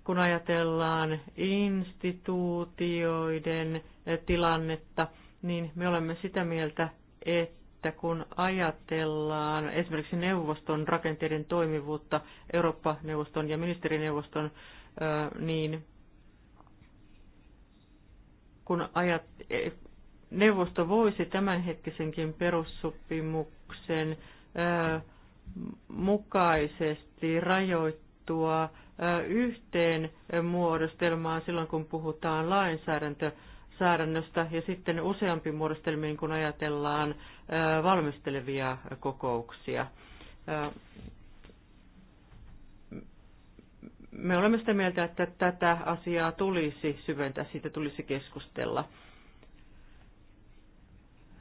Kun ajatellaan instituutioiden äh, tilannetta, niin me olemme sitä mieltä, että että kun ajatellaan esimerkiksi neuvoston rakenteiden toimivuutta Eurooppa-neuvoston ja ministerineuvoston niin kun ajat, e, neuvosto voisi tämänhetkisenkin perussopimuksen mukaisesti rajoittua yhteen muodostelmaan silloin, kun puhutaan säädännöstä ja sitten useampi muodostelmiin, kun ajatellaan valmistelevia kokouksia me olemme sitä mieltä, että tätä asiaa tulisi syventää, siitä tulisi keskustella.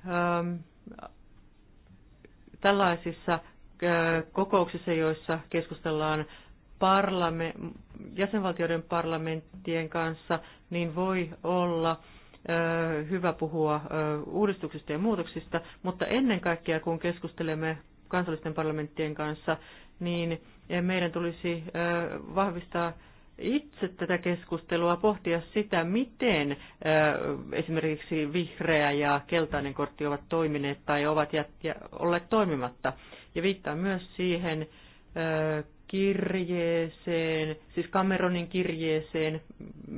Ähm, tällaisissa äh, kokouksissa, joissa keskustellaan parlame, jäsenvaltioiden parlamenttien kanssa, niin voi olla äh, hyvä puhua äh, uudistuksista ja muutoksista, mutta ennen kaikkea kun keskustelemme kansallisten parlamenttien kanssa, niin meidän tulisi vahvistaa itse tätä keskustelua, pohtia sitä, miten esimerkiksi vihreä ja keltainen kortti ovat toimineet tai ovat jät- olleet toimimatta. Ja viittaa myös siihen kirjeeseen, siis Cameronin kirjeeseen,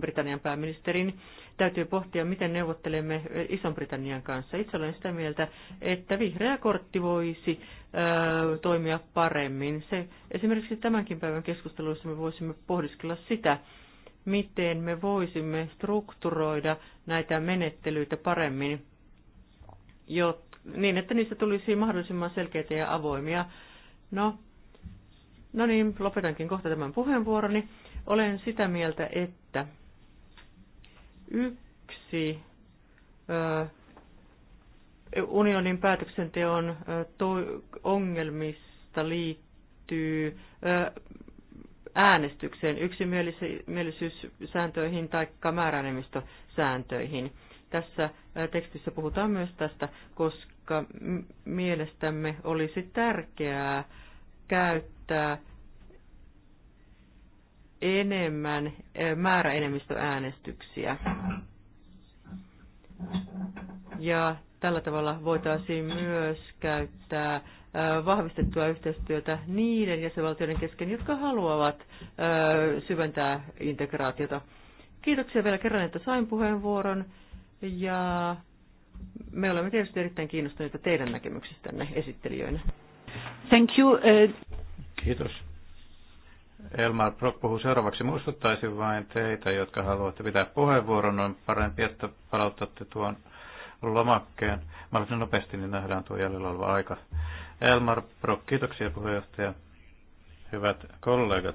Britannian pääministerin täytyy pohtia, miten neuvottelemme Ison-Britannian kanssa. Itse olen sitä mieltä, että vihreä kortti voisi toimia paremmin. Se, esimerkiksi tämänkin päivän keskusteluissa me voisimme pohdiskella sitä, miten me voisimme strukturoida näitä menettelyitä paremmin, jo, niin että niistä tulisi mahdollisimman selkeitä ja avoimia. No, no niin, lopetankin kohta tämän puheenvuoroni. Olen sitä mieltä, että yksi unionin päätöksenteon ongelmista liittyy äänestykseen, yksimielisyyssääntöihin tai määräenemmistösääntöihin. Tässä tekstissä puhutaan myös tästä, koska mielestämme olisi tärkeää käyttää enemmän määräenemmistöäänestyksiä. Ja tällä tavalla voitaisiin myös käyttää vahvistettua yhteistyötä niiden jäsenvaltioiden kesken, jotka haluavat syventää integraatiota. Kiitoksia vielä kerran, että sain puheenvuoron ja me olemme tietysti erittäin kiinnostuneita teidän näkemyksistänne esittelijöinä. Thank you. Kiitos. Elmar Brock puhuu seuraavaksi. Muistuttaisin vain teitä, jotka haluatte pitää puheenvuoron. On parempi, että palautatte tuon lomakkeen. Mä nopeasti niin nähdään tuo jäljellä oleva aika. Elmar Brock, kiitoksia puheenjohtaja. Hyvät kollegat.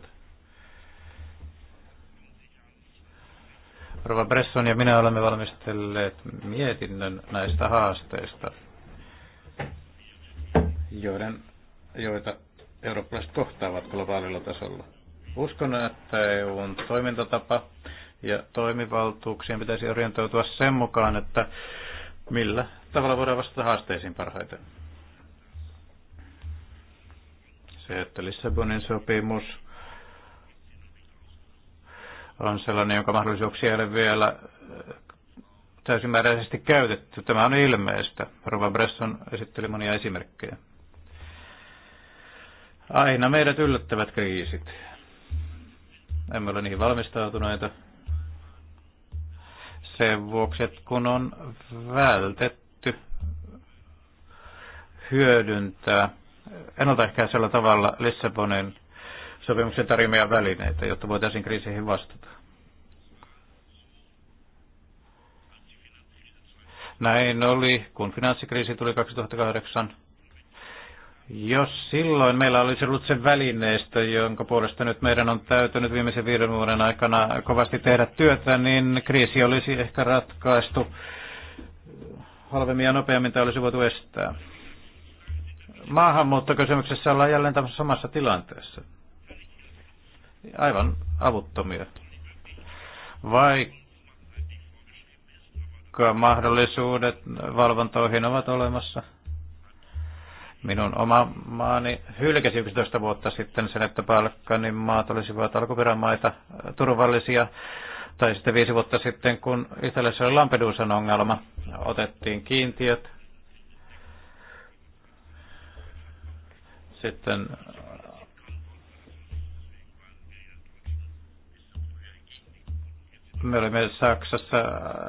Rova Bresson ja minä olemme valmistelleet mietinnön näistä haasteista, joiden, joita eurooppalaiset kohtaavat globaalilla tasolla. Uskon, että EUn toimintatapa ja toimivaltuuksien pitäisi orientoitua sen mukaan, että millä tavalla voidaan vastata haasteisiin parhaiten. Se, että Lissabonin sopimus on sellainen, jonka mahdollisuuksia ei ole vielä äh, täysimääräisesti käytetty. Tämä on ilmeistä. Rova Bresson esitteli monia esimerkkejä. Aina meidät yllättävät kriisit emme ole niihin valmistautuneita. Sen vuoksi, että kun on vältetty hyödyntää ennaltaehkäisellä tavalla Lissabonin sopimuksen tarjoamia välineitä, jotta voitaisiin kriiseihin vastata. Näin oli, kun finanssikriisi tuli 2008 jos silloin meillä olisi ollut se välineistö, jonka puolesta nyt meidän on täytynyt viimeisen viiden vuoden aikana kovasti tehdä työtä, niin kriisi olisi ehkä ratkaistu halvemmin ja nopeammin tai olisi voitu estää. Maahanmuuttokysymyksessä ollaan jälleen tämmöisessä samassa tilanteessa. Aivan avuttomia. Vaikka mahdollisuudet valvontoihin ovat olemassa – Minun oma maani hylkäsi 11 vuotta sitten sen, että Balkanin maat olisivat alkuperämaita äh, turvallisia. Tai sitten viisi vuotta sitten, kun Italiassa oli Lampedusan ongelma, otettiin kiintiöt. Sitten me olimme Saksassa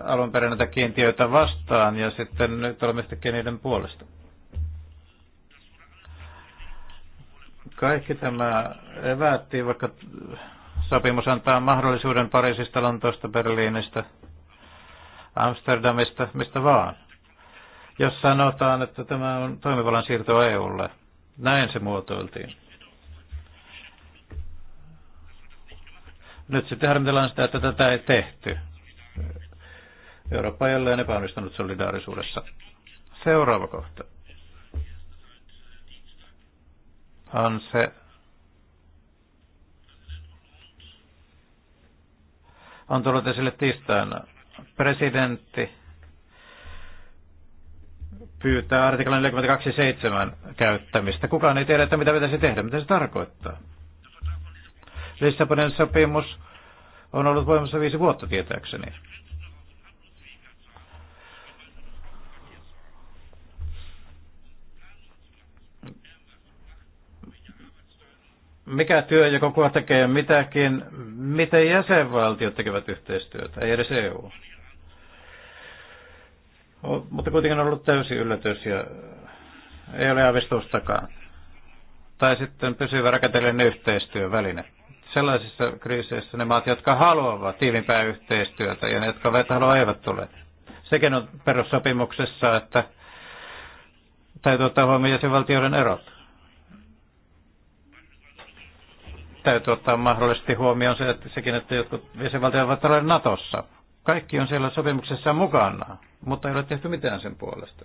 alun perin näitä kiintiöitä vastaan ja sitten nyt olemme sitten niiden puolesta. Kaikki tämä evättiin, vaikka sopimus antaa mahdollisuuden Pariisista, Lontoosta, Berliinistä, Amsterdamista, mistä vaan. Jos sanotaan, että tämä on toimivallan siirto EUlle, näin se muotoiltiin. Nyt sitten harmitellaan sitä, että tätä ei tehty. Eurooppa ei jälleen epäonnistunut solidaarisuudessa. Seuraava kohta. on se on tullut esille tiistaina. Presidentti pyytää artiklan 42.7 käyttämistä. Kukaan ei tiedä, että mitä pitäisi tehdä, mitä se tarkoittaa. Lissabonin sopimus on ollut voimassa viisi vuotta tietääkseni. mikä työ ja koko tekee mitäkin, miten jäsenvaltiot tekevät yhteistyötä, ei edes EU. Mutta kuitenkin on ollut täysi yllätys ja ei ole avistustakaan. Tai sitten pysyvä rakenteellinen yhteistyöväline. Sellaisissa kriiseissä ne maat, jotka haluavat tiivimpää yhteistyötä ja ne, jotka eivät halua, eivät tule. Sekin on perussopimuksessa, että täytyy ottaa huomioon jäsenvaltioiden erot täytyy ottaa mahdollisesti huomioon se, että sekin, että jotkut jäsenvaltiot ovat olleet Natossa. Kaikki on siellä sopimuksessa mukana, mutta ei ole tehty mitään sen puolesta.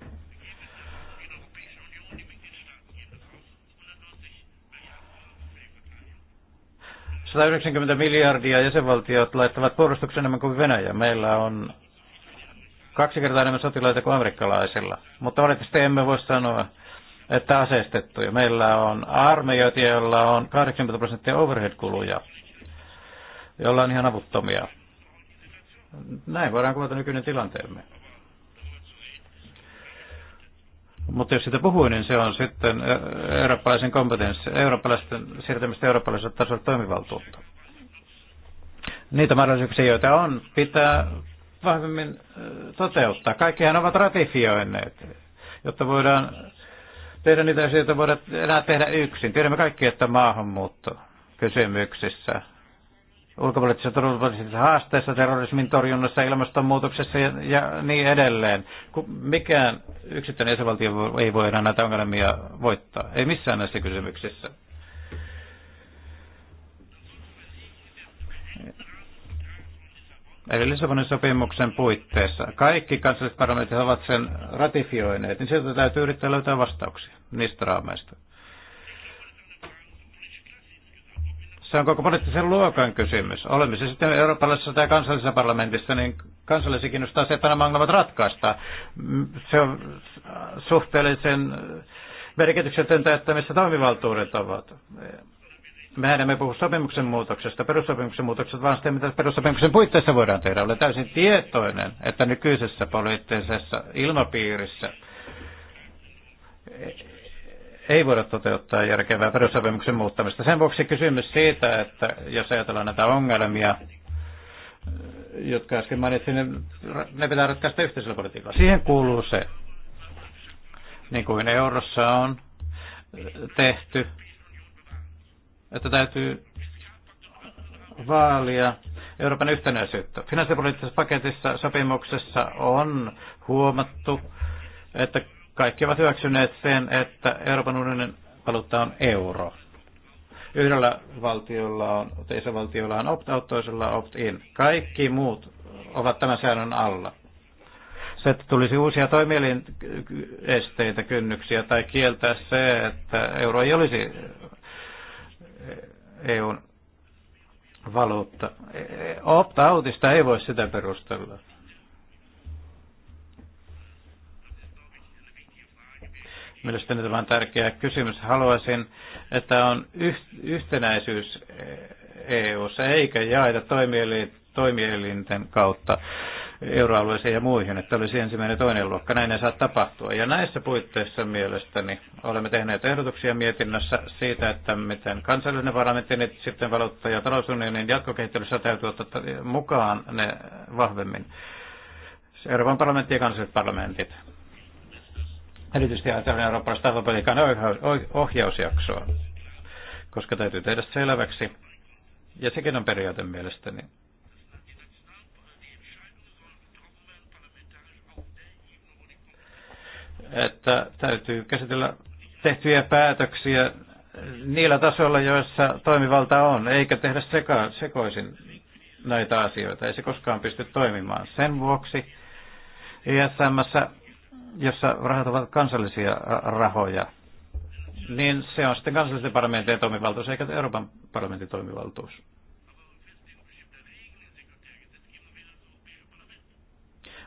...190 miljardia jäsenvaltiot laittavat puolustuksen enemmän kuin Venäjä. Meillä on kaksi kertaa enemmän sotilaita kuin amerikkalaisilla. Mutta valitettavasti emme voi sanoa, että aseistettuja. Meillä on armeijoita, joilla on 80 prosenttia overhead-kuluja, joilla on ihan avuttomia. Näin voidaan kuvata nykyinen tilanteemme. Mutta jos sitä puhuin, niin se on sitten eurooppalaisen kompetenssi, eurooppalaisten siirtämistä eurooppalaiselle tasolle toimivaltuutta. Niitä mahdollisuuksia, joita on, pitää vahvemmin toteuttaa. Kaikkihan ovat ratifioineet, jotta voidaan tehdä niitä asioita voidaan enää tehdä yksin. Tiedämme kaikki, että maahanmuutto kysymyksissä, ulkopoliittisessa turvallisissa haasteissa, terrorismin torjunnassa, ilmastonmuutoksessa ja, ja niin edelleen. Mikään yksittäinen jäsenvaltio ei voi enää näitä ongelmia voittaa, ei missään näissä kysymyksissä. eli Lissabonin sopimuksen puitteissa, kaikki kansalliset parlamentit ovat sen ratifioineet, niin sieltä täytyy yrittää löytää vastauksia niistä raameista. Se on koko poliittisen luokan kysymys. Olemme se siis sitten eurooppalaisessa tai kansallisessa parlamentissa, niin kansallisia kiinnostaa se, että nämä ongelmat ratkaista. Se on suhteellisen merkityksetöntä, että missä toimivaltuudet ovat mehän emme puhu sopimuksen muutoksesta, perussopimuksen muutoksesta, vaan sitä, mitä perussopimuksen puitteissa voidaan tehdä. Olen täysin tietoinen, että nykyisessä poliittisessa ilmapiirissä ei voida toteuttaa järkevää perussopimuksen muuttamista. Sen vuoksi kysymys siitä, että jos ajatellaan näitä ongelmia, jotka äsken mainitsin, niin ne pitää ratkaista yhteisellä politiikalla. Siihen kuuluu se, niin kuin eurossa on tehty, että täytyy vaalia Euroopan yhtenäisyyttä. Finanssipoliittisessa paketissa sopimuksessa on huomattu, että kaikki ovat hyväksyneet sen, että Euroopan unionin valuutta on euro. Yhdellä valtiolla on, teisellä valtiolla on opt-out, toisella opt-in. Kaikki muut ovat tämän säännön alla. Se, että tulisi uusia toimielinesteitä, kynnyksiä tai kieltää se, että euro ei olisi EUn valuutta. Opt-outista ei voi sitä perustella. Mielestäni tämä on tärkeä kysymys. Haluaisin, että on yhtenäisyys EU:ssa eikä jaeta toimielinten kautta euroalueeseen ja muihin, että olisi ensimmäinen ja toinen luokka. Näin ei saa tapahtua. Ja näissä puitteissa mielestäni olemme tehneet ehdotuksia mietinnössä siitä, että miten kansallinen parlamentti, niin sitten valuutta- ja talousunionin jatkokehittelyssä täytyy ottaa mukaan ne vahvemmin. Euroopan parlamentti ja kansalliset parlamentit. Erityisesti ajatellen eurooppalaista tavoitepolitiikan ohjausjaksoa, koska täytyy tehdä selväksi, ja sekin on periaate mielestäni, että täytyy käsitellä tehtyjä päätöksiä niillä tasoilla, joissa toimivalta on, eikä tehdä seka, sekoisin näitä asioita. Ei se koskaan pysty toimimaan. Sen vuoksi ISM, jossa rahat ovat kansallisia rahoja, niin se on sitten kansallisten parlamentin toimivaltuus, eikä Euroopan parlamentin toimivaltuus.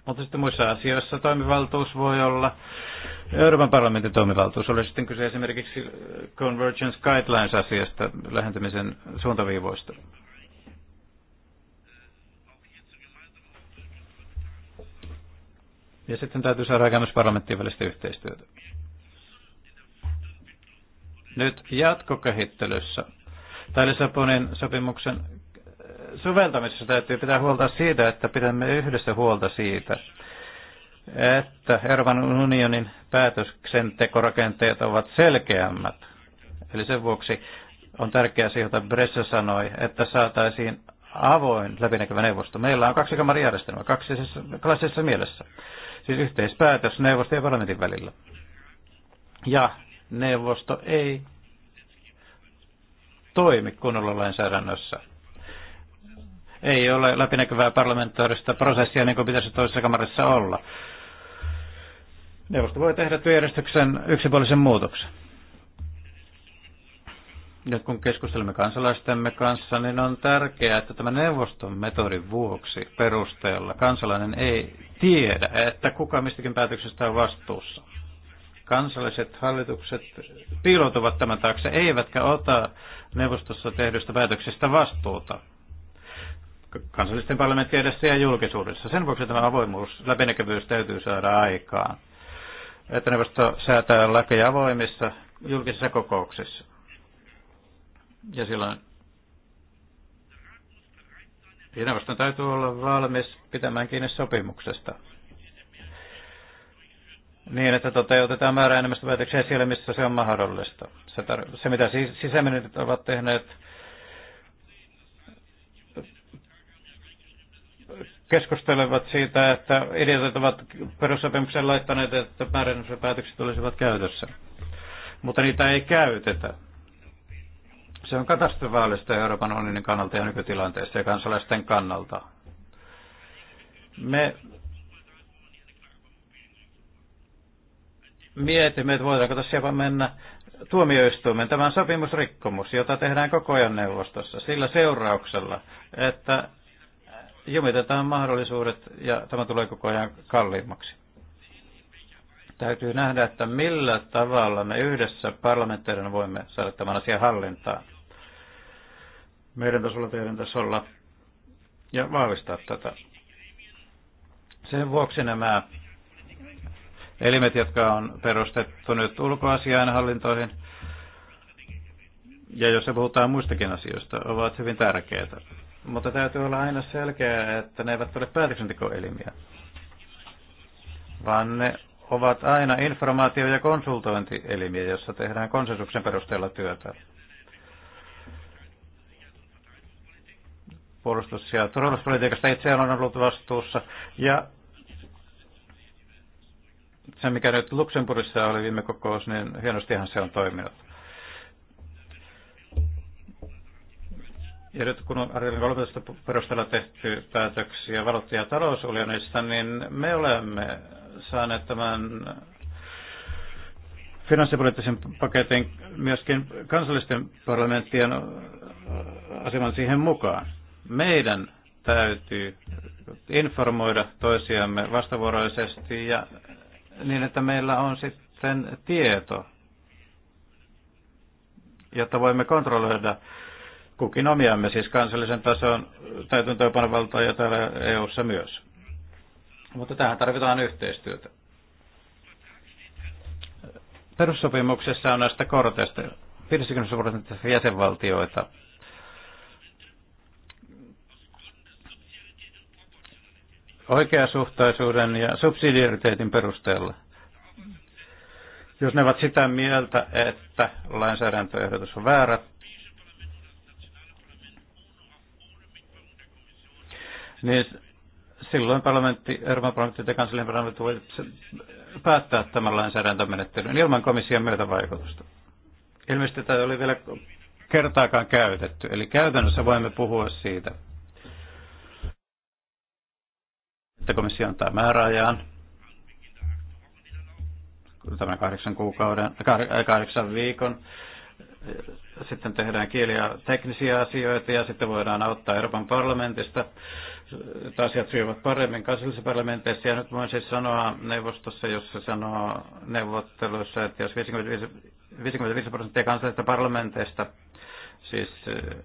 Mutta sitten muissa asioissa toimivaltuus voi olla Euroopan parlamentin toimivaltuus. Oli sitten kyse esimerkiksi Convergence Guidelines-asiasta, lähentämisen suuntaviivoista. Ja sitten täytyy saada aikaan myös parlamenttien välistä yhteistyötä. Nyt jatkokehittelyssä tai Lissabonin sopimuksen äh, soveltamisessa täytyy pitää huolta siitä, että pidämme yhdessä huolta siitä, että Euroopan unionin päätöksentekorakenteet ovat selkeämmät. Eli sen vuoksi on tärkeää se, jota Bresse sanoi, että saataisiin avoin läpinäkyvä neuvosto. Meillä on kaksi kamarijärjestelmää, kaksisessa, siis klassisessa mielessä. Siis yhteispäätös neuvosto ja parlamentin välillä. Ja neuvosto ei toimi kunnolla lainsäädännössä. Ei ole läpinäkyvää parlamentaarista prosessia niin kuin pitäisi toisessa kamarissa olla. Neuvosto voi tehdä työjärjestyksen yksipuolisen muutoksen. Ja kun keskustelemme kansalaistemme kanssa, niin on tärkeää, että tämän neuvoston metodin vuoksi perusteella kansalainen ei tiedä, että kuka mistäkin päätöksestä on vastuussa. Kansalliset hallitukset piiloutuvat tämän taakse, eivätkä ota neuvostossa tehdystä päätöksestä vastuuta kansallisten parlamenttien edessä ja julkisuudessa. Sen vuoksi tämä avoimuus, läpinäkyvyys täytyy saada aikaan että neuvosto säätää lakeja avoimissa julkisissa kokouksissa. Ja silloin ja neuvoston täytyy olla valmis pitämään kiinni sopimuksesta. Niin, että toteutetaan määrä enemmistö päätöksiä siellä, missä se on mahdollista. Se, tar- se mitä sisäministeriöt ovat tehneet keskustelevat siitä, että ideat ovat perussopimuksen laittaneet, että määrännöspäätökset olisivat käytössä. Mutta niitä ei käytetä. Se on katastrofaalista Euroopan unionin kannalta ja nykytilanteessa ja kansalaisten kannalta. Me mietimme, että voidaanko tässä jopa mennä tuomioistuimen. Tämä on sopimusrikkomus, jota tehdään koko ajan neuvostossa sillä seurauksella, että jumitetaan mahdollisuudet ja tämä tulee koko ajan kalliimmaksi. Täytyy nähdä, että millä tavalla me yhdessä parlamentteiden voimme saada tämän asian hallintaan. Meidän tasolla, teidän tasolla ja vahvistaa tätä. Sen vuoksi nämä elimet, jotka on perustettu nyt ulkoasiainhallintoihin, ja jos se puhutaan muistakin asioista, ovat hyvin tärkeitä. Mutta täytyy olla aina selkeää, että ne eivät ole päätöksentekoelimiä, vaan ne ovat aina informaatio- ja konsultointielimiä, jossa tehdään konsensuksen perusteella työtä. Puolustus- ja turvallisuuspolitiikasta itse on ollut vastuussa. Ja se, mikä nyt Luxemburgissa oli viime kokous, niin hienostihan se on toiminut. Ja nyt kun on arvioinnin 13 perusteella tehty päätöksiä valtia- ja talousunionista, niin me olemme saaneet tämän finanssipoliittisen paketin myöskin kansallisten parlamenttien aseman siihen mukaan. Meidän täytyy informoida toisiamme vastavuoroisesti ja niin, että meillä on sitten tieto, jotta voimme kontrolloida kukin omiamme, siis kansallisen tason täytäntöönpanovaltaa ja täällä EU-ssa myös. Mutta tähän tarvitaan yhteistyötä. Perussopimuksessa on näistä korteista 50 prosenttia jäsenvaltioita. Oikeasuhtaisuuden ja subsidiariteetin perusteella. Jos ne ovat sitä mieltä, että lainsäädäntöehdotus on väärä, niin silloin parlamentti, Euroopan parlamentti ja kansallinen parlamentti voi päättää tämän lainsäädäntömenettelyn ilman komission myötävaikutusta. Ilmeisesti tätä oli vielä kertaakaan käytetty, eli käytännössä voimme puhua siitä, että komissio antaa määräajan tämän kahdeksan, kuukauden, äh, kahdeksan viikon. Sitten tehdään kieli- ja teknisiä asioita ja sitten voidaan auttaa Euroopan parlamentista että asiat sujuvat paremmin kansallisissa parlamenteissa. Ja nyt voin siis sanoa neuvostossa, jossa sanoo neuvotteluissa, että jos 55, 55 prosenttia kansallisista parlamenteista siis eh,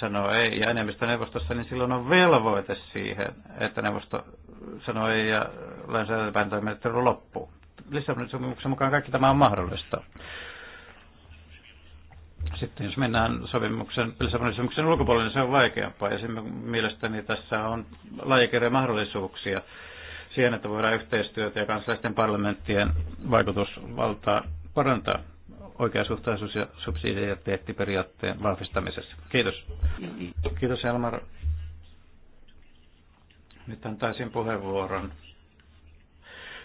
sanoo ei ja enemmistö neuvostossa, niin silloin on velvoite siihen, että neuvosto sanoo ei ja lainsäädäntöpäätömenettely loppuu. Lissabonin sopimuksen mukaan kaikki tämä on mahdollista. Sitten jos mennään sopimuksen, sopimuksen ulkopuolelle, niin se on vaikeampaa. Ja mielestäni tässä on lajikirjan mahdollisuuksia siihen, että voidaan yhteistyötä ja kansalaisten parlamenttien vaikutusvaltaa parantaa oikeasuhtaisuus- ja subsidiariteettiperiaatteen vahvistamisessa. Kiitos. Kiitos Elmar. Nyt antaisin puheenvuoron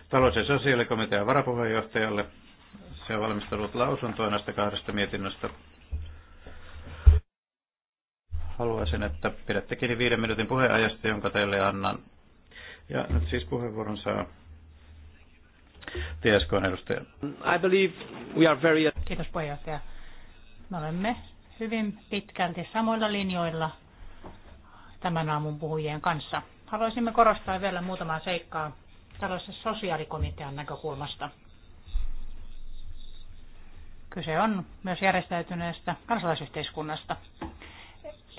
talous- ja sosiaalikomitean varapuheenjohtajalle. Se on valmistellut lausuntoa näistä kahdesta mietinnöstä haluaisin, että pidätte kiinni viiden minuutin puheenajasta, jonka teille annan. Ja nyt siis puheenvuoron saa TSKn edustaja. I believe we are very... Kiitos puheenjohtaja. Me olemme hyvin pitkälti samoilla linjoilla tämän aamun puhujien kanssa. Haluaisimme korostaa vielä muutamaa seikkaa tällaisen sosiaalikomitean näkökulmasta. Kyse on myös järjestäytyneestä kansalaisyhteiskunnasta.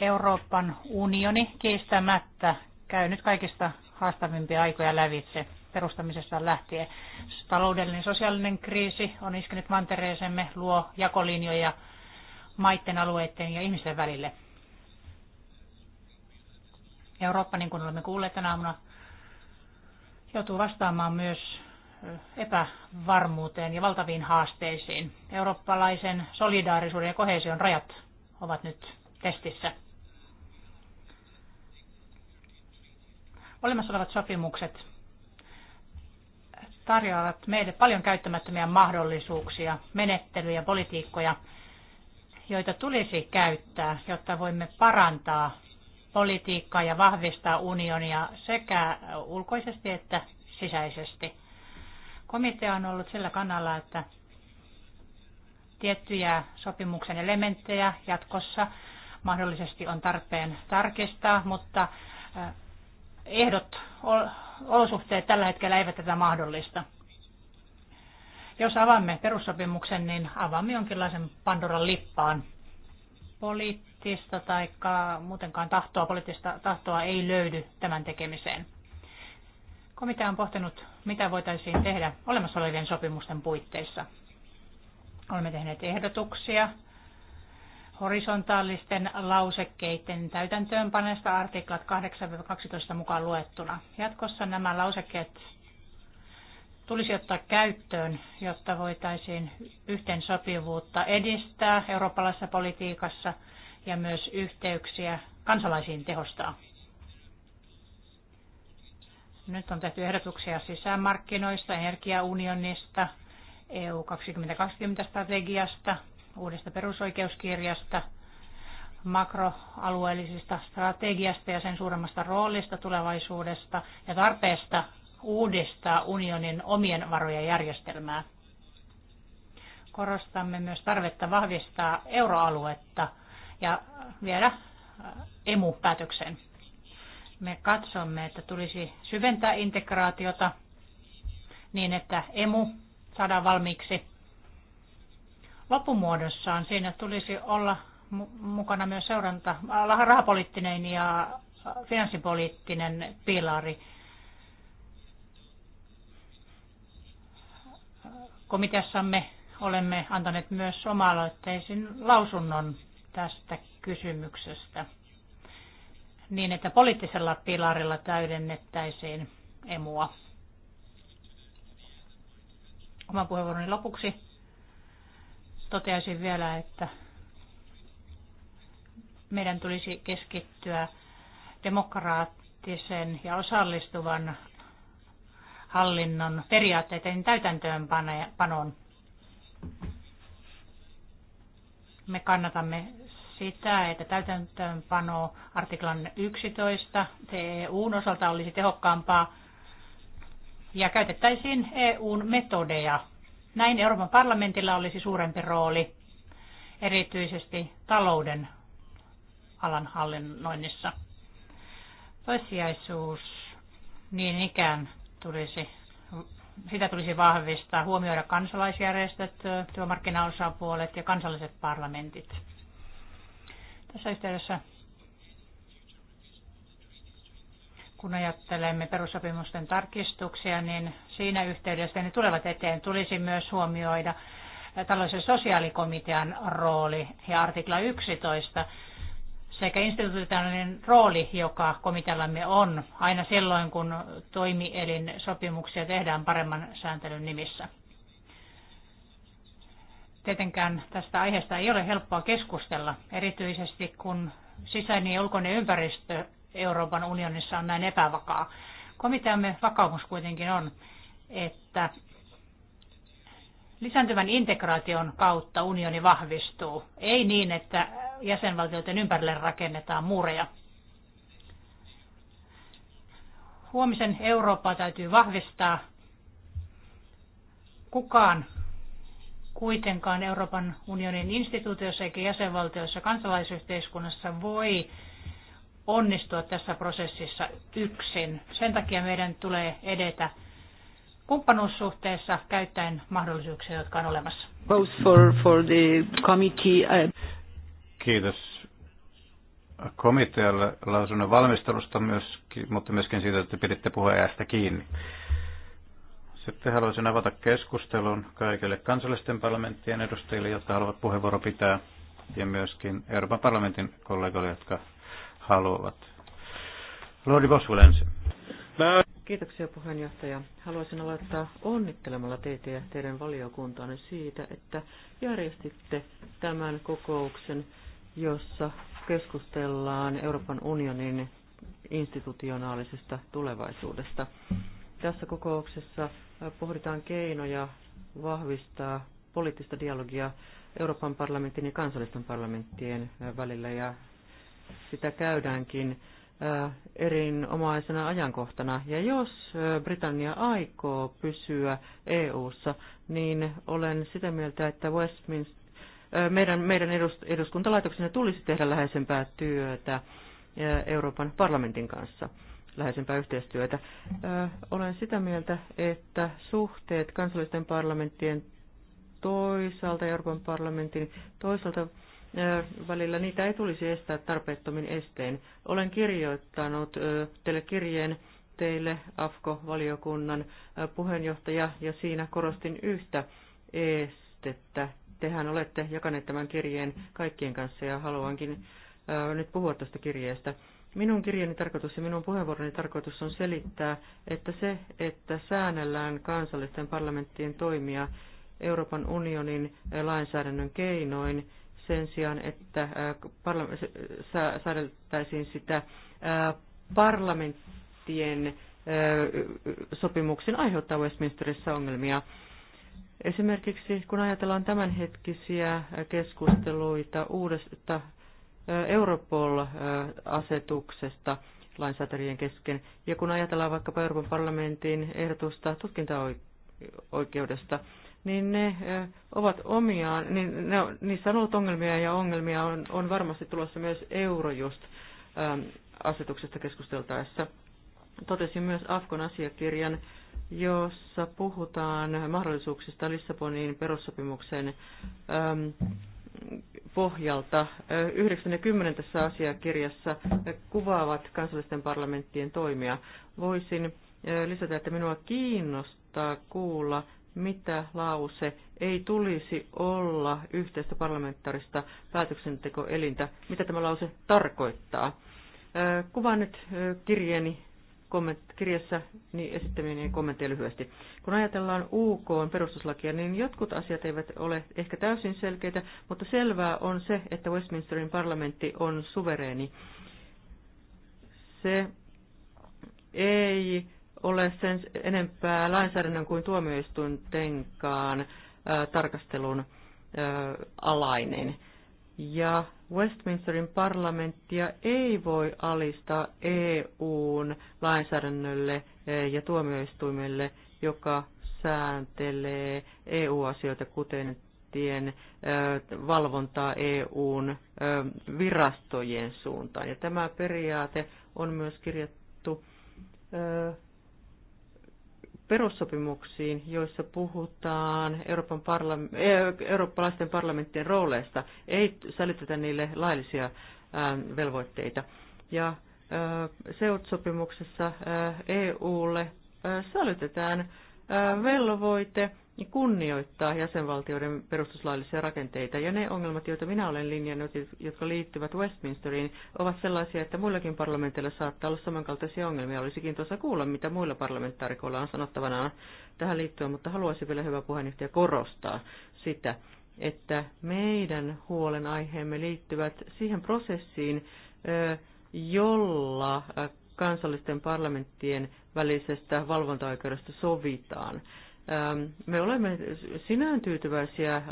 Euroopan unioni kiistämättä käy nyt kaikista haastavimpia aikoja lävitse perustamisesta lähtien. Taloudellinen sosiaalinen kriisi on iskenyt mantereeseemme, luo jakolinjoja maiden, alueiden ja ihmisten välille. Eurooppa, niin kuin olemme kuulleet tänä aamuna, joutuu vastaamaan myös epävarmuuteen ja valtaviin haasteisiin. Eurooppalaisen solidaarisuuden ja kohesion rajat ovat nyt testissä. Olemassa olevat sopimukset tarjoavat meille paljon käyttämättömiä mahdollisuuksia, menettelyjä, politiikkoja, joita tulisi käyttää, jotta voimme parantaa politiikkaa ja vahvistaa unionia sekä ulkoisesti että sisäisesti. Komitea on ollut sillä kannalla, että tiettyjä sopimuksen elementtejä jatkossa mahdollisesti on tarpeen tarkistaa, mutta ehdot, olosuhteet tällä hetkellä eivät tätä mahdollista. Jos avaamme perussopimuksen, niin avaamme jonkinlaisen Pandoran lippaan. Poliittista tai muutenkaan tahtoa, poliittista tahtoa ei löydy tämän tekemiseen. Komitea on pohtinut, mitä voitaisiin tehdä olemassa olevien sopimusten puitteissa. Olemme tehneet ehdotuksia horisontaalisten lausekkeiden täytäntöönpanesta artiklat 8-12 mukaan luettuna. Jatkossa nämä lausekkeet tulisi ottaa käyttöön, jotta voitaisiin yhteensopivuutta edistää eurooppalaisessa politiikassa ja myös yhteyksiä kansalaisiin tehostaa. Nyt on tehty ehdotuksia sisämarkkinoista, energiaunionista, EU 2020-strategiasta, uudesta perusoikeuskirjasta, makroalueellisesta strategiasta ja sen suuremmasta roolista tulevaisuudesta ja tarpeesta uudistaa unionin omien varojen järjestelmää. Korostamme myös tarvetta vahvistaa euroaluetta ja viedä äh, emu päätökseen. Me katsomme, että tulisi syventää integraatiota niin, että emu saadaan valmiiksi vapumuodossaan. Siinä tulisi olla mukana myös seuranta, äh, rahapoliittinen ja äh, finanssipoliittinen pilari. Komiteassamme olemme antaneet myös oma-aloitteisin lausunnon tästä kysymyksestä niin, että poliittisella pilarilla täydennettäisiin emua. Oman puheenvuoroni lopuksi Toteaisin vielä, että meidän tulisi keskittyä demokraattisen ja osallistuvan hallinnon periaatteiden täytäntöönpanoon. Me kannatamme sitä, että täytäntöönpano artiklan 11 EUn osalta olisi tehokkaampaa ja käytettäisiin EUn metodeja näin Euroopan parlamentilla olisi suurempi rooli erityisesti talouden alan hallinnoinnissa. Toissijaisuus niin ikään tulisi, sitä tulisi vahvistaa, huomioida kansalaisjärjestöt, työmarkkinaosapuolet ja kansalliset parlamentit. Tässä yhteydessä kun ajattelemme perussopimusten tarkistuksia, niin siinä yhteydessä ne tulevat eteen. Tulisi myös huomioida tällaisen sosiaalikomitean rooli ja artikla 11 sekä instituutioiden rooli, joka komiteallamme on aina silloin, kun toimielin sopimuksia tehdään paremman sääntelyn nimissä. Tietenkään tästä aiheesta ei ole helppoa keskustella, erityisesti kun sisäinen ja ulkoinen ympäristö Euroopan unionissa on näin epävakaa. Komiteamme vakaumus kuitenkin on, että lisääntyvän integraation kautta unioni vahvistuu, ei niin, että jäsenvaltioiden ympärille rakennetaan muureja. Huomisen Eurooppaa täytyy vahvistaa. Kukaan kuitenkaan Euroopan unionin instituutioissa eikä jäsenvaltioissa kansalaisyhteiskunnassa voi onnistua tässä prosessissa yksin. Sen takia meidän tulee edetä kumppanuussuhteessa käyttäen mahdollisuuksia, jotka on olemassa. Both for, for the committee. Uh, Kiitos komitealle lausunnon valmistelusta, myöskin, mutta myöskin siitä, että piditte puheenjohtajasta kiinni. Sitten haluaisin avata keskustelun kaikille kansallisten parlamenttien edustajille, jotka haluavat puheenvuoro pitää, ja myöskin Euroopan parlamentin kollegoille, jotka haluavat. Lordi Boswell ensin. Mä... Kiitoksia puheenjohtaja. Haluaisin aloittaa onnittelemalla teitä ja teidän valiokuntaanne siitä, että järjestitte tämän kokouksen, jossa keskustellaan Euroopan unionin institutionaalisesta tulevaisuudesta. Tässä kokouksessa pohditaan keinoja vahvistaa poliittista dialogia Euroopan parlamentin ja kansallisten parlamenttien välillä ja sitä käydäänkin äh, erinomaisena ajankohtana. Ja jos äh, Britannia aikoo pysyä EU:ssa, niin olen sitä mieltä, että Westminster, äh, meidän, meidän eduskuntalaitoksena tulisi tehdä läheisempää työtä Euroopan parlamentin kanssa läheisempää yhteistyötä. Olen sitä mieltä, että suhteet kansallisten parlamenttien toisaalta Euroopan parlamentin toisaalta välillä niitä ei tulisi estää tarpeettomin estein. Olen kirjoittanut teille kirjeen teille AFKO-valiokunnan puheenjohtaja ja siinä korostin yhtä estettä. Tehän olette jakaneet tämän kirjeen kaikkien kanssa ja haluankin nyt puhua tästä kirjeestä. Minun kirjeeni tarkoitus ja minun puheenvuoroni tarkoitus on selittää, että se, että säännellään kansallisten parlamenttien toimia Euroopan unionin lainsäädännön keinoin, sen sijaan, että säädeltäisiin sitä parlamenttien sopimuksen aiheuttaa Westminsterissä ongelmia. Esimerkiksi kun ajatellaan tämänhetkisiä keskusteluita uudesta Europol-asetuksesta lainsäätäjien kesken, ja kun ajatellaan vaikkapa Euroopan parlamentin ehdotusta tutkintaoikeudesta, niin ne ovat omiaan, niin ne, niissä on ollut ongelmia ja ongelmia on, on varmasti tulossa myös Eurojust-asetuksesta keskusteltaessa. Totesin myös Afkon asiakirjan, jossa puhutaan mahdollisuuksista Lissabonin perussopimuksen pohjalta. 9 ja tässä asiakirjassa kuvaavat kansallisten parlamenttien toimia. Voisin lisätä, että minua kiinnostaa kuulla mitä lause ei tulisi olla yhteistä parlamentaarista päätöksentekoelintä, mitä tämä lause tarkoittaa. Kuvaan nyt kirjeeni kirjassa niin esittämieni kommentteja lyhyesti. Kun ajatellaan UK perustuslakia, niin jotkut asiat eivät ole ehkä täysin selkeitä, mutta selvää on se, että Westminsterin parlamentti on suvereeni. Se ei ole sen enempää lainsäädännön kuin tuomioistuintenkaan tarkastelun alainen. Ja Westminsterin parlamenttia ei voi alistaa EUn lainsäädännölle ja tuomioistuimelle, joka sääntelee EU-asioita, kuten tien valvontaa EUn virastojen suuntaan. Ja tämä periaate on myös kirjattu perussopimuksiin, joissa puhutaan Euroopan parlam- eh, eurooppalaisten parlamenttien rooleista, ei sälytetä niille laillisia ähm, velvoitteita. Ja äh, SEUT-sopimuksessa äh, EUlle äh, sälytetään velvoite kunnioittaa jäsenvaltioiden perustuslaillisia rakenteita, ja ne ongelmat, joita minä olen linjannut, jotka liittyvät Westminsteriin, ovat sellaisia, että muillakin parlamenteilla saattaa olla samankaltaisia ongelmia. Olisikin tuossa kuulla, mitä muilla parlamentaarikoilla on sanottavana tähän liittyen, mutta haluaisin vielä hyvä puheenjohtaja korostaa sitä, että meidän huolenaiheemme liittyvät siihen prosessiin, jolla kansallisten parlamenttien välisestä valvontaoikeudesta sovitaan. Me olemme sinään tyytyväisiä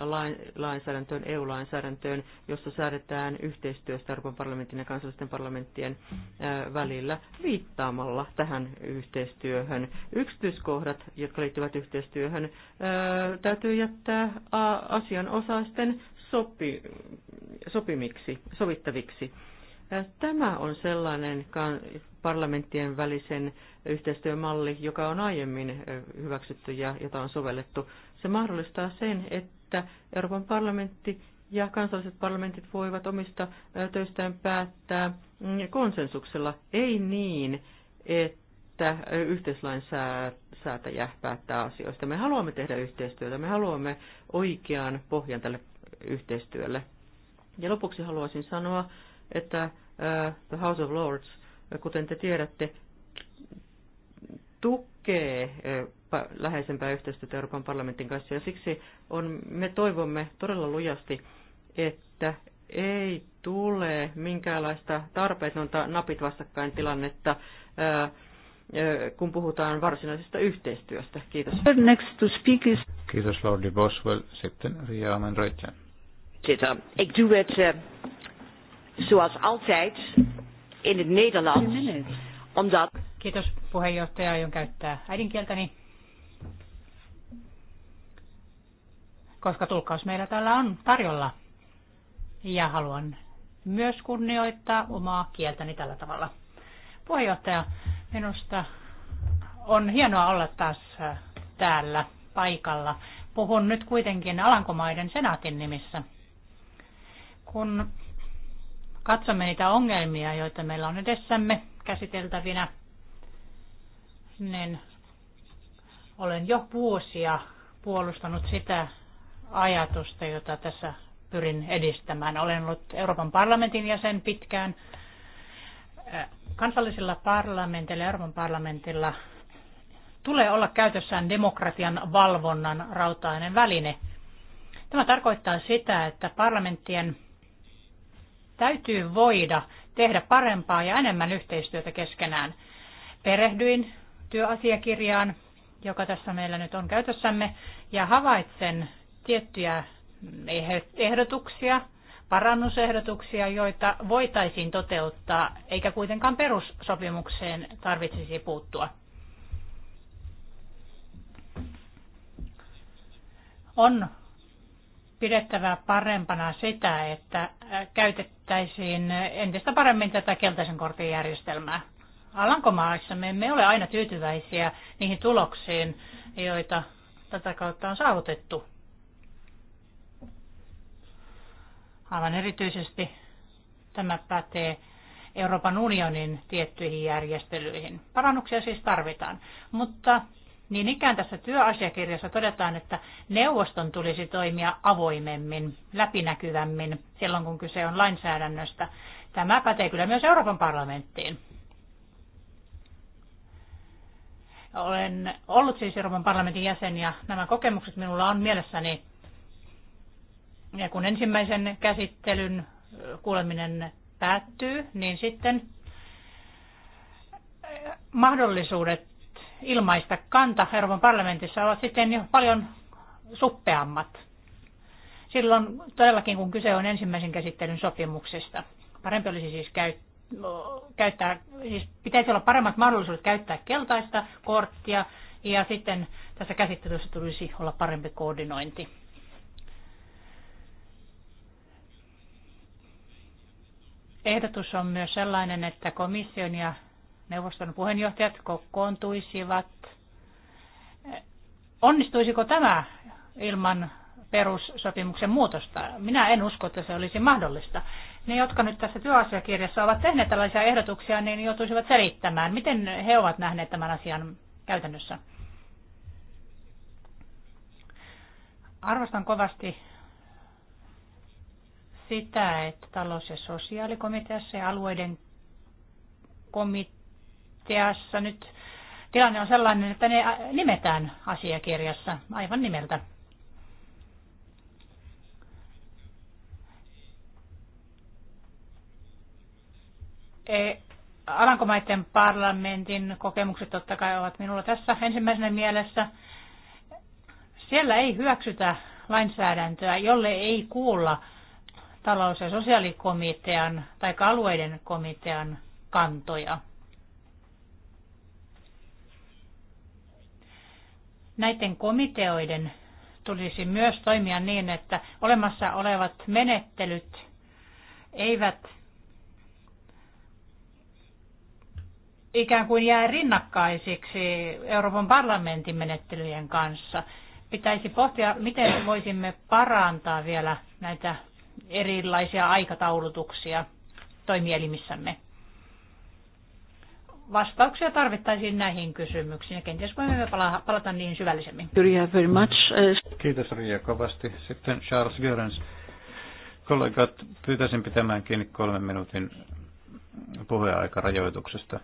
lainsäädäntöön, EU-lainsäädäntöön, jossa säädetään yhteistyöstä Euroopan parlamentin ja kansallisten parlamenttien välillä viittaamalla tähän yhteistyöhön. Yksityiskohdat, jotka liittyvät yhteistyöhön, täytyy jättää asianosaisten sopi, sopimiksi, sovittaviksi. Tämä on sellainen parlamenttien välisen yhteistyömalli, joka on aiemmin hyväksytty ja jota on sovellettu. Se mahdollistaa sen, että Euroopan parlamentti ja kansalliset parlamentit voivat omista töistään päättää mm, konsensuksella, ei niin, että yhteislainsäätäjä päättää asioista. Me haluamme tehdä yhteistyötä, me haluamme oikean pohjan tälle yhteistyölle. Ja lopuksi haluaisin sanoa, että äh, The House of Lords, kuten te tiedätte, tukee äh, läheisempää yhteistyötä Euroopan parlamentin kanssa ja siksi on, me toivomme todella lujasti, että ei tule minkäänlaista tarpeetonta napit vastakkain tilannetta, äh, kun puhutaan varsinaisesta yhteistyöstä. Kiitos. Next to speak is... Kiitos Lordi Boswell. Sitten Ria Amenroitsen. Kiitos. Ik doe het eh, zoals altijd in het Nederlands. Omdat... Kiitos puheenjohtaja, aion käyttää äidinkieltäni. Koska tulkkaus meillä täällä on tarjolla. Ja haluan myös kunnioittaa omaa kieltäni tällä tavalla. Puheenjohtaja, minusta on hienoa olla taas äh, täällä paikalla. Puhun nyt kuitenkin Alankomaiden senaatin nimissä. Kun katsomme niitä ongelmia, joita meillä on edessämme käsiteltävinä, niin olen jo vuosia puolustanut sitä ajatusta, jota tässä pyrin edistämään. Olen ollut Euroopan parlamentin jäsen pitkään. Kansallisilla parlamentilla ja Euroopan parlamentilla tulee olla käytössään demokratian valvonnan rautainen väline. Tämä tarkoittaa sitä, että parlamenttien täytyy voida tehdä parempaa ja enemmän yhteistyötä keskenään. Perehdyin työasiakirjaan, joka tässä meillä nyt on käytössämme, ja havaitsen tiettyjä ehdotuksia, parannusehdotuksia, joita voitaisiin toteuttaa, eikä kuitenkaan perussopimukseen tarvitsisi puuttua. On pidettävä parempana sitä, että äh, käytettäisiin entistä paremmin tätä keltaisen kortin järjestelmää. Alankomaissa me emme ole aina tyytyväisiä niihin tuloksiin, joita tätä kautta on saavutettu. Aivan erityisesti tämä pätee Euroopan unionin tiettyihin järjestelyihin. Parannuksia siis tarvitaan, mutta niin ikään tässä työasiakirjassa todetaan, että neuvoston tulisi toimia avoimemmin, läpinäkyvämmin silloin, kun kyse on lainsäädännöstä. Tämä pätee kyllä myös Euroopan parlamenttiin. Olen ollut siis Euroopan parlamentin jäsen ja nämä kokemukset minulla on mielessäni. Ja kun ensimmäisen käsittelyn kuuleminen päättyy, niin sitten mahdollisuudet ilmaista kanta Euroopan parlamentissa ovat sitten jo paljon suppeammat. Silloin todellakin, kun kyse on ensimmäisen käsittelyn sopimuksesta, parempi olisi siis käyttää käyttää, siis pitäisi olla paremmat mahdollisuudet käyttää keltaista korttia ja sitten tässä käsittelyssä tulisi olla parempi koordinointi. Ehdotus on myös sellainen, että komission ja neuvoston puheenjohtajat kokoontuisivat. Onnistuisiko tämä ilman perussopimuksen muutosta? Minä en usko, että se olisi mahdollista. Ne, jotka nyt tässä työasiakirjassa ovat tehneet tällaisia ehdotuksia, niin joutuisivat selittämään, miten he ovat nähneet tämän asian käytännössä. Arvostan kovasti sitä, että talous- ja sosiaalikomiteassa ja alueiden komiteassa komiteassa nyt tilanne on sellainen, että ne äh, nimetään asiakirjassa aivan nimeltä. E, Alankomaiden parlamentin kokemukset totta kai ovat minulla tässä ensimmäisenä mielessä. Siellä ei hyväksytä lainsäädäntöä, jolle ei kuulla talous- ja sosiaalikomitean tai alueiden komitean kantoja. Näiden komiteoiden tulisi myös toimia niin, että olemassa olevat menettelyt eivät ikään kuin jää rinnakkaisiksi Euroopan parlamentin menettelyjen kanssa. Pitäisi pohtia, miten voisimme parantaa vielä näitä erilaisia aikataulutuksia toimielimissämme vastauksia tarvittaisiin näihin kysymyksiin ja kenties voimme palata niihin syvällisemmin. very much. Eh, Kiitos Riia kovasti. Sitten Charles Görens. Kollegat, pyytäisin pitämään kiinni kolmen minuutin puheaikarajoituksesta.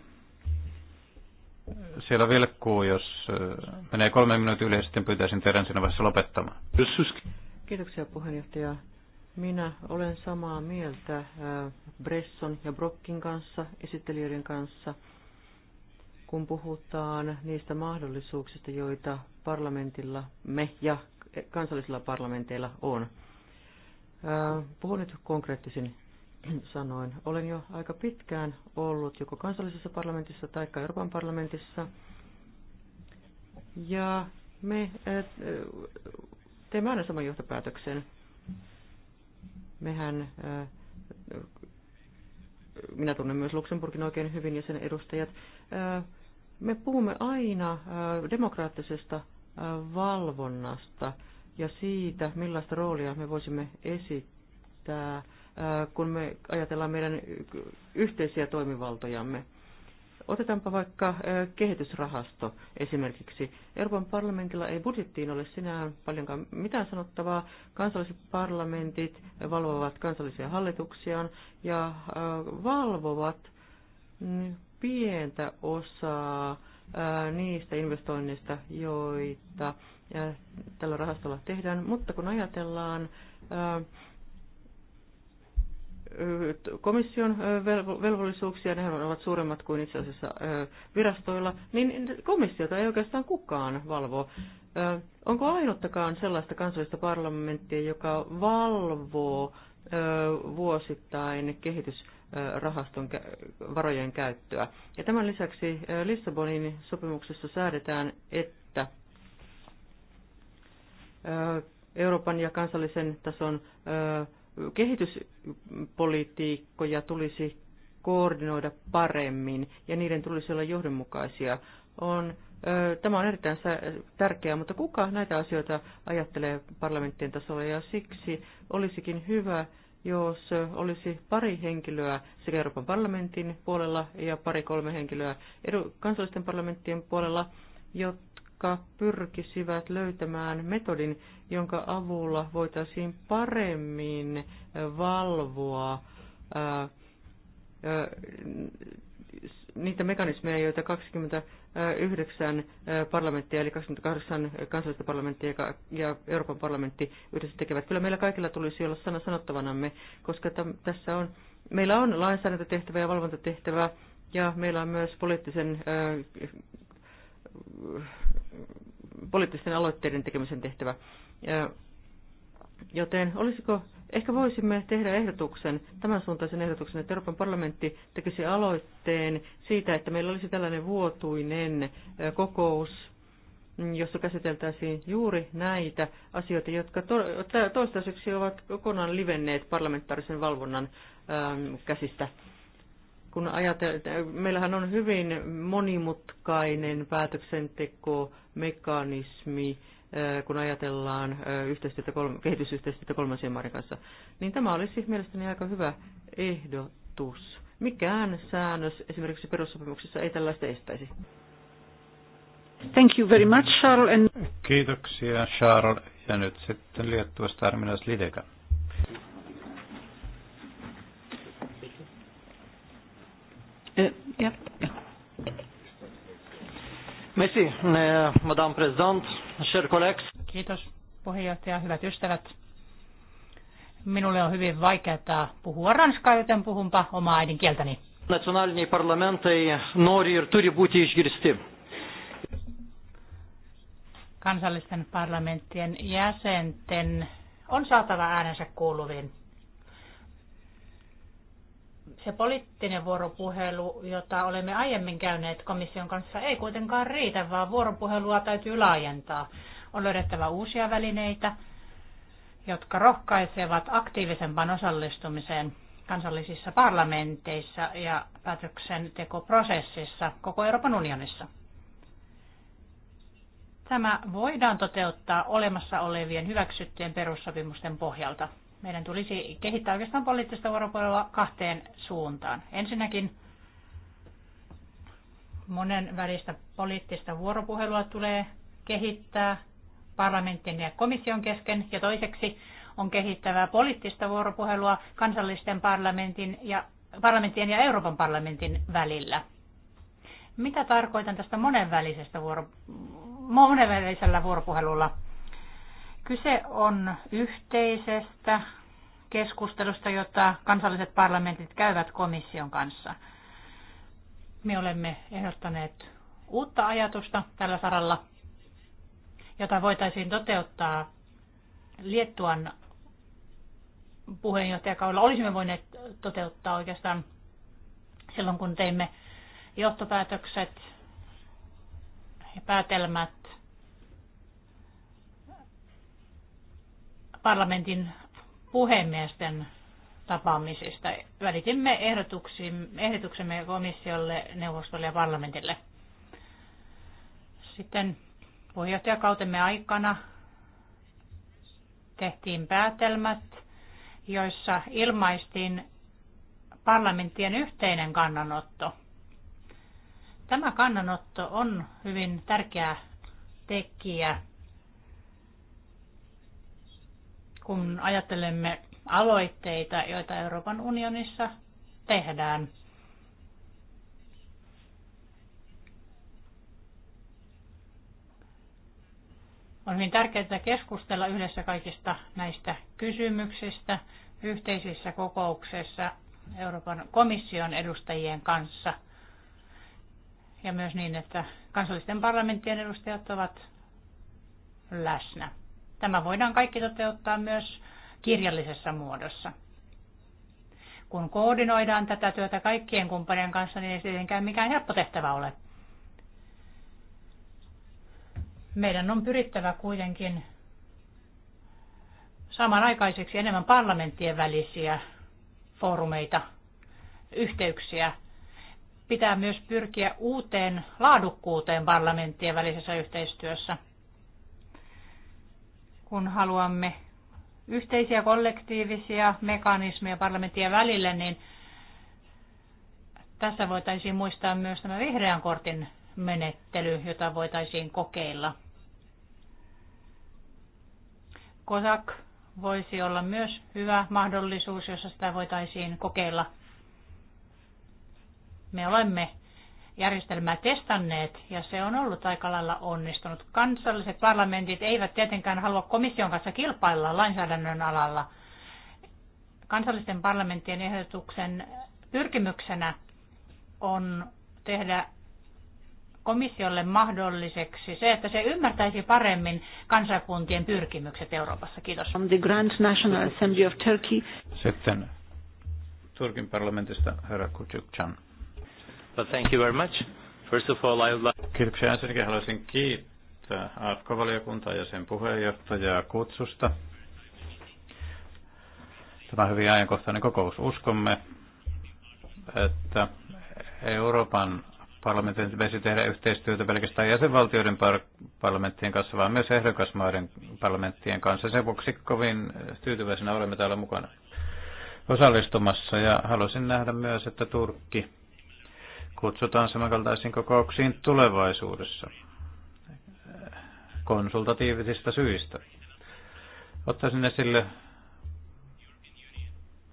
Siellä vilkkuu, jos eh, menee kolme minuutin yli, sitten pyytäisin teidän siinä vaiheessa lopettamaan. Kiitoksia puheenjohtaja. Minä olen samaa mieltä eh, Bresson ja Brockin kanssa, esittelijöiden kanssa – kun puhutaan niistä mahdollisuuksista, joita parlamentilla, me ja kansallisilla parlamenteilla on. Äh, puhun nyt konkreettisin sanoin. Olen jo aika pitkään ollut joko kansallisessa parlamentissa tai Euroopan parlamentissa. Ja me äh, teemme aina saman johtopäätöksen. Mehän, äh, minä tunnen myös Luxemburgin oikein hyvin ja sen edustajat. Me puhumme aina äh, demokraattisesta äh, valvonnasta ja siitä, millaista roolia me voisimme esittää, äh, kun me ajatellaan meidän yhteisiä toimivaltojamme. Otetaanpa vaikka kehitysrahasto esimerkiksi. Euroopan parlamentilla ei budjettiin ole sinään paljonkaan mitään sanottavaa. Kansalliset parlamentit valvovat kansallisia hallituksiaan ja valvovat pientä osaa niistä investoinneista, joita tällä rahastolla tehdään, mutta kun ajatellaan komission velvollisuuksia, ne ovat suuremmat kuin itse asiassa virastoilla, niin komissiota ei oikeastaan kukaan valvo. Onko ainuttakaan sellaista kansallista parlamenttia, joka valvoo vuosittain kehitys rahaston varojen käyttöä. Ja tämän lisäksi Lissabonin sopimuksessa säädetään, että Euroopan ja kansallisen tason kehityspolitiikkoja tulisi koordinoida paremmin ja niiden tulisi olla johdonmukaisia. On, tämä on erittäin tärkeää, mutta kuka näitä asioita ajattelee parlamenttien tasolla ja siksi olisikin hyvä, jos olisi pari henkilöä sekä Euroopan parlamentin puolella ja pari-kolme henkilöä kansallisten parlamenttien puolella, jotka pyrkisivät löytämään metodin, jonka avulla voitaisiin paremmin valvoa ää, ää, niitä mekanismeja, joita 20 yhdeksän parlamenttia, eli 28 kansallista parlamenttia ja Euroopan parlamentti yhdessä tekevät. Kyllä meillä kaikilla tulisi olla sana sanottavanamme, koska tässä on, meillä on lainsäädäntötehtävä ja valvontatehtävä, ja meillä on myös poliittisen, poliittisten aloitteiden tekemisen tehtävä. Joten olisiko Ehkä voisimme tehdä ehdotuksen, tämän suuntaisen ehdotuksen, että Euroopan parlamentti tekisi aloitteen siitä, että meillä olisi tällainen vuotuinen kokous, jossa käsiteltäisiin juuri näitä asioita, jotka toistaiseksi ovat kokonaan livenneet parlamentaarisen valvonnan ähm, käsistä. Kun meillähän on hyvin monimutkainen päätöksentekomekanismi, kun ajatellaan yhteistyötä, kehitysyhteistyötä kolmansien maiden kanssa, niin tämä olisi mielestäni aika hyvä ehdotus. Mikään säännös esimerkiksi perussopimuksessa ei tällaista estäisi. Thank you very much, Charles. And... Kiitoksia, Charles. Ja nyt sitten Liettuasta Arminas Lideka. Eh, Merci, eh, Madame Présidente. Kiitos puheenjohtaja, hyvät ystävät. Minulle on hyvin vaikeaa puhua ranskaa, joten puhunpa omaa äidinkieltäni. Nationaliniai parlamentai nori ir turi būti išgirsti. Kansallisten parlamenttien jäsenten on saatava äänensä kuuluviin se poliittinen vuoropuhelu, jota olemme aiemmin käyneet komission kanssa, ei kuitenkaan riitä, vaan vuoropuhelua täytyy laajentaa. On löydettävä uusia välineitä, jotka rohkaisevat aktiivisempaan osallistumiseen kansallisissa parlamenteissa ja päätöksentekoprosessissa koko Euroopan unionissa. Tämä voidaan toteuttaa olemassa olevien hyväksyttyjen perussopimusten pohjalta. Meidän tulisi kehittää oikeastaan poliittista vuoropuhelua kahteen suuntaan. Ensinnäkin monen välistä poliittista vuoropuhelua tulee kehittää parlamentin ja komission kesken ja toiseksi on kehittävää poliittista vuoropuhelua kansallisten parlamentin ja, parlamenttien ja Euroopan parlamentin välillä. Mitä tarkoitan tästä monenvälisestä vuoro, monenvälisellä vuoropuhelulla? Kyse on yhteisestä keskustelusta, jota kansalliset parlamentit käyvät komission kanssa. Me olemme ehdottaneet uutta ajatusta tällä saralla, jota voitaisiin toteuttaa Liettuan puheenjohtajakaudella. Olisimme voineet toteuttaa oikeastaan silloin, kun teimme johtopäätökset ja päätelmät parlamentin puhemiesten tapaamisista. Välitimme ehdotuksemme komissiolle, neuvostolle ja parlamentille. Sitten puheenjohtajakautemme aikana tehtiin päätelmät, joissa ilmaistiin parlamenttien yhteinen kannanotto. Tämä kannanotto on hyvin tärkeä tekijä kun ajattelemme aloitteita, joita Euroopan unionissa tehdään. On hyvin tärkeää keskustella yhdessä kaikista näistä kysymyksistä yhteisissä kokouksissa Euroopan komission edustajien kanssa. Ja myös niin, että kansallisten parlamenttien edustajat ovat läsnä. Tämä voidaan kaikki toteuttaa myös kirjallisessa muodossa. Kun koordinoidaan tätä työtä kaikkien kumppanien kanssa, niin ei tietenkään mikään helppo tehtävä ole. Meidän on pyrittävä kuitenkin samanaikaiseksi enemmän parlamenttien välisiä foorumeita, yhteyksiä. Pitää myös pyrkiä uuteen laadukkuuteen parlamenttien välisessä yhteistyössä – kun haluamme yhteisiä kollektiivisia mekanismeja parlamenttien välillä, niin tässä voitaisiin muistaa myös tämä vihreän kortin menettely, jota voitaisiin kokeilla. Kosak voisi olla myös hyvä mahdollisuus, jossa sitä voitaisiin kokeilla. Me olemme järjestelmää testanneet ja se on ollut aika lailla onnistunut. Kansalliset parlamentit eivät tietenkään halua komission kanssa kilpailla lainsäädännön alalla. Kansallisten parlamenttien ehdotuksen pyrkimyksenä on tehdä komissiolle mahdolliseksi se, että se ymmärtäisi paremmin kansakuntien pyrkimykset Euroopassa. Kiitos. From the Grand National Assembly of Turkey. Sitten Turkin parlamentista herra Kucukcan. Well, thank you very much. First of all, I would like... Kiitoksia. Ensinnäkin haluaisin kiittää aatko valiokuntaa ja sen puheenjohtajaa kutsusta. Tämä on hyvin ajankohtainen kokous. Uskomme, että Euroopan parlamentin pitäisi tehdä yhteistyötä pelkästään jäsenvaltioiden par- parlamenttien kanssa, vaan myös ehdokasmaiden parlamenttien kanssa. Sen vuoksi kovin tyytyväisenä olemme täällä mukana osallistumassa ja halusin nähdä myös, että Turkki kutsutaan samankaltaisiin kokouksiin tulevaisuudessa konsultatiivisista syistä. Ottaisin esille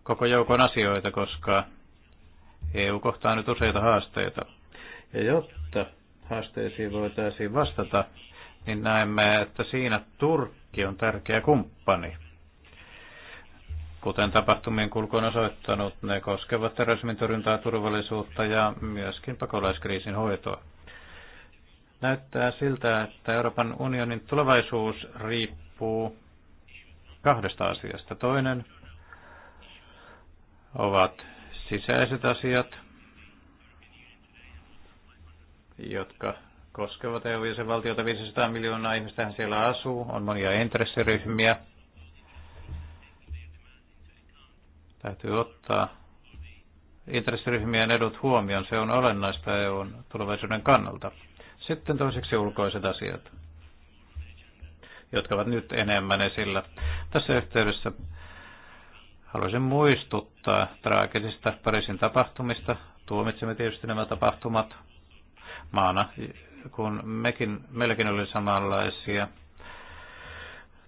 koko joukon asioita, koska EU kohtaa nyt useita haasteita. Ja jotta haasteisiin voitaisiin vastata, niin näemme, että siinä Turkki on tärkeä kumppani – Kuten tapahtumien kulku on osoittanut, ne koskevat terrorismin torjuntaa, turvallisuutta ja myöskin pakolaiskriisin hoitoa. Näyttää siltä, että Euroopan unionin tulevaisuus riippuu kahdesta asiasta. Toinen ovat sisäiset asiat, jotka koskevat EU-jäsenvaltiota. 500 miljoonaa ihmistä siellä asuu, on monia intressiryhmiä, Täytyy ottaa intressiryhmien edut huomioon. Se on olennaista EUn tulevaisuuden kannalta. Sitten toiseksi ulkoiset asiat, jotka ovat nyt enemmän esillä. Tässä yhteydessä haluaisin muistuttaa traagisista Pariisin tapahtumista. Tuomitsemme tietysti nämä tapahtumat maana, kun mekin, meilläkin oli samanlaisia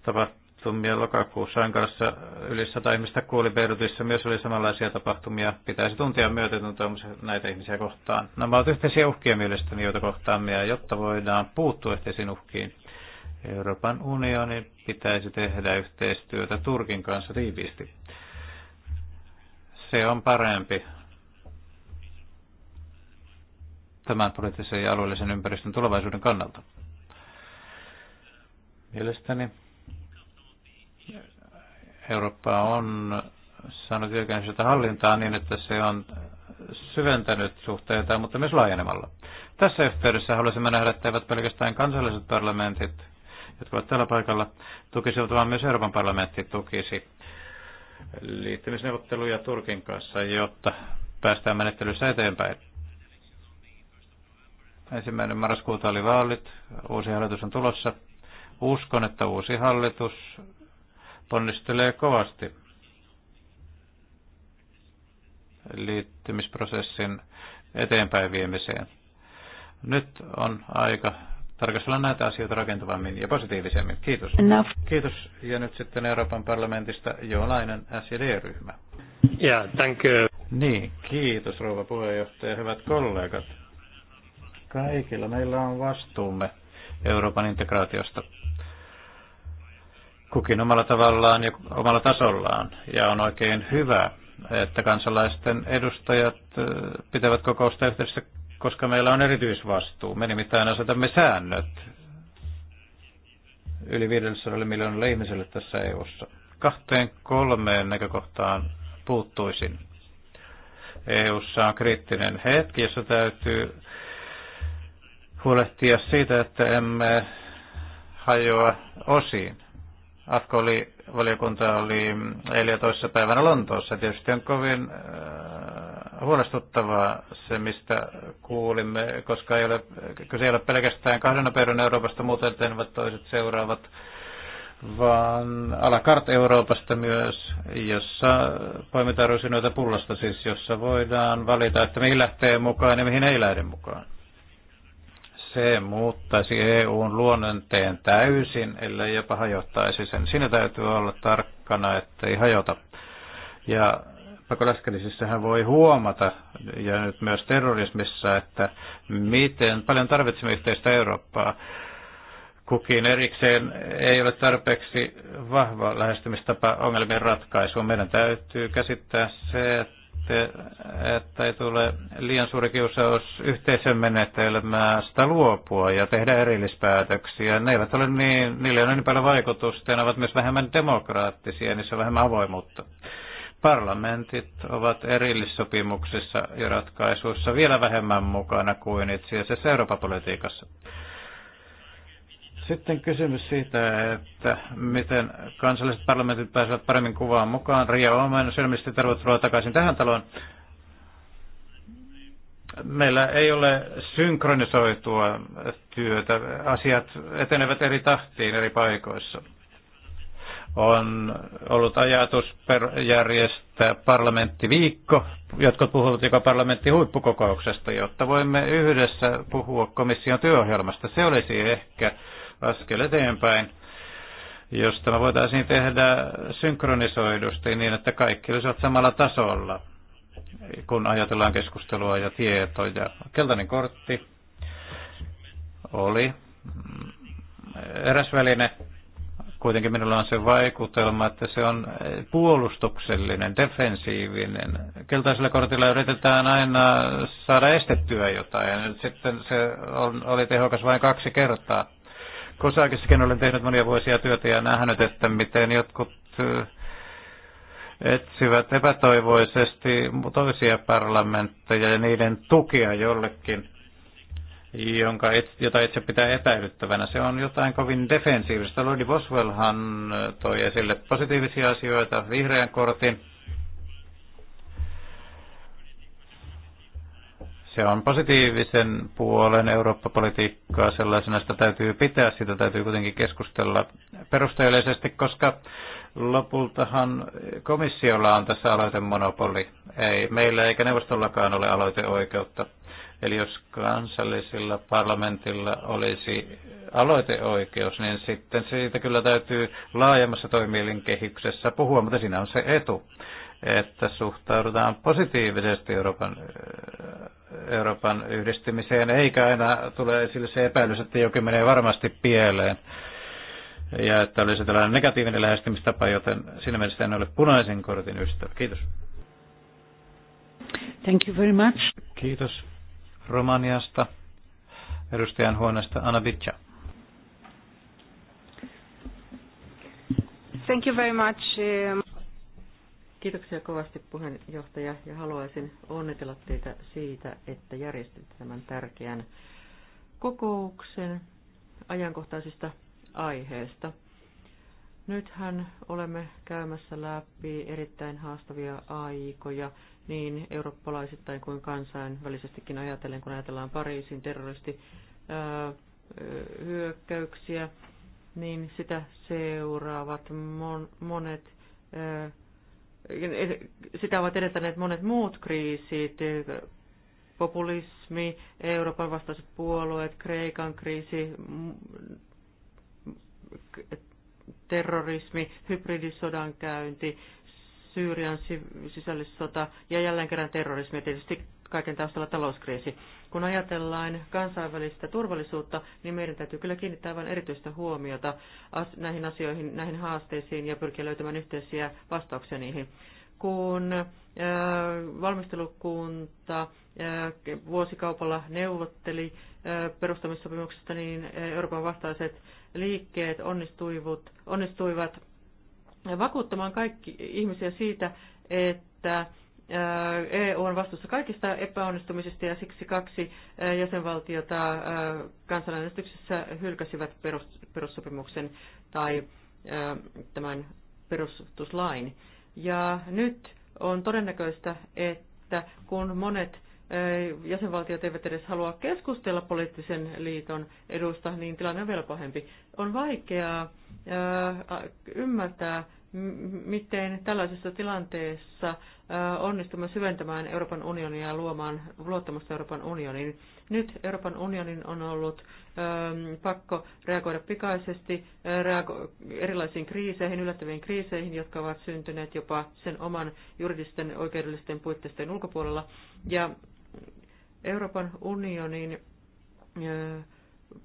tapahtumia tapahtumia lokakuussa Ankarassa yli sata ihmistä kuoli Beirutissa. Myös oli samanlaisia tapahtumia. Pitäisi tuntia myötätuntoa näitä ihmisiä kohtaan. Nämä ovat yhteisiä uhkia mielestäni, joita kohtaamme, jotta voidaan puuttua yhteisiin uhkiin, Euroopan unioni pitäisi tehdä yhteistyötä Turkin kanssa tiiviisti. Se on parempi tämän poliittisen ja alueellisen ympäristön tulevaisuuden kannalta. Mielestäni Eurooppa on saanut ylkäänsä hallintaa niin, että se on syventänyt suhteita, mutta myös laajenemalla. Tässä yhteydessä haluaisimme nähdä, että eivät pelkästään kansalliset parlamentit, jotka ovat tällä paikalla, tukisivat, vaan myös Euroopan parlamentti tukisi liittymisneuvotteluja Turkin kanssa, jotta päästään menettelyssä eteenpäin. Ensimmäinen marraskuuta oli vaalit, uusi hallitus on tulossa. Uskon, että uusi hallitus ponnistelee kovasti liittymisprosessin eteenpäin viemiseen. Nyt on aika tarkastella näitä asioita rakentavammin ja positiivisemmin. Kiitos. Enough. Kiitos. Ja nyt sitten Euroopan parlamentista Joonainen SED-ryhmä. Yeah, thank you. Niin, kiitos rouva puheenjohtaja, hyvät kollegat. Kaikilla meillä on vastuumme Euroopan integraatiosta kukin omalla tavallaan ja omalla tasollaan. Ja on oikein hyvä, että kansalaisten edustajat pitävät kokousta yhteydessä, koska meillä on erityisvastuu. Me nimittäin asetamme säännöt yli 500 miljoonalle ihmiselle tässä EU-ssa. Kahteen kolmeen näkökohtaan puuttuisin. EU:ssa on kriittinen hetki, jossa täytyy huolehtia siitä, että emme hajoa osiin. AFKO oli, valiokunta oli eilen toisessa päivänä Lontoossa. Tietysti on kovin äh, huolestuttavaa se, mistä kuulimme, koska ei ole, kyse ei ole pelkästään kahden nopeuden Euroopasta, muuten etenevät toiset seuraavat, vaan alakart Euroopasta myös, jossa poimitaan rusinoita pullosta siis, jossa voidaan valita, että mihin lähtee mukaan ja mihin ei lähde mukaan se muuttaisi EUn luonnonteen täysin, ellei jopa hajottaisi sen. Siinä täytyy olla tarkkana, ei hajota. Ja pakolaiskriisissähän voi huomata, ja nyt myös terrorismissa, että miten paljon tarvitsemme yhteistä Eurooppaa. Kukin erikseen ei ole tarpeeksi vahva lähestymistapa ongelmien ratkaisuun. Meidän täytyy käsittää se, että että, että ei tule liian suuri kiusaus yhteisön menetelmästä luopua ja tehdä erillispäätöksiä. Ne eivät ole niin, niillä ei ole niin paljon vaikutusta ja ne ovat myös vähemmän demokraattisia, niissä on vähemmän avoimuutta. Parlamentit ovat erillissopimuksissa ja ratkaisuissa vielä vähemmän mukana kuin itse asiassa Euroopan politiikassa. Sitten kysymys siitä, että miten kansalliset parlamentit pääsevät paremmin kuvaan mukaan. Ria Oomen, selvästi tervetuloa takaisin tähän taloon. Meillä ei ole synkronisoitua työtä. Asiat etenevät eri tahtiin eri paikoissa. On ollut ajatus järjestää parlamenttiviikko, jotkut puhuvat joka parlamentti huippukokouksesta, jotta voimme yhdessä puhua komission työohjelmasta. Se olisi ehkä askel eteenpäin, jos tämä voitaisiin tehdä synkronisoidusti niin, että kaikki olisivat samalla tasolla, kun ajatellaan keskustelua ja tietoja. Keltainen kortti oli mm, eräs väline, kuitenkin minulla on se vaikutelma, että se on puolustuksellinen, defensiivinen. Keltaisella kortilla yritetään aina saada estettyä jotain. Sitten se on, oli tehokas vain kaksi kertaa. Kosakissakin olen tehnyt monia vuosia työtä ja nähnyt, että miten jotkut eh, etsivät epätoivoisesti toisia parlamentteja ja niiden tukia jollekin, jonka, jota itse pitää epäilyttävänä. Se on jotain kovin defensiivistä. Lodi Boswellhan eh, toi esille positiivisia asioita, vihreän kortin, Se on positiivisen puolen Eurooppa-politiikkaa sellaisena, sitä täytyy pitää, sitä täytyy kuitenkin keskustella perusteellisesti, koska lopultahan komissiolla on tässä aloitemonopoli. Ei meillä eikä neuvostollakaan ole aloiteoikeutta. Eli jos kansallisilla parlamentilla olisi aloiteoikeus, niin sitten siitä kyllä täytyy laajemmassa toimielinkehyksessä puhua, mutta siinä on se etu, että suhtaudutaan positiivisesti Euroopan, Euroopan yhdistymiseen, eikä aina tule esille se epäilys, että jokin menee varmasti pieleen. Ja että olisi tällainen negatiivinen lähestymistapa, joten siinä mielessä en ole punaisen kortin ystävä. Kiitos. Thank you very much. Kiitos Romaniasta, edustajan huoneesta Anna Bicca. Thank you very much. Eh, Kiitoksia kovasti puheenjohtaja ja haluaisin onnitella teitä siitä, että järjestitte tämän tärkeän kokouksen ajankohtaisista aiheesta. Nythän olemme käymässä läpi erittäin haastavia aikoja niin eurooppalaisittain kuin kansainvälisestikin ajatellen, kun ajatellaan Pariisin terroristi hyökkäyksiä, niin sitä seuraavat mon, monet sitä ovat edeltäneet monet muut kriisit, populismi, Euroopan vastaiset puolueet, Kreikan kriisi, terrorismi, hybridisodan käynti, Syyrian sisällissota ja jälleen kerran terrorismi ja tietysti kaiken taustalla talouskriisi. Kun ajatellaan kansainvälistä turvallisuutta, niin meidän täytyy kyllä kiinnittää aivan erityistä huomiota näihin asioihin, näihin haasteisiin ja pyrkiä löytämään yhteisiä vastauksia niihin. Kun äh, valmistelukunta äh, vuosikaupalla neuvotteli äh, perustamissopimuksesta, niin Euroopan vastaiset liikkeet onnistuivat, onnistuivat vakuuttamaan kaikki ihmisiä siitä, että EU on vastuussa kaikista epäonnistumisista ja siksi kaksi jäsenvaltiota kansanäänestyksessä hylkäsivät perussopimuksen tai tämän perustuslain. Ja nyt on todennäköistä, että kun monet jäsenvaltiot eivät edes halua keskustella poliittisen liiton edusta, niin tilanne on vielä pahempi. On vaikeaa ymmärtää, miten tällaisessa tilanteessa onnistumme syventämään Euroopan unionia ja luomaan luottamusta Euroopan unioniin. Nyt Euroopan unionin on ollut pakko reagoida pikaisesti erilaisiin kriiseihin, yllättäviin kriiseihin, jotka ovat syntyneet jopa sen oman juridisten oikeudellisten puitteisten ulkopuolella. Ja Euroopan unionin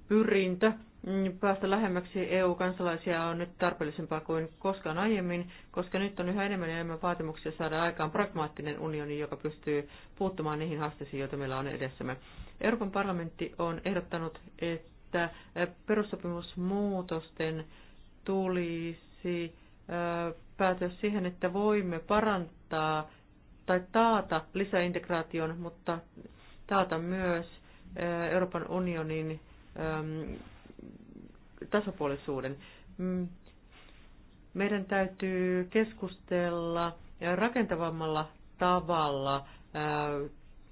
pyrintö mm, päästä lähemmäksi EU-kansalaisia on nyt tarpeellisempaa kuin koskaan aiemmin, koska nyt on yhä enemmän ja enemmän vaatimuksia saada aikaan pragmaattinen unioni, joka pystyy puuttumaan niihin haasteisiin, joita meillä on edessämme. Euroopan parlamentti on ehdottanut, että perussopimusmuutosten tulisi päätyä siihen, että voimme parantaa tai taata lisäintegraation, mutta taata myös Euroopan unionin tasapuolisuuden. Mm. Meidän täytyy keskustella rakentavammalla tavalla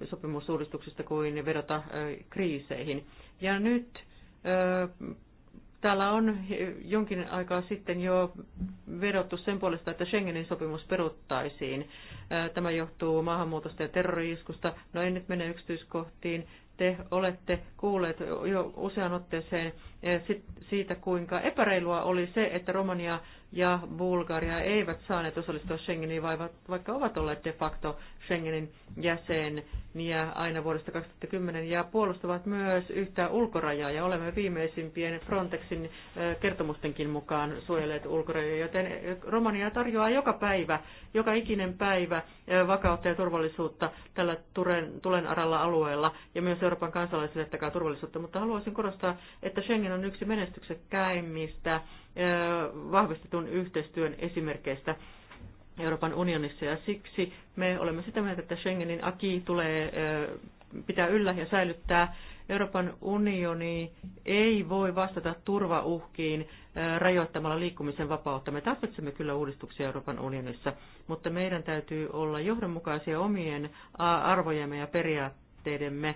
sopimusuudistuksista kuin vedota kriiseihin. Ja nyt täällä on jonkin aikaa sitten jo vedottu sen puolesta, että Schengenin sopimus peruttaisiin. Tämä johtuu maahanmuutosta ja terroriiskusta. No en nyt mene yksityiskohtiin te olette kuulleet jo usean otteeseen eh, siitä, kuinka epäreilua oli se, että Romania ja Bulgaria eivät saaneet osallistua Schengeniin, vaikka ovat olleet de facto Schengenin jäsen Niä aina vuodesta 2010 ja puolustavat myös yhtä ulkorajaa ja olemme viimeisimpien Frontexin kertomustenkin mukaan suojelleet ulkorajoja, joten Romania tarjoaa joka päivä, joka ikinen päivä vakautta ja turvallisuutta tällä tulen aralla alueella ja myös Euroopan kansalaisille takaa turvallisuutta, mutta haluaisin korostaa, että Schengen on yksi menestyksekkäimmistä vahvistetun yhteistyön esimerkkeistä Euroopan unionissa ja siksi me olemme sitä mieltä, että Schengenin aki tulee pitää yllä ja säilyttää. Euroopan unioni ei voi vastata turvauhkiin rajoittamalla liikkumisen vapautta. Me tarvitsemme kyllä uudistuksia Euroopan unionissa, mutta meidän täytyy olla johdonmukaisia omien arvojemme ja periaatteidemme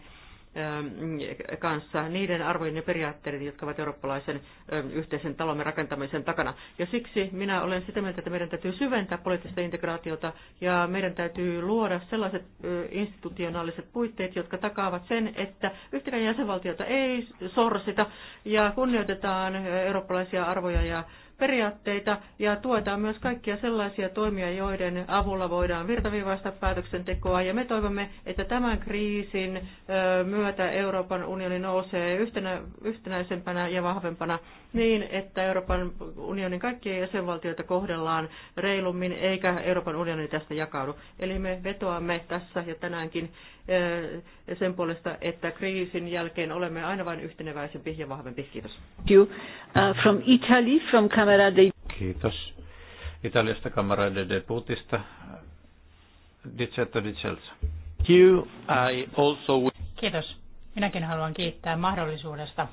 Ähm, kanssa niiden arvojen ja periaatteiden, jotka ovat eurooppalaisen ähm, yhteisen talomme rakentamisen takana. Ja siksi minä olen sitä mieltä, että meidän täytyy syventää poliittista integraatiota ja meidän täytyy luoda sellaiset institutionaaliset puitteet, jotka takaavat sen, että yhtäkään jäsenvaltiota ei sorsita ja kunnioitetaan eurooppalaisia arvoja ja periaatteita ja tuetaan myös kaikkia sellaisia toimia, joiden avulla voidaan virtaviivaista päätöksentekoa. Ja me toivomme, että tämän kriisin myötä Euroopan unioni nousee yhtenä, yhtenäisempänä ja vahvempana niin, että Euroopan unionin kaikkia jäsenvaltioita kohdellaan reilummin eikä Euroopan unioni tästä jakaudu. Eli me vetoamme tässä ja tänäänkin sen puolesta, että kriisin jälkeen olemme aina vain yhteneväisempi ja vahvempi. Kiitos. Uh, from Italy, from Camera Kiitos. Italiasta Camera de Deputista. Dicetto di Celso. I also... Kiitos. Minäkin haluan kiittää mahdollisuudesta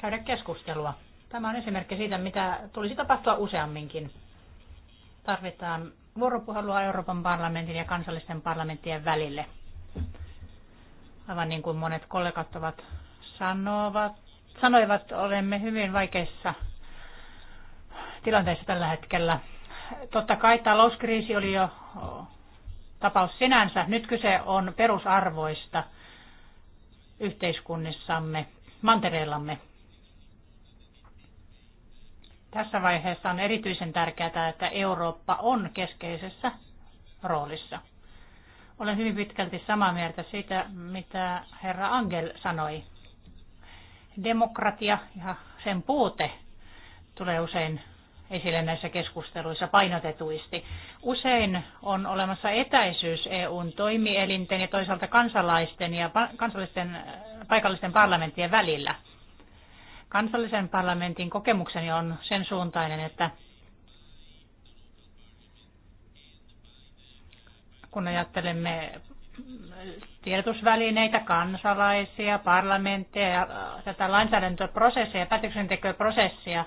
käydä keskustelua. Tämä on esimerkki siitä, mitä tulisi tapahtua useamminkin. Tarvitaan vuoropuhelua Euroopan parlamentin ja kansallisten parlamenttien välille. Aivan niin kuin monet kollegat ovat sanovat, sanoivat, olemme hyvin vaikeissa tilanteissa tällä hetkellä. Totta kai talouskriisi oli jo tapaus sinänsä. Nyt kyse on perusarvoista yhteiskunnissamme, mantereillamme. Tässä vaiheessa on erityisen tärkeää, että Eurooppa on keskeisessä roolissa. Olen hyvin pitkälti samaa mieltä siitä, mitä herra Angel sanoi. Demokratia ja sen puute tulee usein esille näissä keskusteluissa painotetuisti. Usein on olemassa etäisyys EUn toimielinten ja toisaalta kansalaisten ja kansallisten paikallisten parlamenttien välillä – Kansallisen parlamentin kokemukseni on sen suuntainen, että kun ajattelemme tiedotusvälineitä, kansalaisia, parlamentteja ja tätä lainsäädäntöprosessia ja päätöksentekoprosessia,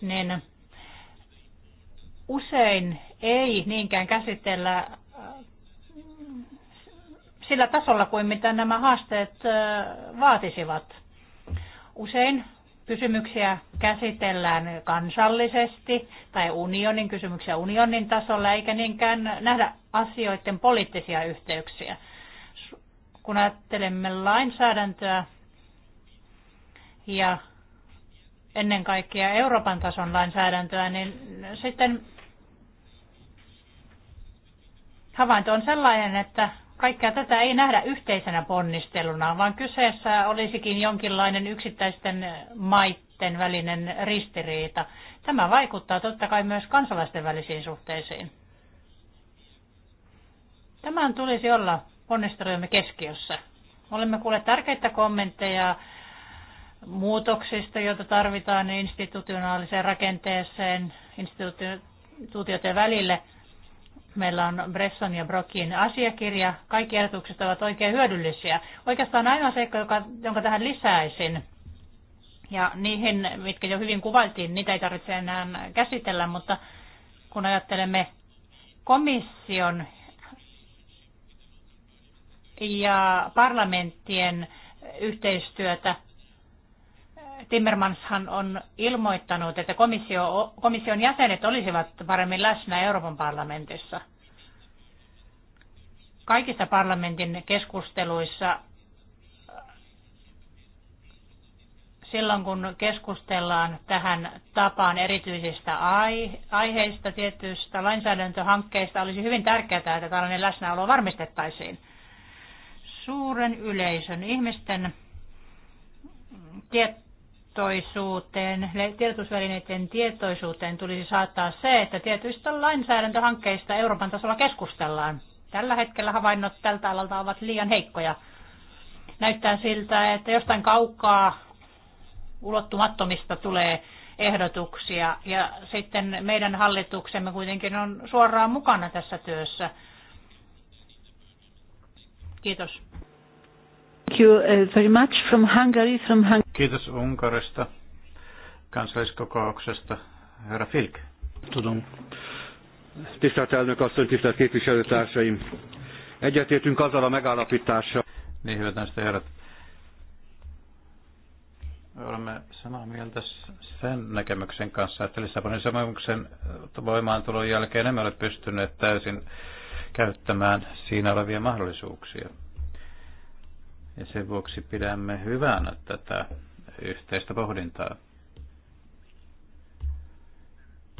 niin usein ei niinkään käsitellä sillä tasolla kuin mitä nämä haasteet vaatisivat. Usein kysymyksiä käsitellään kansallisesti tai unionin kysymyksiä unionin tasolla, eikä niinkään nähdä asioiden poliittisia yhteyksiä. Kun ajattelemme lainsäädäntöä ja ennen kaikkea Euroopan tason lainsäädäntöä, niin sitten havainto on sellainen, että Kaikkea tätä ei nähdä yhteisenä ponnisteluna, vaan kyseessä olisikin jonkinlainen yksittäisten maiden välinen ristiriita. Tämä vaikuttaa totta kai myös kansalaisten välisiin suhteisiin. Tämän tulisi olla ponnistelujemme keskiössä. Olemme kuulleet tärkeitä kommentteja muutoksista, joita tarvitaan institutionaaliseen rakenteeseen instituutioiden välille. Meillä on Bresson ja Brockin asiakirja. Kaikki ehdotukset ovat oikein hyödyllisiä. Oikeastaan ainoa seikka, joka, jonka tähän lisäisin, ja niihin, mitkä jo hyvin kuvailtiin, niitä ei tarvitse enää käsitellä, mutta kun ajattelemme komission ja parlamenttien yhteistyötä, Timmermanshan on ilmoittanut, että komissio, komission jäsenet olisivat paremmin läsnä Euroopan parlamentissa. Kaikissa parlamentin keskusteluissa silloin, kun keskustellaan tähän tapaan erityisistä aiheista, tietyistä lainsäädäntöhankkeista, olisi hyvin tärkeää, että tällainen läsnäolo varmistettaisiin. Suuren yleisön ihmisten tiet, tietoisuuteen, tiedotusvälineiden tietoisuuteen tulisi saattaa se, että tietyistä lainsäädäntöhankkeista Euroopan tasolla keskustellaan. Tällä hetkellä havainnot tältä alalta ovat liian heikkoja. Näyttää siltä, että jostain kaukaa ulottumattomista tulee ehdotuksia ja sitten meidän hallituksemme kuitenkin on suoraan mukana tässä työssä. Kiitos. Thank you uh, very much from Hungary, from Hung- Kiitos Unkarista kansalliskokouksesta. Herra Filk. Tudom. Tisztelt elnök asszony, tisztelt képviselőtársaim! Egyetértünk azzal a megállapítással. Niin, hyvät näistä herrat. Olemme samaa mieltä sen näkemyksen kanssa, että Lissabonin sopimuksen voimaantulon jälkeen emme ole pystyneet täysin käyttämään siinä olevia mahdollisuuksia. Ja sen vuoksi pidämme hyvänä tätä yhteistä pohdintaa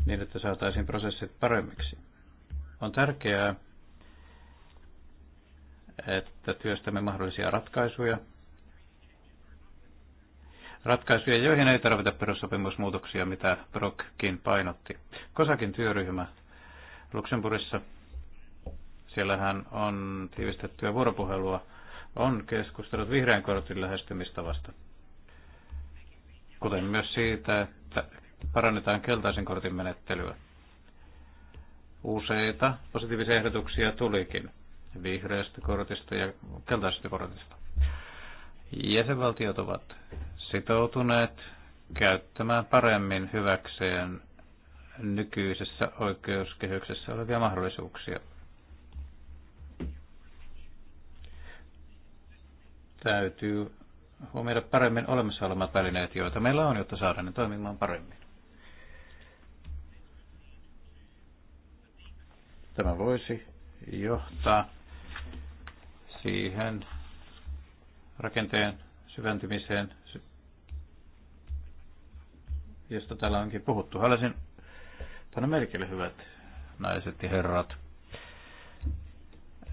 niin, että saataisiin prosessit paremmiksi. On tärkeää, että työstämme mahdollisia ratkaisuja. Ratkaisuja, joihin ei tarvita perussopimusmuutoksia, mitä Brockkin painotti. Kosakin työryhmä Luxemburgissa. Siellähän on tiivistettyä vuoropuhelua on keskustellut vihreän kortin lähestymistavasta, kuten myös siitä, että parannetaan keltaisen kortin menettelyä. Useita positiivisia ehdotuksia tulikin vihreästä kortista ja keltaisesta kortista. Jäsenvaltiot ovat sitoutuneet käyttämään paremmin hyväkseen nykyisessä oikeuskehyksessä olevia mahdollisuuksia – täytyy huomioida paremmin olemassa olevat välineet, joita meillä on, jotta saadaan ne toimimaan paremmin. Tämä voisi johtaa siihen rakenteen syventymiseen, josta täällä onkin puhuttu. Haluaisin tänne merkille hyvät naiset ja herrat,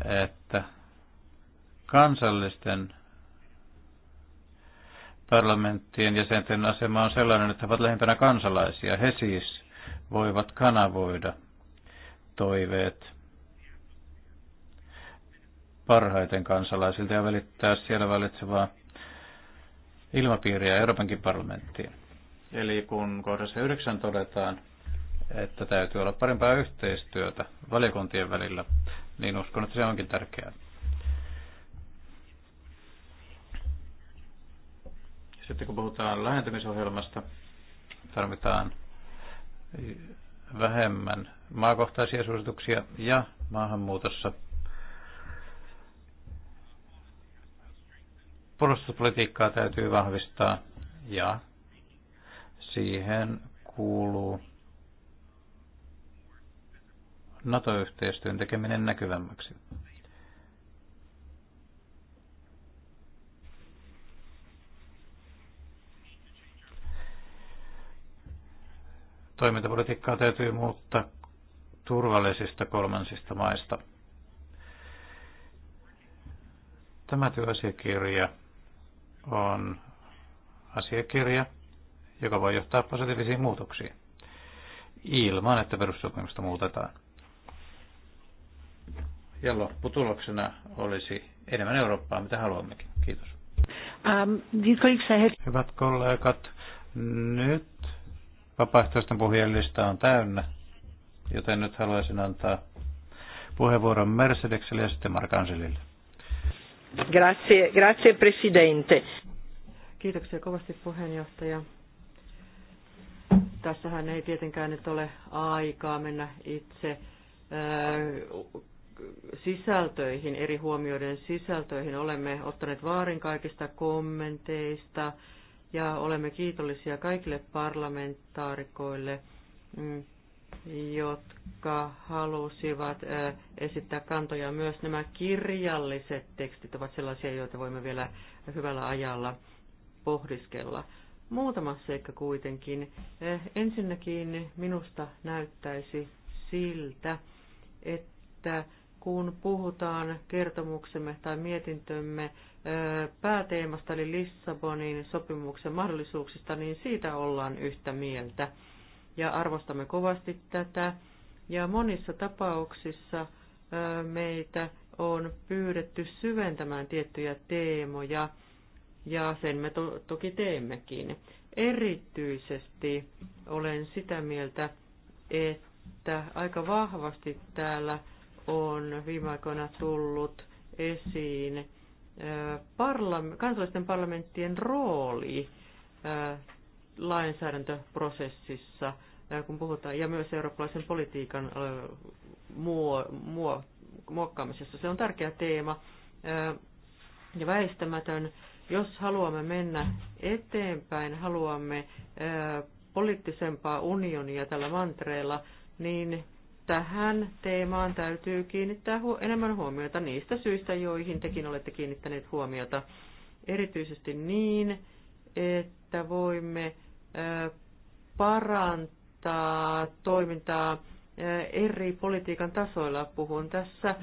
että kansallisten parlamenttien jäsenten asema on sellainen, että he ovat lähempänä kansalaisia. He siis voivat kanavoida toiveet parhaiten kansalaisilta ja välittää siellä valitsevaa ilmapiiriä Euroopankin parlamenttiin. Eli kun kohdassa 9 todetaan, että täytyy olla parempaa yhteistyötä valiokuntien välillä, niin uskon, että se onkin tärkeää. Sitten kun puhutaan lähentymisohjelmasta, tarvitaan vähemmän maakohtaisia suosituksia ja maahanmuutossa puolustuspolitiikkaa täytyy vahvistaa ja siihen kuuluu NATO-yhteistyön tekeminen näkyvämmäksi. Toimintapolitiikkaa täytyy muuttaa turvallisista kolmansista maista. Tämä työasiakirja on asiakirja, joka voi johtaa positiivisiin muutoksiin ilman, että perussopimusta muutetaan. Ja lopputuloksena olisi enemmän Eurooppaa, mitä haluammekin. Kiitos. Um, Hyvät kollegat, nyt Vapaaehtoisten puhujien on täynnä, joten nyt haluaisin antaa puheenvuoron Mercedekselle ja sitten Markansilille. Grazie, grazie presidente. Kiitoksia kovasti puheenjohtaja. Tässähän ei tietenkään nyt ole aikaa mennä itse sisältöihin, eri huomioiden sisältöihin. Olemme ottaneet vaarin kaikista kommenteista, ja olemme kiitollisia kaikille parlamentaarikoille, mm, jotka halusivat esittää kantoja. Myös nämä kirjalliset tekstit ovat sellaisia, joita voimme vielä hyvällä ajalla pohdiskella. Muutama seikka kuitenkin. Ensinnäkin minusta näyttäisi siltä, että kun puhutaan kertomuksemme tai mietintömme pääteemasta eli Lissabonin sopimuksen mahdollisuuksista, niin siitä ollaan yhtä mieltä. Ja arvostamme kovasti tätä. Ja monissa tapauksissa meitä on pyydetty syventämään tiettyjä teemoja, ja sen me to- toki teemmekin. Erityisesti olen sitä mieltä, että aika vahvasti täällä on viime aikoina tullut esiin kansallisten parlamenttien rooli lainsäädäntöprosessissa, kun puhutaan, ja myös eurooppalaisen politiikan muo, muo, muokkaamisessa. Se on tärkeä teema ja väistämätön. Jos haluamme mennä eteenpäin, haluamme poliittisempaa unionia tällä mantreella, niin tähän teemaan täytyy kiinnittää enemmän huomiota niistä syistä, joihin tekin olette kiinnittäneet huomiota. Erityisesti niin, että voimme parantaa toimintaa eri politiikan tasoilla. Puhun tässä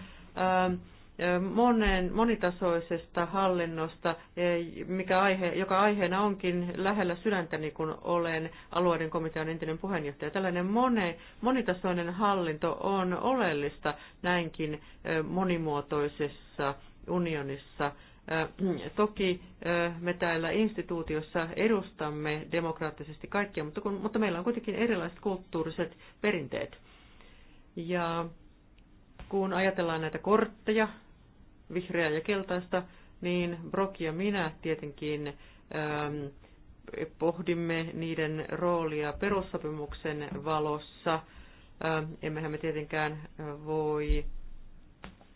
monen, monitasoisesta hallinnosta, e, mikä aihe, joka aiheena onkin lähellä sydäntäni, kun olen alueiden komitean entinen puheenjohtaja. Tällainen mone, monitasoinen hallinto on oleellista näinkin monimuotoisessa unionissa. Toki me täällä instituutiossa edustamme demokraattisesti kaikkia, mutta, kun, mutta meillä on kuitenkin erilaiset kulttuuriset perinteet. Ja kun ajatellaan näitä kortteja, vihreää ja keltaista, niin Brock ja minä tietenkin ähm, pohdimme niiden roolia perussopimuksen valossa. Ähm, emmehän me tietenkään voi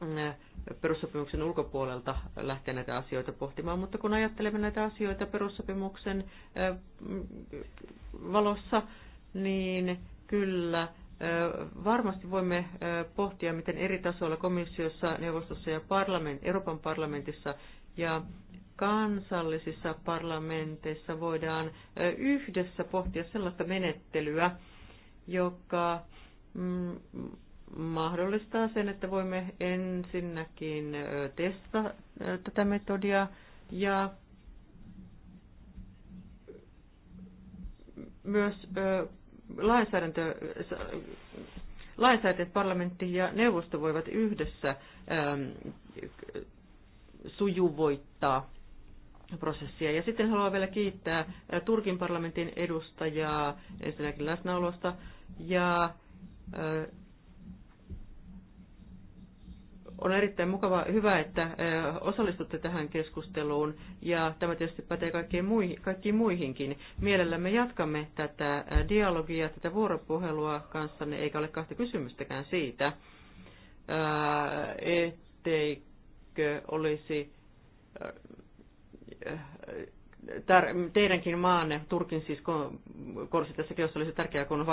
äh, perussopimuksen ulkopuolelta lähteä näitä asioita pohtimaan, mutta kun ajattelemme näitä asioita perussopimuksen äh, valossa, niin kyllä Varmasti voimme pohtia, miten eri tasoilla komissiossa, neuvostossa ja parlament, Euroopan parlamentissa ja kansallisissa parlamenteissa voidaan yhdessä pohtia sellaista menettelyä, joka mm, mahdollistaa sen, että voimme ensinnäkin testata tätä metodia ja myös lainsäädäntö, lainsäätäjät, parlamentti ja neuvosto voivat yhdessä sujuvoittaa prosessia. Ja sitten haluan vielä kiittää Turkin parlamentin edustajaa ensinnäkin läsnäolosta ja on erittäin mukava, hyvä, että osallistutte tähän keskusteluun ja tämä tietysti pätee kaikkiin, muihin, kaikkiin muihinkin. Mielellämme jatkamme tätä dialogia, tätä vuoropuhelua kanssanne, eikä ole kahta kysymystäkään siitä, etteikö olisi teidänkin maanne, Turkin siis korsi tässä keossa olisi tärkeää, kun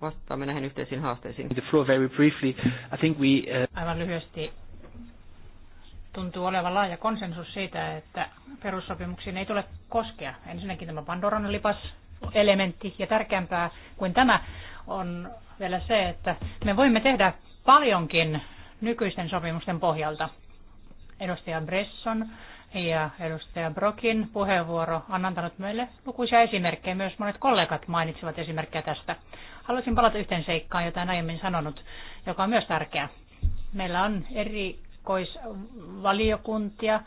vastaamme näihin yhteisiin haasteisiin. The floor very briefly. I think we, uh... Aivan lyhyesti tuntuu olevan laaja konsensus siitä, että perussopimuksiin ei tule koskea. Ensinnäkin tämä Pandoran lipas elementti ja tärkeämpää kuin tämä on vielä se, että me voimme tehdä paljonkin nykyisten sopimusten pohjalta. Edustaja Bresson ja edustaja Brokin puheenvuoro on antanut meille lukuisia esimerkkejä. Myös monet kollegat mainitsivat esimerkkejä tästä. Haluaisin palata yhteen seikkaan, jota en aiemmin sanonut, joka on myös tärkeä. Meillä on erikoisvaliokuntia äh,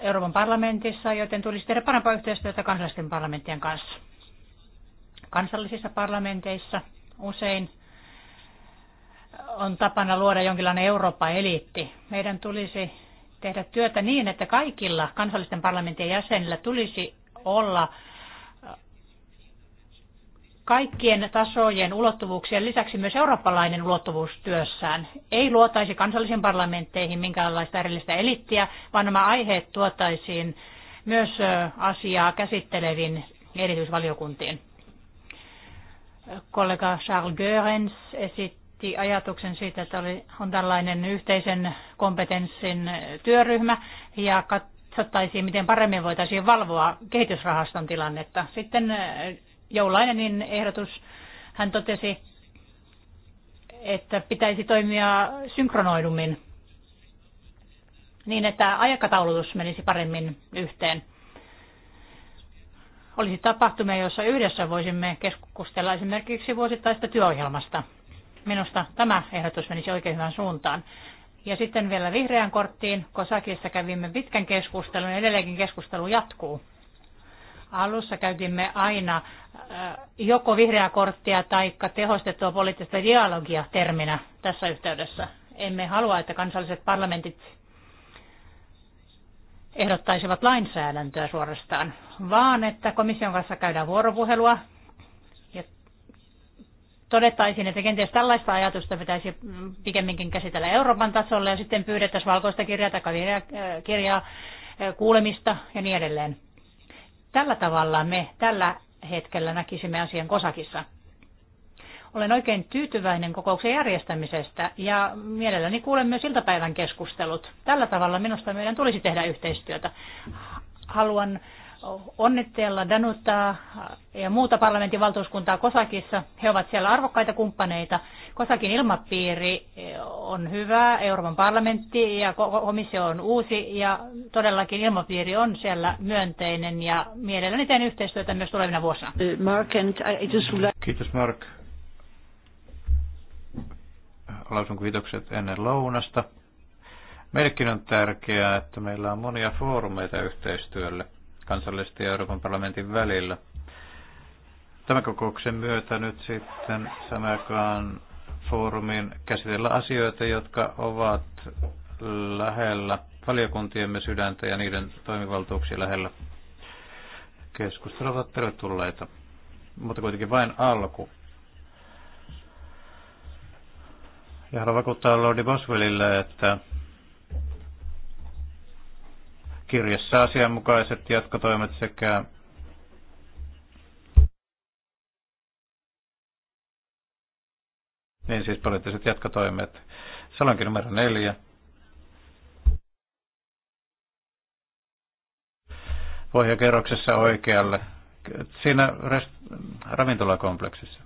Euroopan parlamentissa, joten tulisi tehdä parempaa yhteistyötä kansallisten parlamenttien kanssa. Kansallisissa parlamenteissa usein on tapana luoda jonkinlainen Eurooppa-eliitti. Meidän tulisi tehdä työtä niin, että kaikilla kansallisten parlamentin jäsenillä tulisi olla äh, kaikkien tasojen ulottuvuuksien lisäksi myös eurooppalainen ulottuvuus työssään. Ei luotaisi kansallisiin parlamentteihin minkäänlaista erillistä elittiä, vaan nämä aiheet tuotaisiin myös äh, asiaa käsittelevin erityisvaliokuntiin. Kollega Charles Görens esitti esitti ajatuksen siitä, että oli, on tällainen yhteisen kompetenssin työryhmä ja katsottaisiin, miten paremmin voitaisiin valvoa kehitysrahaston tilannetta. Sitten äh, Joulainenin ehdotus, hän totesi, että pitäisi toimia synkronoidummin niin, että aikataulutus menisi paremmin yhteen. Olisi tapahtumia, joissa yhdessä voisimme keskustella esimerkiksi vuosittaista työohjelmasta – Minusta tämä ehdotus menisi oikein hyvään suuntaan. Ja sitten vielä vihreän korttiin. Kosakissa kävimme pitkän keskustelun ja edelleenkin keskustelu jatkuu. Alussa käytimme aina äh, joko vihreää korttia tai tehostettua poliittista dialogia terminä tässä yhteydessä. Emme halua, että kansalliset parlamentit ehdottaisivat lainsäädäntöä suorastaan, vaan että komission kanssa käydään vuoropuhelua, todettaisiin, että kenties tällaista ajatusta pitäisi pikemminkin käsitellä Euroopan tasolla ja sitten pyydettäisiin valkoista kirjaa tai äh, kirjaa äh, kuulemista ja niin edelleen. Tällä tavalla me tällä hetkellä näkisimme asian Kosakissa. Olen oikein tyytyväinen kokouksen järjestämisestä ja mielelläni kuulen myös iltapäivän keskustelut. Tällä tavalla minusta meidän tulisi tehdä yhteistyötä. Haluan onnitella Danuta ja muuta parlamentin valtuuskuntaa Kosakissa. He ovat siellä arvokkaita kumppaneita. Kosakin ilmapiiri on hyvä, Euroopan parlamentti ja komissio on uusi ja todellakin ilmapiiri on siellä myönteinen ja mielelläni teen yhteistyötä myös tulevina vuosina. Eh, Mark and I just... Kiitos Mark. Lausun kiitokset ennen lounasta. Meillekin on tärkeää, että meillä on monia foorumeita yhteistyölle kansallisesti ja Euroopan parlamentin välillä. Tämän kokouksen myötä nyt sitten samakaan foorumin käsitellä asioita, jotka ovat lähellä valiokuntiemme sydäntä ja niiden toimivaltuuksia lähellä. Keskustelut ovat tervetulleita, mutta kuitenkin vain alku. Ja haluan vakuuttaa Lordi Boswellille, että kirjassa asianmukaiset jatkotoimet sekä niin siis poliittiset jatkotoimet. Salonkin numero neljä. Pohjakerroksessa oikealle. Siinä rest- ravintolakompleksissa.